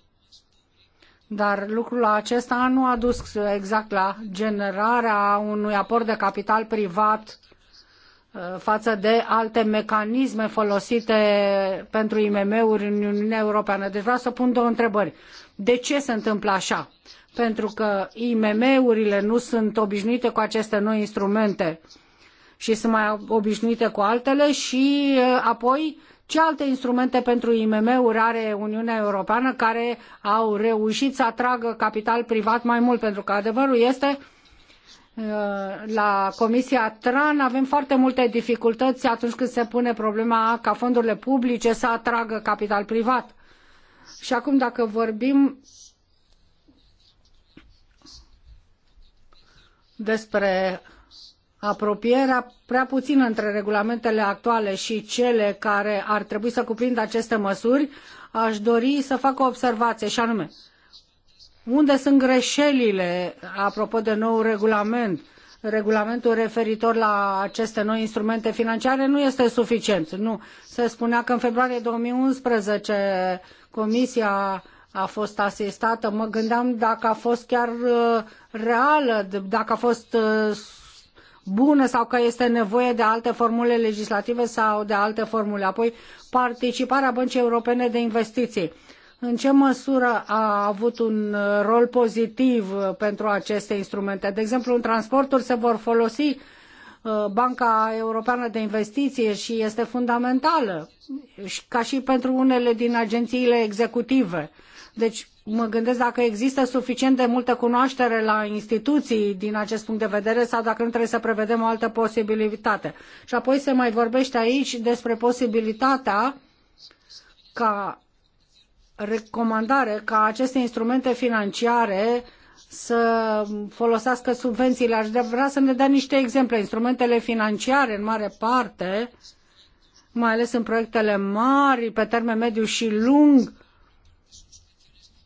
Dar lucrul acesta nu a dus exact la generarea unui aport de capital privat Uh, față de alte mecanisme folosite pentru IMM-uri în Uniunea Europeană. Deci vreau să pun două întrebări. De ce se întâmplă așa? Pentru că IMM-urile nu sunt obișnuite cu aceste noi instrumente și sunt mai obișnuite cu altele și uh, apoi ce alte instrumente pentru IMM-uri are Uniunea Europeană care au reușit să atragă capital privat mai mult? Pentru că adevărul este Eh, la Comisia TRAN avem foarte multe dificultăți atunci când se pune problema ca fondurile publice să atragă capital privat. Și acum dacă vorbim despre apropierea prea puțină între regulamentele actuale și cele care ar trebui să cuprindă aceste măsuri, aș dori să fac o observație și anume, uh, unde sunt greșelile apropo de nou regulament? Regulamentul referitor la aceste noi instrumente financiare nu este suficient. Nu. Se spunea că în februarie 2011 Comisia a fost asistată. Mă gândeam dacă a fost chiar uh, reală, dacă a fost uh, bună sau că este nevoie de alte formule legislative sau de alte formule. Apoi, participarea Băncii Europene de Investiții în ce măsură a avut un uh, rol pozitiv uh, pentru aceste instrumente. De exemplu, în transporturi se vor folosi uh, Banca Europeană de Investiție și este fundamentală, ca și pentru unele din agențiile executive. Deci mă gândesc dacă există suficient de multă cunoaștere la instituții din acest punct de vedere sau dacă nu trebuie să prevedem o altă posibilitate. Și apoi se mai vorbește aici despre posibilitatea ca recomandare ca aceste instrumente financiare să folosească subvențiile. Aș vrea să ne dea niște exemple. Instrumentele financiare, în mare parte, mai ales în proiectele mari, pe termen mediu și lung,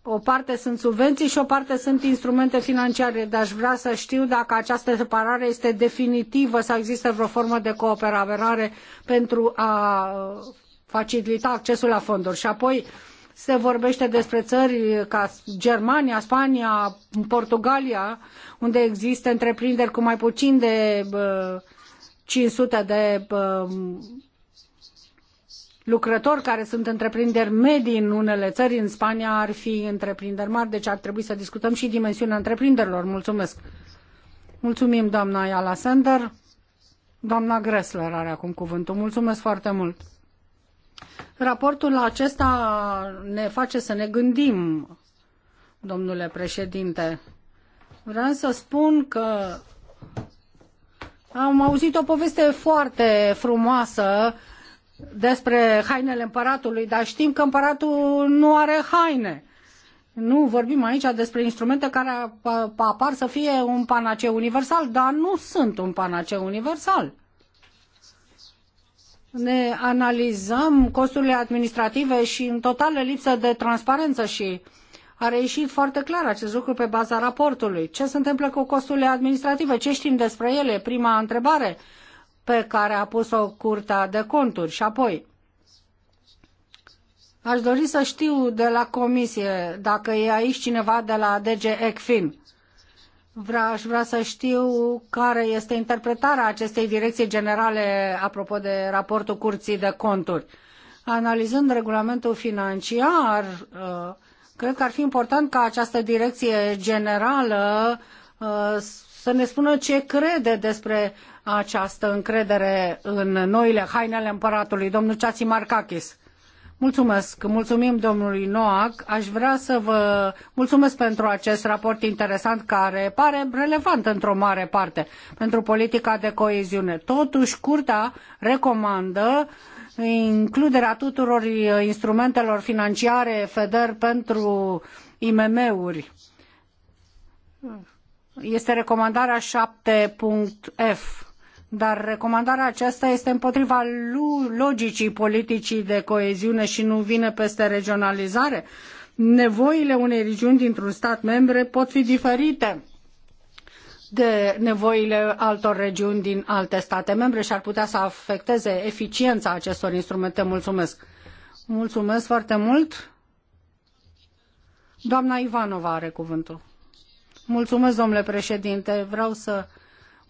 o parte sunt subvenții și o parte sunt instrumente financiare, dar aș vrea să știu dacă această separare este definitivă sau există vreo formă de cooperare pentru a facilita accesul la fonduri. Și apoi, se vorbește despre țări ca Germania, Spania, Portugalia, unde există întreprinderi cu mai puțin de 500 de lucrători care sunt întreprinderi medii în unele țări, în Spania ar fi întreprinderi mari, deci ar trebui să discutăm și dimensiunea întreprinderilor. Mulțumesc! Mulțumim, doamna Iala Sender. Doamna Gressler are acum cuvântul. Mulțumesc foarte mult! Raportul acesta ne face să ne gândim, domnule președinte. Vreau să spun că am auzit o poveste foarte frumoasă despre hainele împăratului, dar știm că împăratul nu are haine. Nu vorbim aici despre instrumente care apar să fie un panaceu universal, dar nu sunt un panaceu universal ne analizăm costurile administrative și în totală lipsă de transparență și a reieșit foarte clar acest lucru pe baza raportului. Ce se întâmplă cu costurile administrative? Ce știm despre ele? Prima întrebare pe care a pus-o Curtea de Conturi și apoi Aș dori să știu de la comisie dacă e aici cineva de la DG ECFIN. Vreau aș vrea să știu care este interpretarea acestei direcții generale apropo de raportul Curții de Conturi. Analizând regulamentul financiar, uh, cred că ar fi important ca această direcție generală uh, să ne spună ce crede despre această încredere în noile hainele împăratului, domnul Ceații Marcachis. Mulțumesc, mulțumim domnului Noac. Aș vrea să vă mulțumesc pentru acest raport interesant care pare relevant într-o mare parte pentru politica de coeziune. Totuși, Curtea recomandă includerea tuturor instrumentelor financiare FEDER pentru IMM-uri. Este recomandarea 7.f dar recomandarea aceasta este împotriva logicii politicii de coeziune și nu vine peste regionalizare. Nevoile unei regiuni dintr-un stat membru pot fi diferite de nevoile altor regiuni din alte state membre și ar putea să afecteze eficiența acestor instrumente. Mulțumesc! Mulțumesc foarte mult! Doamna Ivanova are cuvântul. Mulțumesc, domnule președinte. Vreau să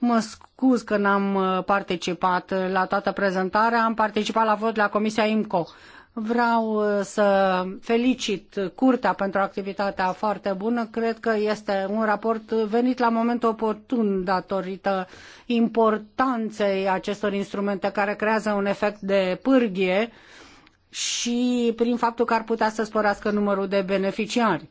Mă scuz că n-am uh, participat la toată prezentarea, am participat la vot la Comisia IMCO. Vreau uh, să felicit Curtea pentru activitatea foarte bună. Cred că este un raport venit la momentul oportun datorită importanței acestor instrumente care creează un efect de pârghie și prin faptul că ar putea să sporească numărul de beneficiari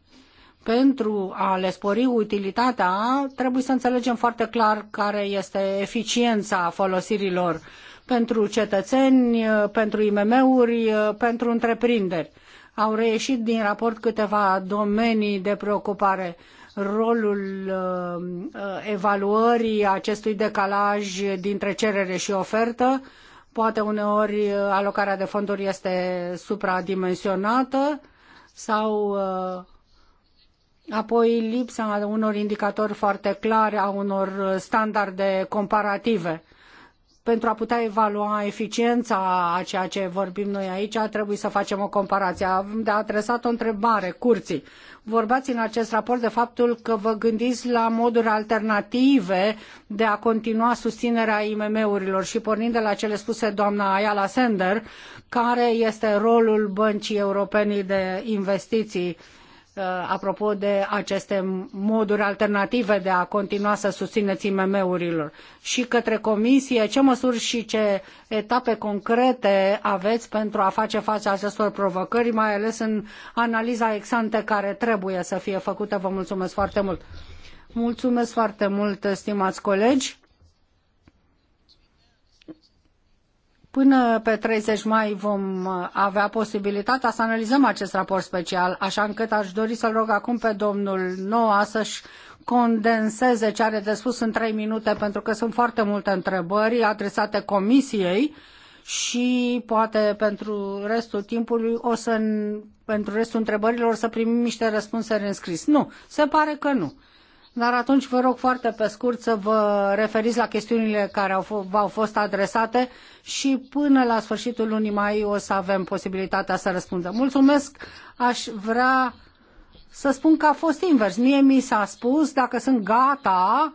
pentru a le spori utilitatea, trebuie să înțelegem foarte clar care este eficiența folosirilor pentru cetățeni, pentru IMM-uri, pentru întreprinderi. Au reieșit din raport câteva domenii de preocupare rolul uh, evaluării acestui decalaj dintre cerere și ofertă. Poate uneori uh, alocarea de fonduri este supradimensionată sau uh, apoi lipsa unor indicatori foarte clare, a unor standarde comparative. Pentru a putea evalua eficiența a ceea ce vorbim noi aici, trebuie să facem o comparație. Am de adresat o întrebare curții. Vorbați în acest raport de faptul că vă gândiți la moduri alternative de a continua susținerea IMM-urilor și pornind de la cele spuse doamna Ayala Sender, care este rolul Băncii Europene de Investiții uh, Uh, apropo de aceste moduri alternative de a continua să susțineți IMM-urilor și către comisie ce măsuri și ce etape concrete aveți pentru a face față acestor provocări, mai ales în analiza exante care trebuie să fie făcută. Vă mulțumesc foarte mult! Mulțumesc foarte mult, stimați colegi! Până pe 30 mai vom uh, avea posibilitatea să analizăm acest raport special, așa încât aș dori să-l rog acum pe domnul Noa să-și condenseze ce are de spus în trei minute, pentru că sunt foarte multe întrebări adresate comisiei și poate pentru restul timpului o să, pentru restul întrebărilor o să primim niște răspunsuri în scris. Nu, se pare că nu. Dar atunci vă rog foarte pe scurt să vă referiți la chestiunile care au v-au fost adresate și până la sfârșitul lunii mai o să avem posibilitatea să răspundem. Mulțumesc, aș vrea să spun că a fost invers. Mie mi s-a spus dacă sunt gata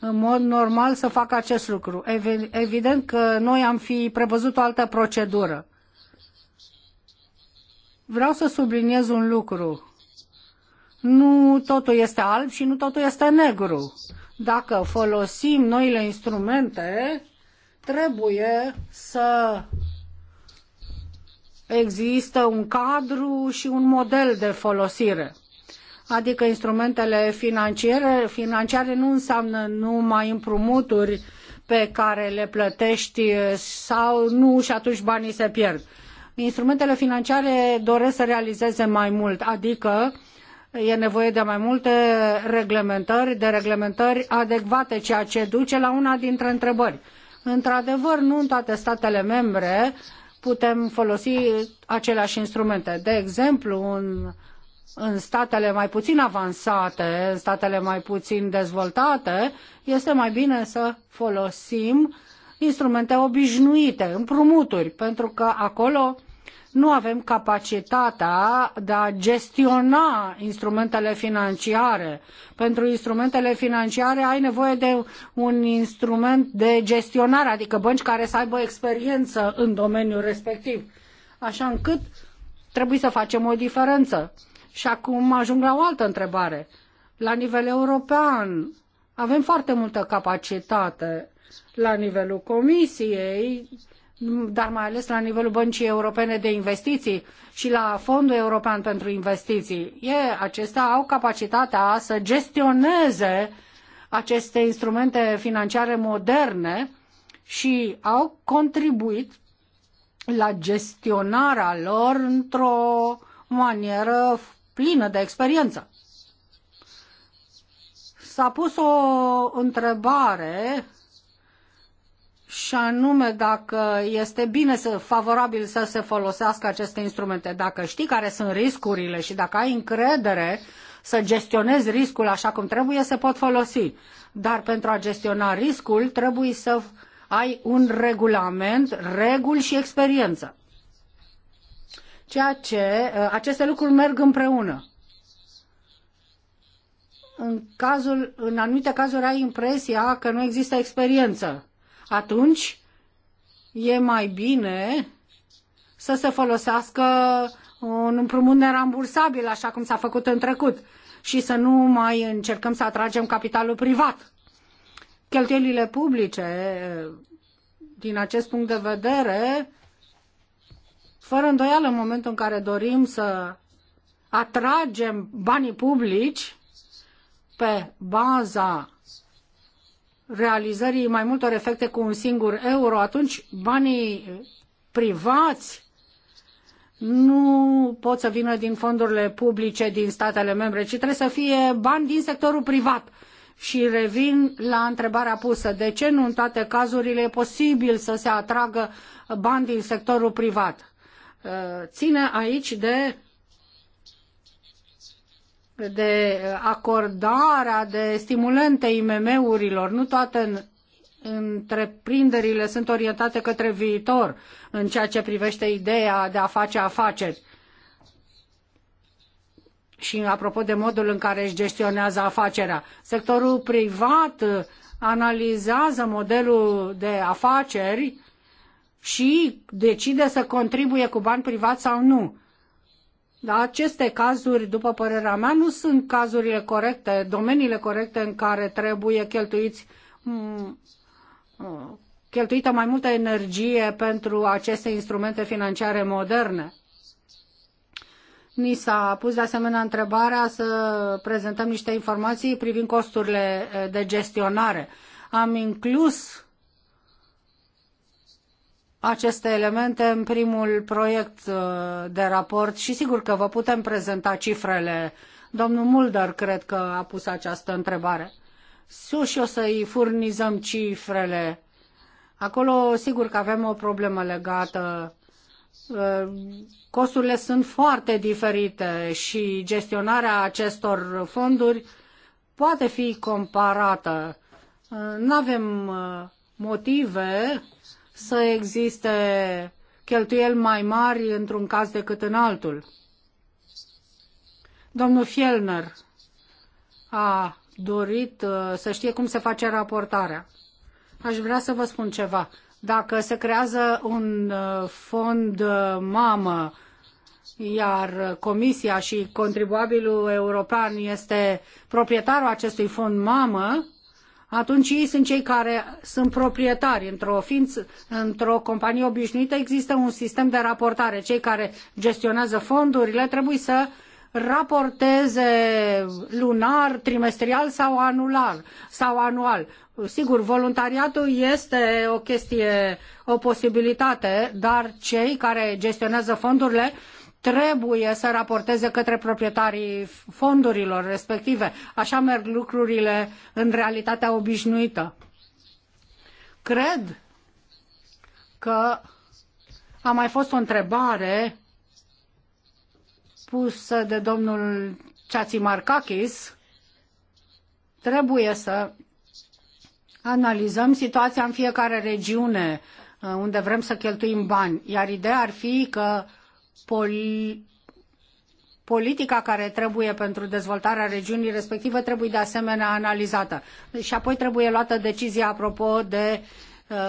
în mod normal să fac acest lucru. Evident că noi am fi prevăzut o altă procedură. Vreau să subliniez un lucru nu totul este alb și nu totul este negru. Dacă folosim noile instrumente, trebuie să există un cadru și un model de folosire. Adică instrumentele financiare, financiare nu înseamnă numai împrumuturi pe care le plătești sau nu și atunci banii se pierd. Instrumentele financiare doresc să realizeze mai mult, adică e nevoie de mai multe reglementări, de reglementări adecvate, ceea ce duce la una dintre întrebări. Într-adevăr, nu în toate statele membre putem folosi aceleași instrumente. De exemplu, în, în statele mai puțin avansate, în statele mai puțin dezvoltate, este mai bine să folosim instrumente obișnuite, împrumuturi, pentru că acolo uh, nu avem capacitatea de a gestiona instrumentele financiare. Pentru instrumentele financiare ai nevoie de un instrument de gestionare, adică bănci care să aibă experiență în domeniul respectiv. Așa încât trebuie să facem o diferență. Și acum ajung la o altă întrebare. La nivel european avem foarte multă capacitate la nivelul comisiei, dar mai ales la nivelul Băncii Europene de Investiții și la Fondul European pentru Investiții. E, acestea au capacitatea să gestioneze aceste instrumente financiare moderne și au contribuit la gestionarea lor într-o manieră plină de experiență. S-a pus o întrebare și anume dacă este bine să favorabil să se folosească aceste instrumente, dacă știi care sunt riscurile și dacă ai încredere să gestionezi riscul așa cum trebuie, se pot folosi. Dar pentru a gestiona riscul trebuie să ai un regulament, reguli și experiență. Ceea ce uh, aceste lucruri merg împreună în, cazul, în anumite cazuri ai impresia că nu există experiență atunci e mai bine să se folosească un împrumut nerambursabil, așa cum s-a făcut în trecut, și să nu mai încercăm să atragem capitalul privat. Cheltuielile publice, din acest punct de vedere, fără îndoială în momentul în care dorim să atragem banii publici pe baza realizării mai multor efecte cu un singur euro, atunci banii privați nu pot să vină din fondurile publice din statele membre, ci trebuie să fie bani din sectorul privat. Și revin la întrebarea pusă. De ce nu în toate cazurile e posibil să se atragă bani din sectorul privat? Ține aici de de acordarea de stimulente IMM-urilor. Nu toate întreprinderile sunt orientate către viitor în ceea ce privește ideea de a face afaceri. Și apropo de modul în care își gestionează afacerea, sectorul privat analizează modelul de afaceri și decide să contribuie cu bani privați sau nu. Da, aceste cazuri, după părerea mea, nu sunt cazurile corecte, domeniile corecte în care trebuie cheltuiți mm, mm, cheltuită mai multă energie pentru aceste instrumente financiare moderne. Ni s-a pus de asemenea întrebarea să prezentăm niște informații privind costurile de gestionare. Am inclus aceste elemente în primul proiect uh, de raport și sigur că vă putem prezenta cifrele. Domnul Mulder cred că a pus această întrebare. și o să-i furnizăm cifrele. Acolo sigur că avem o problemă legată. Uh, costurile sunt foarte diferite și gestionarea acestor fonduri poate fi comparată. Uh, nu avem motive să existe cheltuieli mai mari într-un caz decât în altul. Domnul Fielner a dorit uh, să știe cum se face raportarea. Aș vrea să vă spun ceva. Dacă se creează un uh, fond uh, mamă, iar Comisia și contribuabilul european este proprietarul acestui fond mamă, atunci ei sunt cei care sunt proprietari. Într-o ființă, într-o companie obișnuită există un sistem de raportare. Cei care gestionează fondurile trebuie să raporteze lunar, trimestrial sau anual. sau anual. Sigur, voluntariatul este o chestie, o posibilitate, dar cei care gestionează fondurile trebuie să raporteze către proprietarii fondurilor respective. Așa merg lucrurile în realitatea obișnuită. Cred că a mai fost o întrebare pusă de domnul Markakis. Trebuie să analizăm situația în fiecare regiune uh, unde vrem să cheltuim bani, iar ideea ar fi că pol- politica care trebuie pentru dezvoltarea regiunii respective trebuie de asemenea analizată. Și apoi trebuie luată decizia apropo de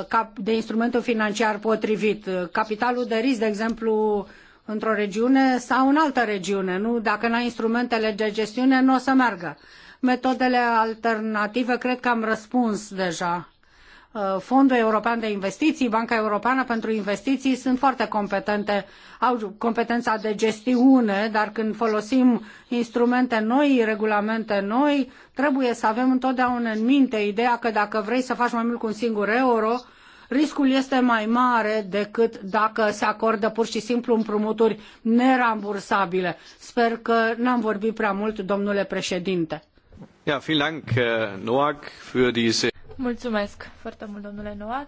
uh, de instrumentul financiar potrivit. Capitalul de risc, de exemplu, într-o regiune sau în altă regiune. Nu? Dacă n-ai instrumentele de gestiune, nu o să meargă. Metodele alternative, cred că am răspuns deja Uh, Fondul European de Investiții, Banca Europeană pentru Investiții sunt foarte competente, au competența de gestiune, dar când folosim instrumente noi, regulamente noi, trebuie să avem întotdeauna în minte ideea că dacă vrei să faci mai mult cu un singur euro, riscul este mai mare decât dacă se acordă pur și simplu împrumuturi nerambursabile. Sper că n-am vorbit prea mult, domnule președinte. Ja, vielen Dank, für diese Mulțumesc foarte mult, domnule Noac,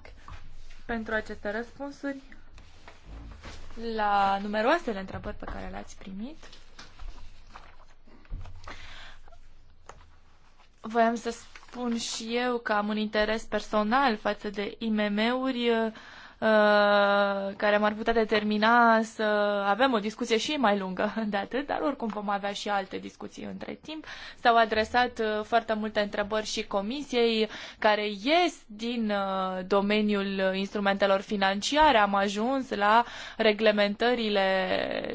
pentru aceste răspunsuri la numeroasele întrebări pe care le-ați primit. Voiam să spun și eu că am un interes personal față de IMM-uri Uh, care m-ar putea determina să avem o discuție și mai lungă de atât, dar oricum vom avea și alte discuții între timp. S-au adresat uh, foarte multe întrebări și comisiei care ies din uh, domeniul instrumentelor financiare. Am ajuns la reglementările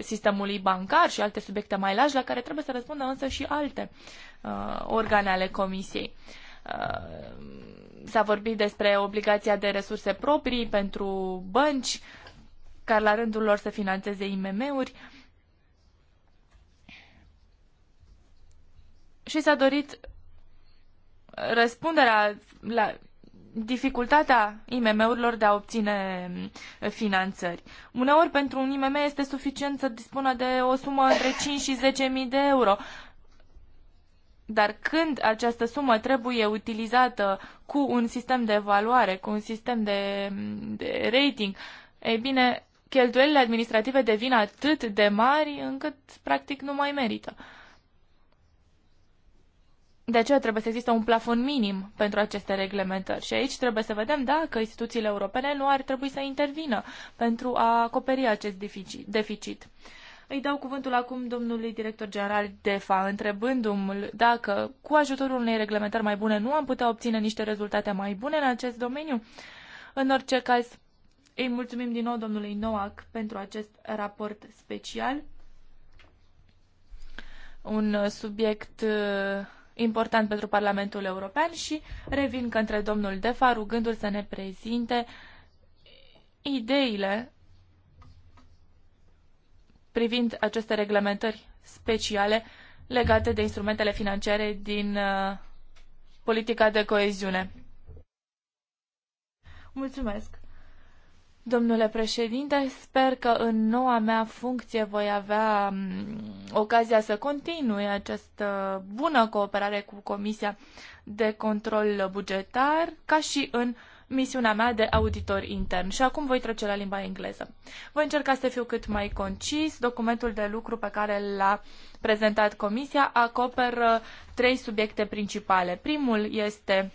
sistemului bancar și alte subiecte mai lași la care trebuie să răspundă însă și alte organe ale comisiei S-a vorbit despre obligația de resurse proprii pentru bănci, care la rândul lor să financeze IMM-uri. Și s-a dorit răspunderea la dificultatea IMM-urilor de a obține finanțări. Uneori pentru un IMM este suficient să dispună de o sumă între 5 și 10.000 de euro, dar când această sumă trebuie utilizată cu un sistem de evaluare, cu un sistem de, de rating, ei bine, cheltuielile administrative devin atât de mari încât practic nu mai merită. De aceea trebuie să existe un plafon minim pentru aceste reglementări și aici trebuie să vedem dacă instituțiile europene nu ar trebui să intervină pentru a acoperi acest deficit. Îi dau cuvântul acum domnului director general DEFA, întrebându-l dacă cu ajutorul unei reglementări mai bune nu am putea obține niște rezultate mai bune în acest domeniu. În orice caz, îi mulțumim din nou domnului Noac pentru acest raport special. Un subiect uh, important pentru Parlamentul European și revin către domnul Defa rugându-l să ne prezinte ideile privind aceste reglementări speciale legate de instrumentele financiare din uh, politica de coeziune. Mulțumesc! Domnule președinte, sper că în noua mea funcție voi avea um, ocazia să continui această bună cooperare cu Comisia de Control Bugetar, ca și în uh, misiunea mea de auditor intern și acum voi trece la limba engleză. Voi încerca să fiu cât mai concis. Documentul de lucru pe care l-a prezentat Comisia acoperă trei subiecte principale. Primul este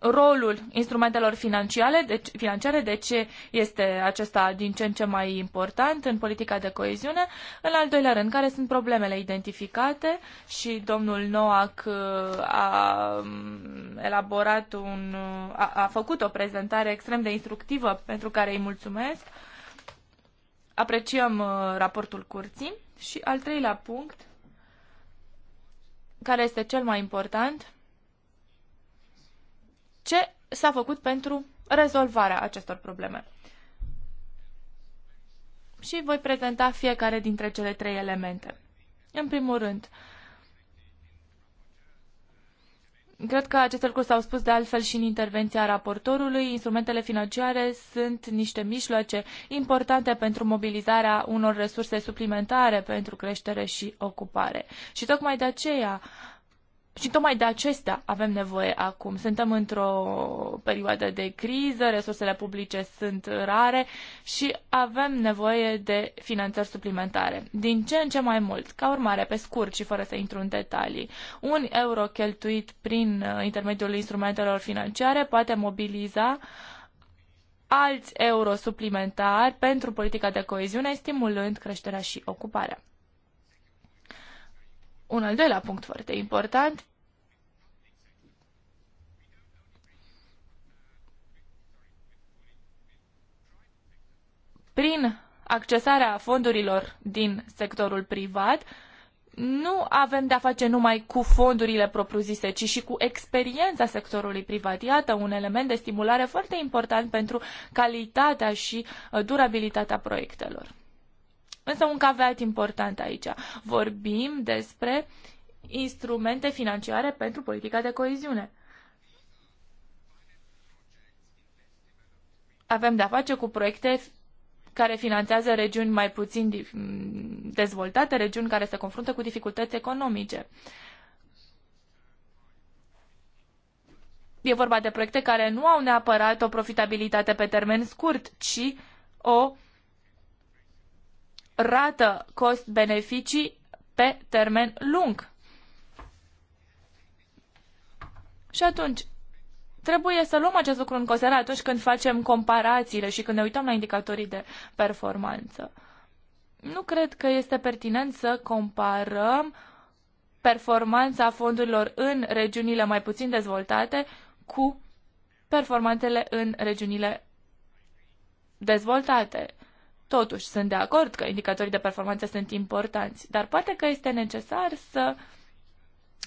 rolul instrumentelor financiare, financiare, de ce este acesta din ce în ce mai important în politica de coeziune. În al doilea rând, care sunt problemele identificate și domnul Noac uh, a um, elaborat un, uh, a, a făcut o prezentare extrem de instructivă pentru care îi mulțumesc. apreciăm uh, raportul curții și al treilea punct, care este cel mai important, ce s-a făcut pentru rezolvarea acestor probleme. Și voi prezenta fiecare dintre cele trei elemente. În primul rând, Cred că aceste lucruri s-au spus de altfel și în intervenția raportorului. Instrumentele financiare sunt niște mijloace importante pentru mobilizarea unor resurse suplimentare pentru creștere și ocupare. Și tocmai de aceea și tocmai de acestea avem nevoie acum. Suntem într-o perioadă de criză, resursele publice sunt rare și avem nevoie de finanțări suplimentare. Din ce în ce mai mult, ca urmare, pe scurt și fără să intru în detalii, un euro cheltuit prin uh, intermediul instrumentelor financiare poate mobiliza alți euro suplimentari pentru politica de coeziune, stimulând creșterea și ocuparea. Un al doilea punct foarte important. Prin accesarea fondurilor din sectorul privat, nu avem de-a face numai cu fondurile propriu-zise, ci și cu experiența sectorului privat. Iată un element de stimulare foarte important pentru calitatea și uh, durabilitatea proiectelor. Însă un caveat important aici. Vorbim despre instrumente financiare pentru politica de coeziune. Avem de-a face cu proiecte care finanțează regiuni mai puțin dezvoltate, regiuni care se confruntă cu dificultăți economice. E vorba de proiecte care nu au neapărat o profitabilitate pe termen scurt, ci o rată cost-beneficii pe termen lung. Și atunci, trebuie să luăm acest lucru în considerare atunci când facem comparațiile și când ne uităm la indicatorii de performanță. Nu cred că este pertinent să comparăm performanța fondurilor în regiunile mai puțin dezvoltate cu performanțele în regiunile dezvoltate. Totuși, sunt de acord că indicatorii de performanță sunt importanți, dar poate că este necesar să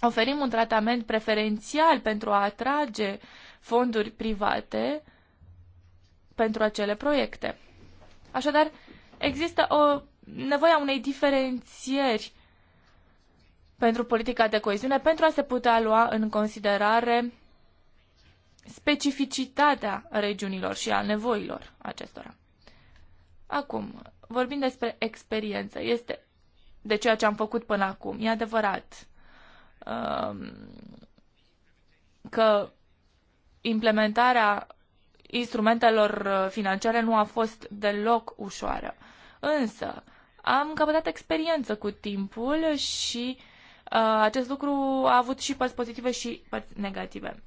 oferim un tratament preferențial pentru a atrage fonduri private pentru acele proiecte. Așadar, există o nevoie a unei diferențieri pentru politica de coeziune pentru a se putea lua în considerare specificitatea regiunilor și a nevoilor acestora. Acum, vorbim despre experiență. Este de ceea ce am făcut până acum. E adevărat um, că implementarea instrumentelor uh, financiare nu a fost deloc ușoară. Însă, am căpătat experiență cu timpul și uh, acest lucru a avut și părți pozitive și părți negative.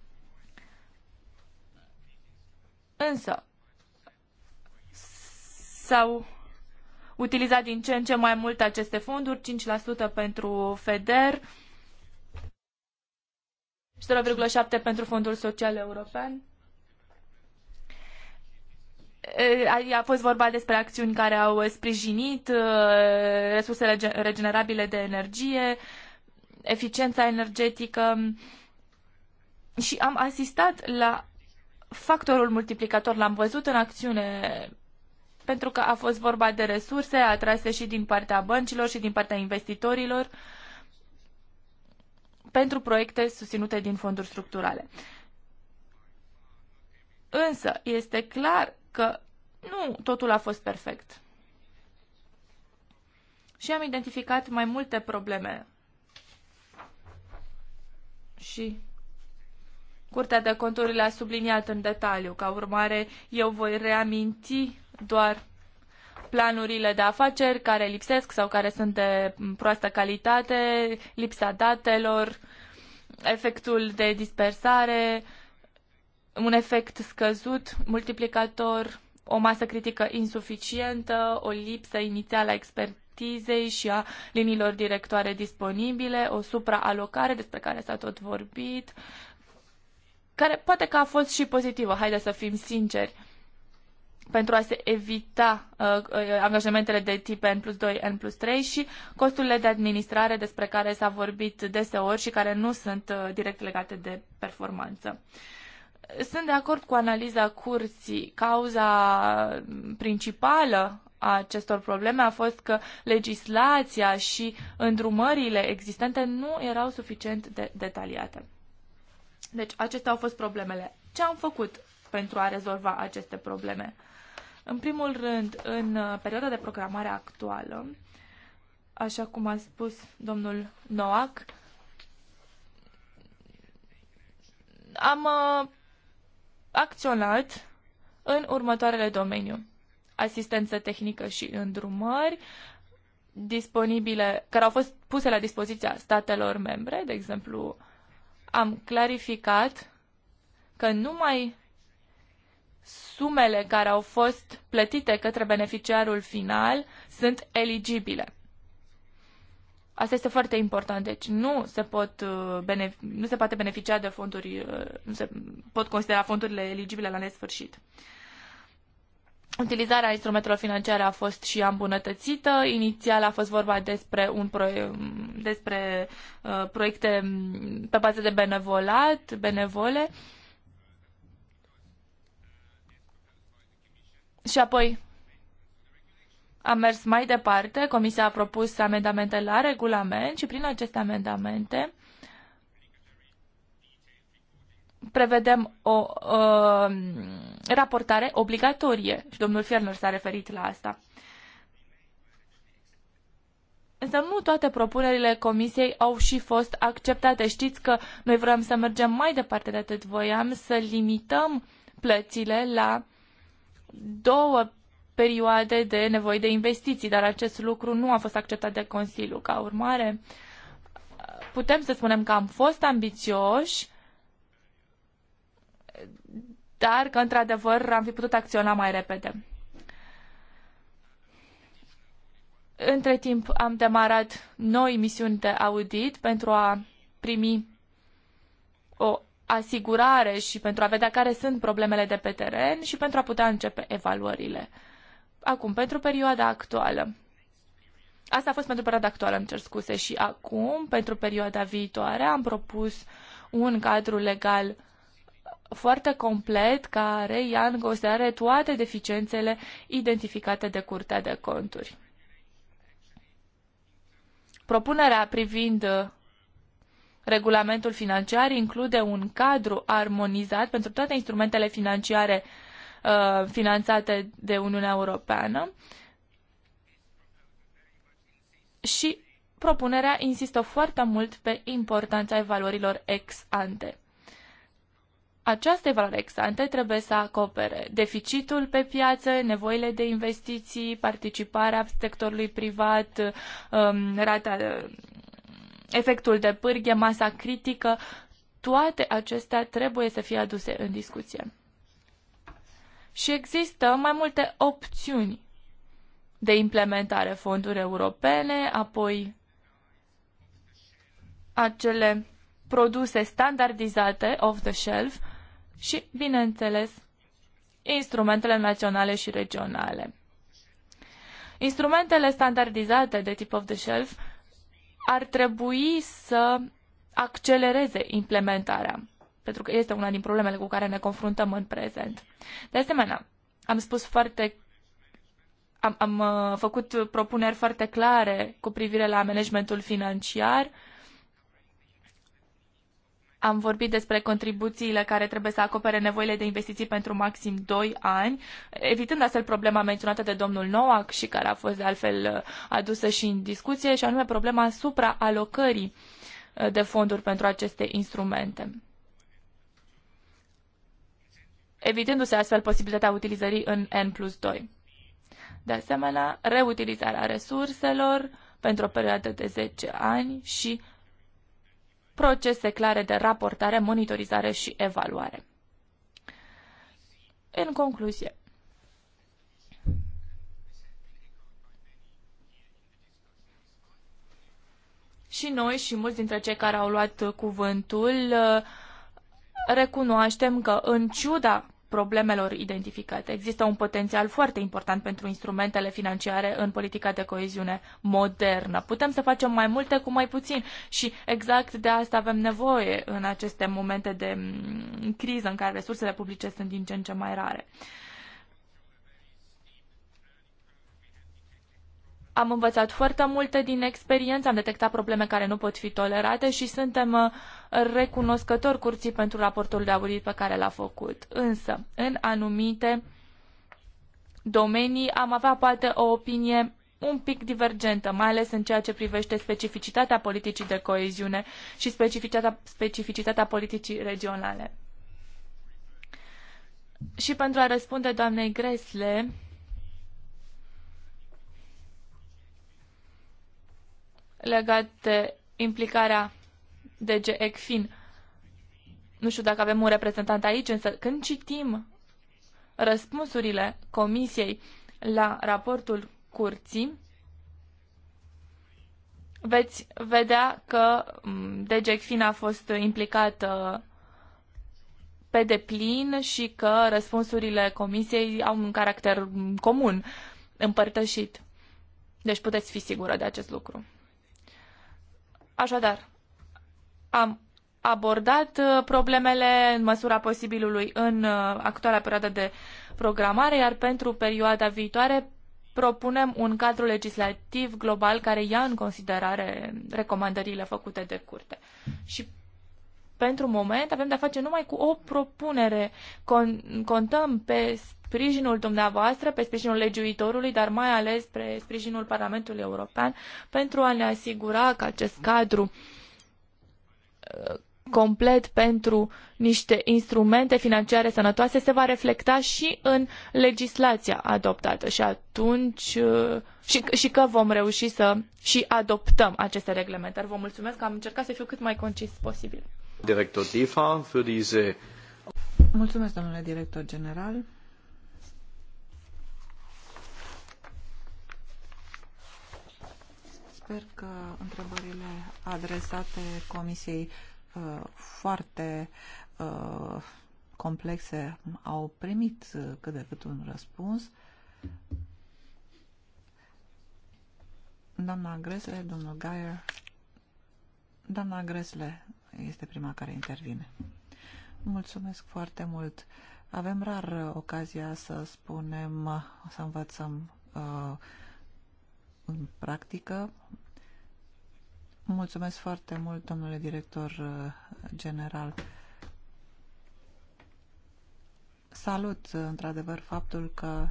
Însă, S-au utilizat din ce în ce mai mult aceste fonduri, 5% pentru FEDER, 0,7% pentru Fondul Social European. A fost vorba despre acțiuni care au sprijinit resursele regenerabile de energie, eficiența energetică și am asistat la factorul multiplicator, l-am văzut în acțiune pentru că a fost vorba de resurse atrase și din partea băncilor și din partea investitorilor pentru proiecte susținute din fonduri structurale. Însă, este clar că nu totul a fost perfect. Și am identificat mai multe probleme. Și Curtea de conturi le-a subliniat în detaliu. Ca urmare, eu voi reaminti doar planurile de afaceri care lipsesc sau care sunt de proastă calitate, lipsa datelor, efectul de dispersare, un efect scăzut, multiplicator, o masă critică insuficientă, o lipsă inițială a expertizei și a liniilor directoare disponibile, o supraalocare despre care s-a tot vorbit, care poate că a fost și pozitivă, haide să fim sinceri pentru a se evita uh, uh, angajamentele de tip N plus 2, N plus 3 și costurile de administrare despre care s-a vorbit deseori și care nu sunt uh, direct legate de performanță. Sunt de acord cu analiza curții. Cauza principală a acestor probleme a fost că legislația și îndrumările existente nu erau suficient de detaliate. Deci acestea au fost problemele. Ce am făcut pentru a rezolva aceste probleme? În primul rând, în uh, perioada de programare actuală, așa cum a spus domnul Noac, am uh, acționat în următoarele domeniu. Asistență tehnică și îndrumări disponibile, care au fost puse la dispoziția statelor membre, de exemplu, am clarificat că numai sumele care au fost plătite către beneficiarul final sunt eligibile. Asta este foarte important. Deci nu se, pot, uh, nu se poate beneficia de fonduri, uh, nu se pot considera fondurile eligibile la nesfârșit. Utilizarea instrumentelor financiare a fost și îmbunătățită. Inițial a fost vorba despre, un proie- despre uh, proiecte pe bază de benevolat, benevole. Uh, Și apoi a mers mai departe, Comisia a propus amendamente la regulament și prin aceste amendamente prevedem o uh, raportare obligatorie și domnul Fierner s-a referit la asta. Însă nu toate propunerile comisiei au și fost acceptate. Știți că noi vrem să mergem mai departe de atât. Voiam să limităm plățile la două perioade de nevoi de investiții, dar acest lucru nu a fost acceptat de Consiliu. Ca urmare, putem să spunem că am fost ambițioși, dar că, într-adevăr, am fi putut acționa mai repede. Între timp, am demarat noi misiuni de audit pentru a primi o asigurare și pentru a vedea care sunt problemele de pe teren și pentru a putea începe evaluările. Acum, pentru perioada actuală. Asta a fost pentru perioada actuală, îmi cer scuse, și acum, pentru perioada viitoare, am propus un cadru legal foarte complet care ia în considerare toate deficiențele identificate de Curtea de Conturi. Propunerea privind Regulamentul financiar include un cadru armonizat pentru toate instrumentele financiare uh, finanțate de Uniunea Europeană și propunerea insistă foarte mult pe importanța evaluărilor ex ante. Această evaluare ex ante trebuie să acopere deficitul pe piață, nevoile de investiții, participarea sectorului privat, um, rata efectul de pârghie, masa critică, toate acestea trebuie să fie aduse în discuție. Și există mai multe opțiuni de implementare fonduri europene, apoi acele produse standardizate off the shelf și, bineînțeles, instrumentele naționale și regionale. Instrumentele standardizate de tip off the shelf ar trebui să accelereze implementarea, pentru că este una din problemele cu care ne confruntăm în prezent. De asemenea, am spus foarte am, am uh, făcut propuneri foarte clare cu privire la managementul financiar, am vorbit despre contribuțiile care trebuie să acopere nevoile de investiții pentru maxim 2 ani, evitând astfel problema menționată de domnul Noack și care a fost de altfel uh, adusă și în discuție, și anume problema supraalocării uh, de fonduri pentru aceste instrumente. Evitându-se astfel posibilitatea utilizării în N plus 2. De asemenea, reutilizarea resurselor pentru o perioadă de 10 ani și procese clare de raportare, monitorizare și evaluare. În concluzie, și noi și mulți dintre cei care au luat cuvântul recunoaștem că, în ciuda problemelor identificate. Există un potențial foarte important pentru instrumentele financiare în politica de coeziune modernă. Putem să facem mai multe cu mai puțin și exact de asta avem nevoie în aceste momente de mm, criză în care resursele publice sunt din ce în ce mai rare. Uh, Am învățat foarte multe din experiență, am detectat probleme care nu pot fi tolerate și suntem uh, recunoscători curții pentru raportul de audit pe care l-a făcut. Însă, în anumite domenii am avea poate o opinie un pic divergentă, mai ales în ceea ce privește specificitatea politicii de coeziune și specificitatea, specificitatea politicii regionale. Și pentru a răspunde doamnei Gresle, legat de implicarea DG ECFIN. Nu știu dacă avem un reprezentant aici, însă când citim răspunsurile Comisiei la raportul curții, veți vedea că DG mm, ECFIN a fost implicată uh, pe deplin și că răspunsurile Comisiei au un caracter mm, comun, împărtășit. Deci puteți fi sigură de acest lucru. Așadar, am abordat uh, problemele în măsura posibilului în uh, actuala perioadă de programare, iar pentru perioada viitoare propunem un cadru legislativ global care ia în considerare recomandările făcute de curte. Și pentru moment avem de-a face numai cu o propunere. contăm pe sprijinul dumneavoastră, pe sprijinul legiuitorului, dar mai ales pe sprijinul Parlamentului European, pentru a ne asigura că acest cadru uh, complet pentru niște instrumente financiare sănătoase se va reflecta și în legislația adoptată și atunci uh, și, și că vom reuși să și adoptăm aceste reglementări. Vă mulțumesc, că am încercat să fiu cât mai concis posibil. Director DIFA, für diese... Uh, mulțumesc, domnule director general. Sper că întrebările adresate Comisiei uh, foarte uh, complexe au primit uh, cât de cât un răspuns. Doamna Gresle, domnul Gaier. Doamna Gresle este prima care intervine. Mulțumesc foarte mult. Avem rar ocazia să spunem, să învățăm uh, în practică. Mulțumesc foarte mult, domnule director uh, general. Salut, uh, într-adevăr, faptul că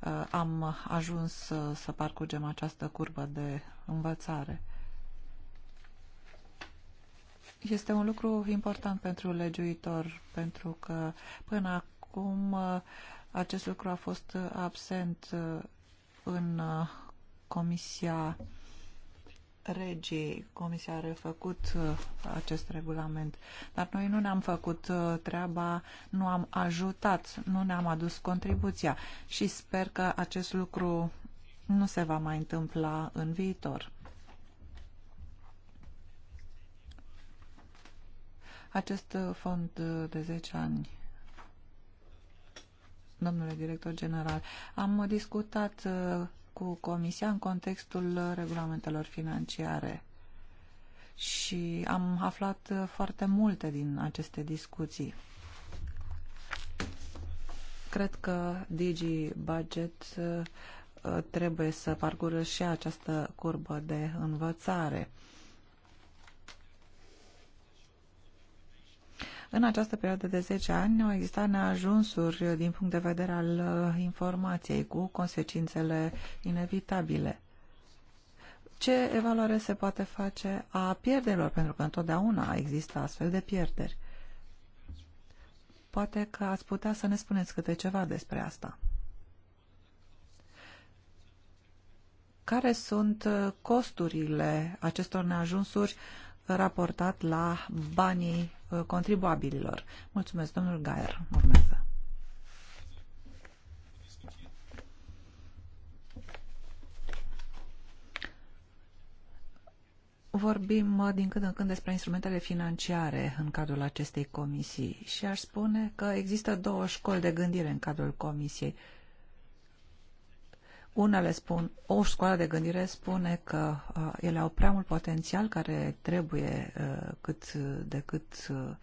uh, am ajuns să parcurgem această curbă de învățare. Este un lucru important pentru legiuitor, pentru că până acum acest lucru a fost absent în Comisia Regii, Comisia a refăcut uh, acest regulament, dar noi nu ne-am făcut uh, treaba, nu am ajutat, nu ne-am adus contribuția și sper că acest lucru nu se va mai întâmpla în viitor. Acest uh, fond de 10 ani, domnule director general, am discutat cu Comisia în contextul regulamentelor financiare și am aflat foarte multe din aceste discuții. Cred că Digi Budget uh, trebuie să parcură și această curbă de învățare. În această perioadă de 10 ani au existat neajunsuri din punct de vedere al uh, informației cu consecințele inevitabile. Ce evaluare se poate face a pierderilor? Pentru că întotdeauna există astfel de pierderi. Poate că ați putea să ne spuneți câte ceva despre asta. Care sunt uh, costurile acestor neajunsuri raportat la banii uh, contribuabililor. Mulțumesc, domnul Gaier. Urmează. Vorbim uh, din când în când despre instrumentele financiare în cadrul acestei comisii și aș spune că există două școli de gândire în cadrul comisiei. Unele spun, o școală de gândire spune că uh, ele au prea mult potențial care trebuie uh, cât de cât uh,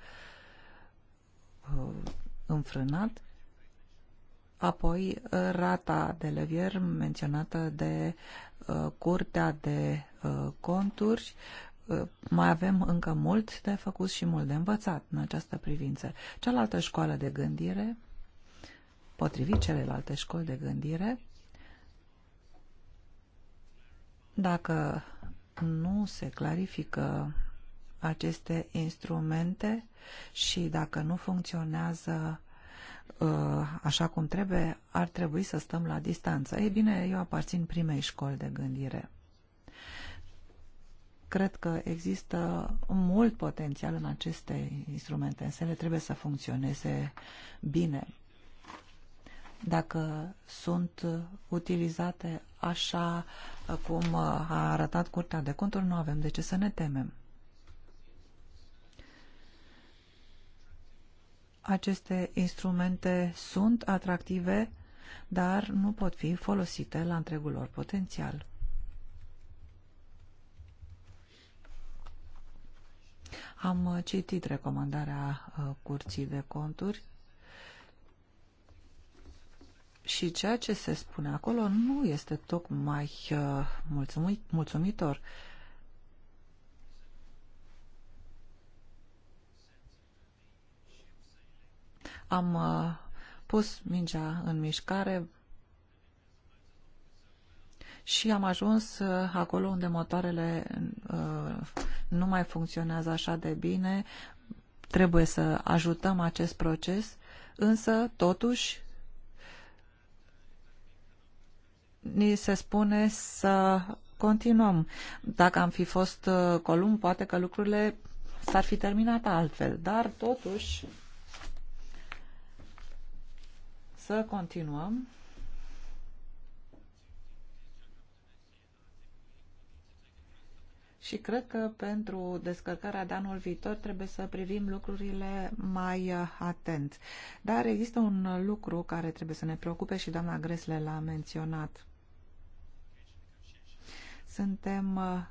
înfrânat. Apoi, rata de levier menționată de uh, Curtea de uh, Conturi uh, mai avem încă mult de făcut și mult de învățat în această privință. Cealaltă școală de gândire, potrivit celelalte școli de gândire, Dacă nu se clarifică aceste instrumente și dacă nu funcționează uh, așa cum trebuie, ar trebui să stăm la distanță. Ei bine, eu aparțin primei școli de gândire. Cred că există mult potențial în aceste instrumente, însă ele trebuie să funcționeze bine dacă sunt utilizate așa uh, cum uh, a arătat Curtea de Conturi, nu avem de ce să ne temem. Aceste instrumente sunt atractive, dar nu pot fi folosite la întregul lor potențial. Am uh, citit recomandarea Curții de Conturi și ceea ce se spune acolo nu este tocmai uh, mulțumit, mulțumitor. Am uh, pus mingea în mișcare și am ajuns uh, acolo unde motoarele nu mai funcționează așa de bine. Trebuie să ajutăm acest proces, însă, totuși, ni se spune să continuăm. Dacă am fi fost uh, Columb, poate că lucrurile s-ar fi terminat altfel, dar totuși să continuăm. Și cred că pentru descărcarea de anul viitor trebuie să privim lucrurile mai uh, atent. Dar există un lucru care trebuie să ne preocupe și doamna Gresle l-a menționat. Suntem uh,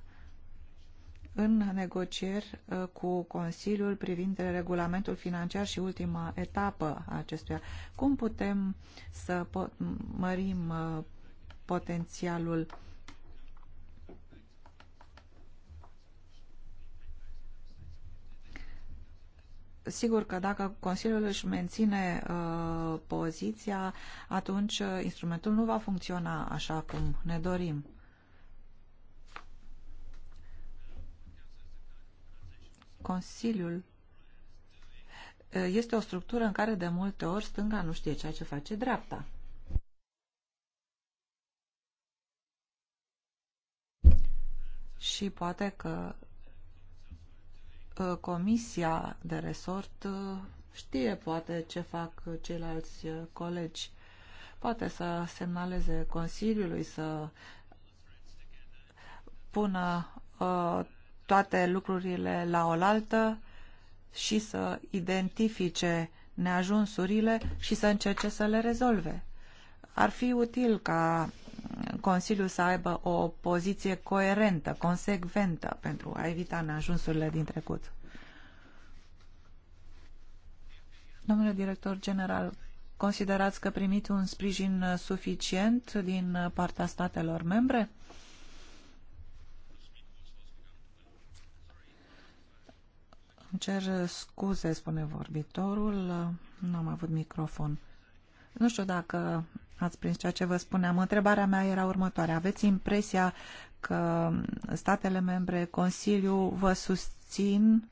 în negocieri uh, cu Consiliul privind regulamentul financiar și ultima etapă a acestuia. Cum putem să mărim uh, potențialul sigur că dacă Consiliul își menține uh, poziția, atunci instrumentul nu va funcționa așa cum ne dorim. Consiliul este o structură în care de multe ori stânga nu știe ceea ce face dreapta. Și poate că comisia de resort știe poate ce fac ceilalți colegi. Poate să semnaleze Consiliului, să pună toate lucrurile la oaltă și să identifice neajunsurile și să încerce să le rezolve. Ar fi util ca Consiliul să aibă o poziție coerentă, consecventă pentru a evita neajunsurile din trecut. Domnule director general, considerați că primiți un sprijin suficient din partea statelor membre? cer scuze, spune vorbitorul, nu am avut microfon. Nu știu dacă ați prins ceea ce vă spuneam. Întrebarea mea era următoarea. Aveți impresia că statele membre, Consiliu, vă susțin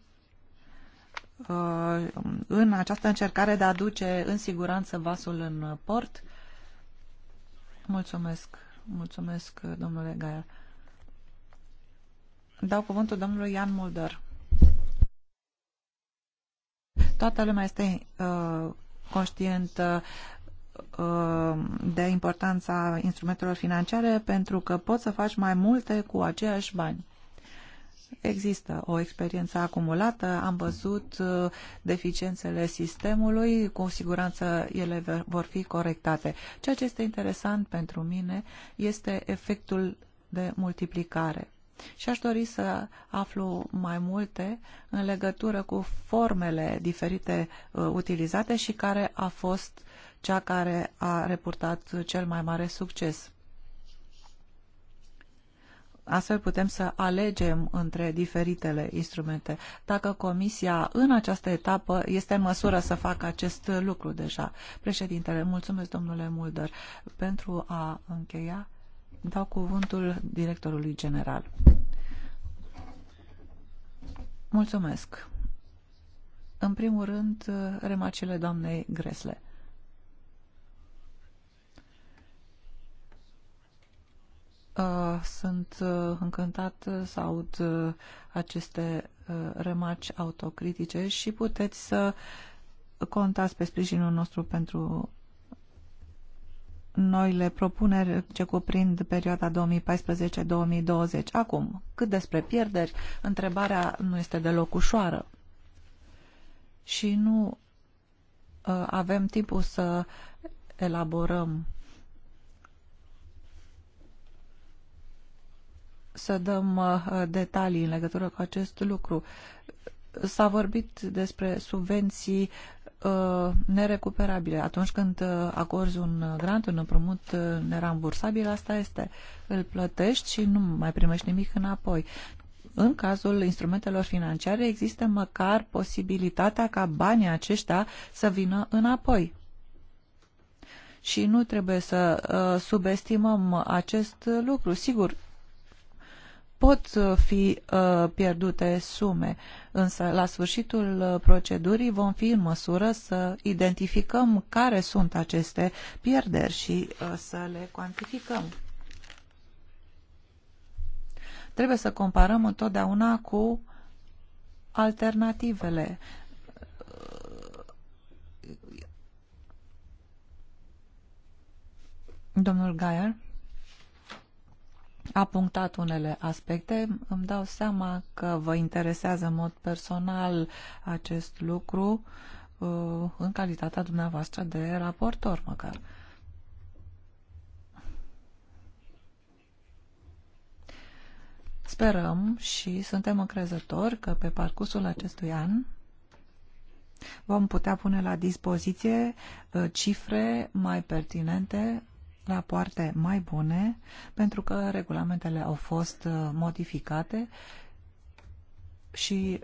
uh, în această încercare de a duce în siguranță vasul în port? Mulțumesc. Mulțumesc, domnule Gaia. Dau cuvântul domnului Ian Mulder. Toată lumea este uh, conștientă uh, de importanța instrumentelor financiare pentru că poți să faci mai multe cu aceiași bani. Există o experiență acumulată, am văzut uh, deficiențele sistemului, cu siguranță ele vor fi corectate. Ceea ce este interesant pentru mine este efectul de multiplicare. Și aș dori să aflu mai multe în legătură cu formele diferite uh, utilizate și care a fost cea care a reportat cel mai mare succes. Astfel putem să alegem între diferitele instrumente. Dacă Comisia în această etapă este în măsură să facă acest lucru deja. Președintele, mulțumesc domnule Mulder pentru a încheia dau cuvântul directorului general. Mulțumesc. În primul rând, remarcile doamnei Gresle. Uh, sunt uh, încântat să aud uh, aceste remarci autocritice și puteți să contați pe sprijinul nostru pentru noile propuneri ce cuprind perioada 2014-2020. Acum, cât despre pierderi, întrebarea nu este deloc ușoară și nu uh, avem timpul să elaborăm să dăm uh, detalii în legătură cu acest lucru. S-a vorbit despre subvenții Uh, nerecuperabile. Atunci când uh, acorzi un uh, grant, un împrumut nerambursabil, asta este. Îl plătești și nu mai primești nimic înapoi. În cazul instrumentelor financiare există măcar posibilitatea ca banii aceștia să vină înapoi. Și nu trebuie să subestimăm acest lucru. Sigur, pot uh, fi uh, pierdute sume, însă la sfârșitul uh, procedurii vom fi în măsură să identificăm care sunt aceste pierderi și să le cuantificăm. Trebuie să comparăm întotdeauna cu alternativele. Domnul Gaier? a punctat unele aspecte. Îmi dau seama că vă interesează în mod personal acest lucru uh, în calitatea dumneavoastră de raportor măcar. Sperăm și suntem încrezători că pe parcursul acestui an vom putea pune la dispoziție uh, cifre mai pertinente rapoarte mai bune pentru că regulamentele au fost uh, modificate și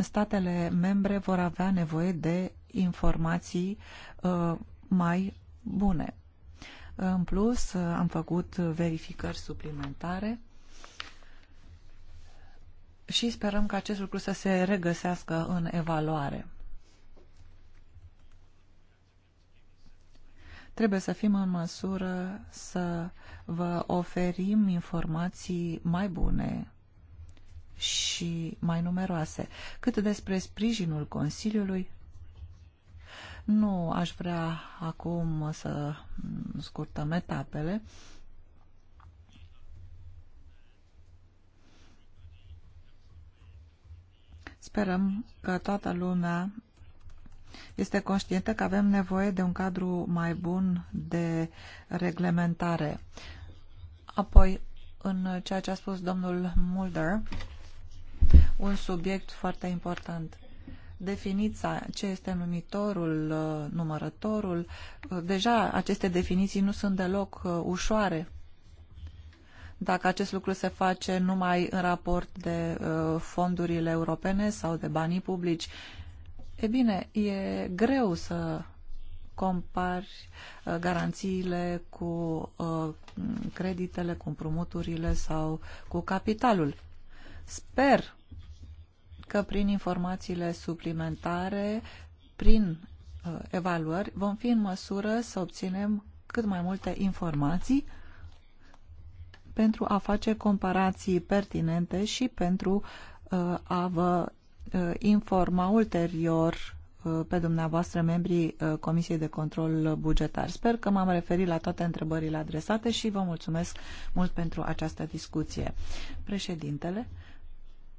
statele membre vor avea nevoie de informații uh, mai bune. În plus, uh, am făcut verificări suplimentare și sperăm că acest lucru să se regăsească în evaluare. Trebuie să fim în măsură să vă oferim informații mai bune și mai numeroase. Cât despre sprijinul Consiliului, nu aș vrea acum să scurtăm etapele. Sperăm că toată lumea este conștientă că avem nevoie de un cadru mai bun de reglementare. Apoi, în ceea ce a spus domnul Mulder, un subiect foarte important. Definiția, ce este numitorul, uh, numărătorul, uh, deja aceste definiții nu sunt deloc uh, ușoare. Dacă acest lucru se face numai în raport de fondurile europene sau de banii publici, E bine, e greu să compari uh, garanțiile cu uh, creditele, cu împrumuturile sau cu capitalul. Sper că prin informațiile suplimentare, prin uh, evaluări, vom fi în măsură să obținem cât mai multe informații pentru a face comparații pertinente și pentru a vă Uh, informa ulterior uh, pe dumneavoastră membrii uh, Comisiei de Control Bugetar. Sper că m-am referit la toate întrebările adresate și vă mulțumesc mult pentru această discuție. Președintele,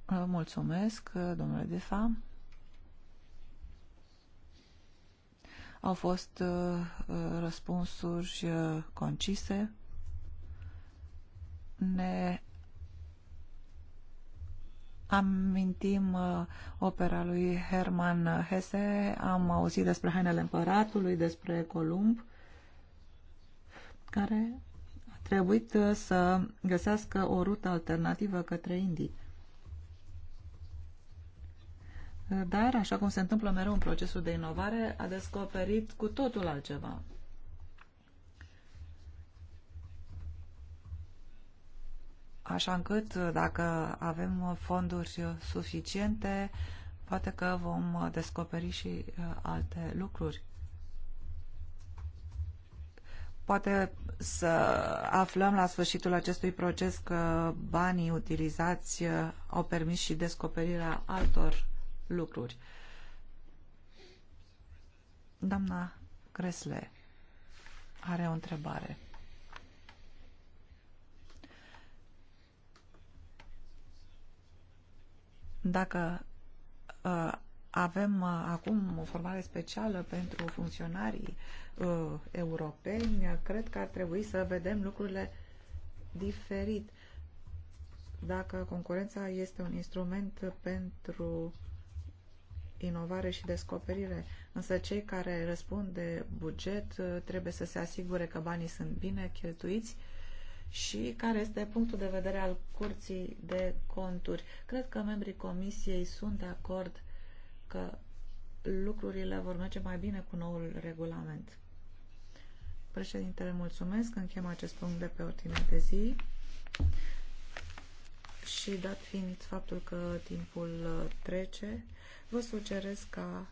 mulțumesc, domnule Defa. Au fost răspunsuri concise. Ne Amintim uh, opera lui Herman Hesse, am auzit despre Hainele Împăratului, despre Columb, care a trebuit uh, să găsească o rută alternativă către Indii. Dar, așa cum se întâmplă mereu în procesul de inovare, a descoperit cu totul altceva. așa încât dacă avem fonduri suficiente, poate că vom descoperi și uh, alte lucruri. Poate să aflăm la sfârșitul acestui proces că banii utilizați uh, au permis și descoperirea altor lucruri. Doamna Gresle are o întrebare. Dacă uh, avem uh, acum o formare specială pentru funcționarii uh, europeni, cred că ar trebui să vedem lucrurile diferit. Dacă concurența este un instrument pentru inovare și descoperire, însă cei care răspund de buget trebuie să se asigure că banii sunt bine cheltuiți și care este punctul de vedere al Curții de Conturi. Cred că membrii Comisiei sunt de acord că lucrurile vor merge mai bine cu noul regulament. Președintele, mulțumesc. Închem acest punct de pe ordinea de zi. Și dat fiind faptul că timpul uh, trece, vă sugerez ca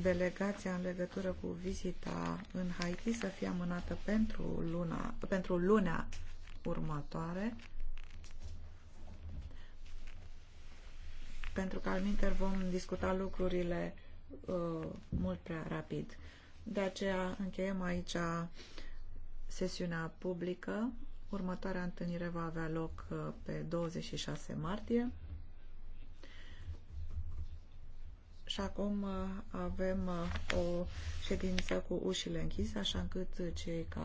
delegația în legătură cu vizita în Haiti să fie amânată pentru luna, pentru lunea următoare pentru că al vom discuta lucrurile uh, mult prea rapid. De aceea încheiem aici sesiunea publică. Următoarea întâlnire va avea loc uh, pe 26 martie. Și acum uh, avem uh, o ședință cu ușile închise, așa încât cei care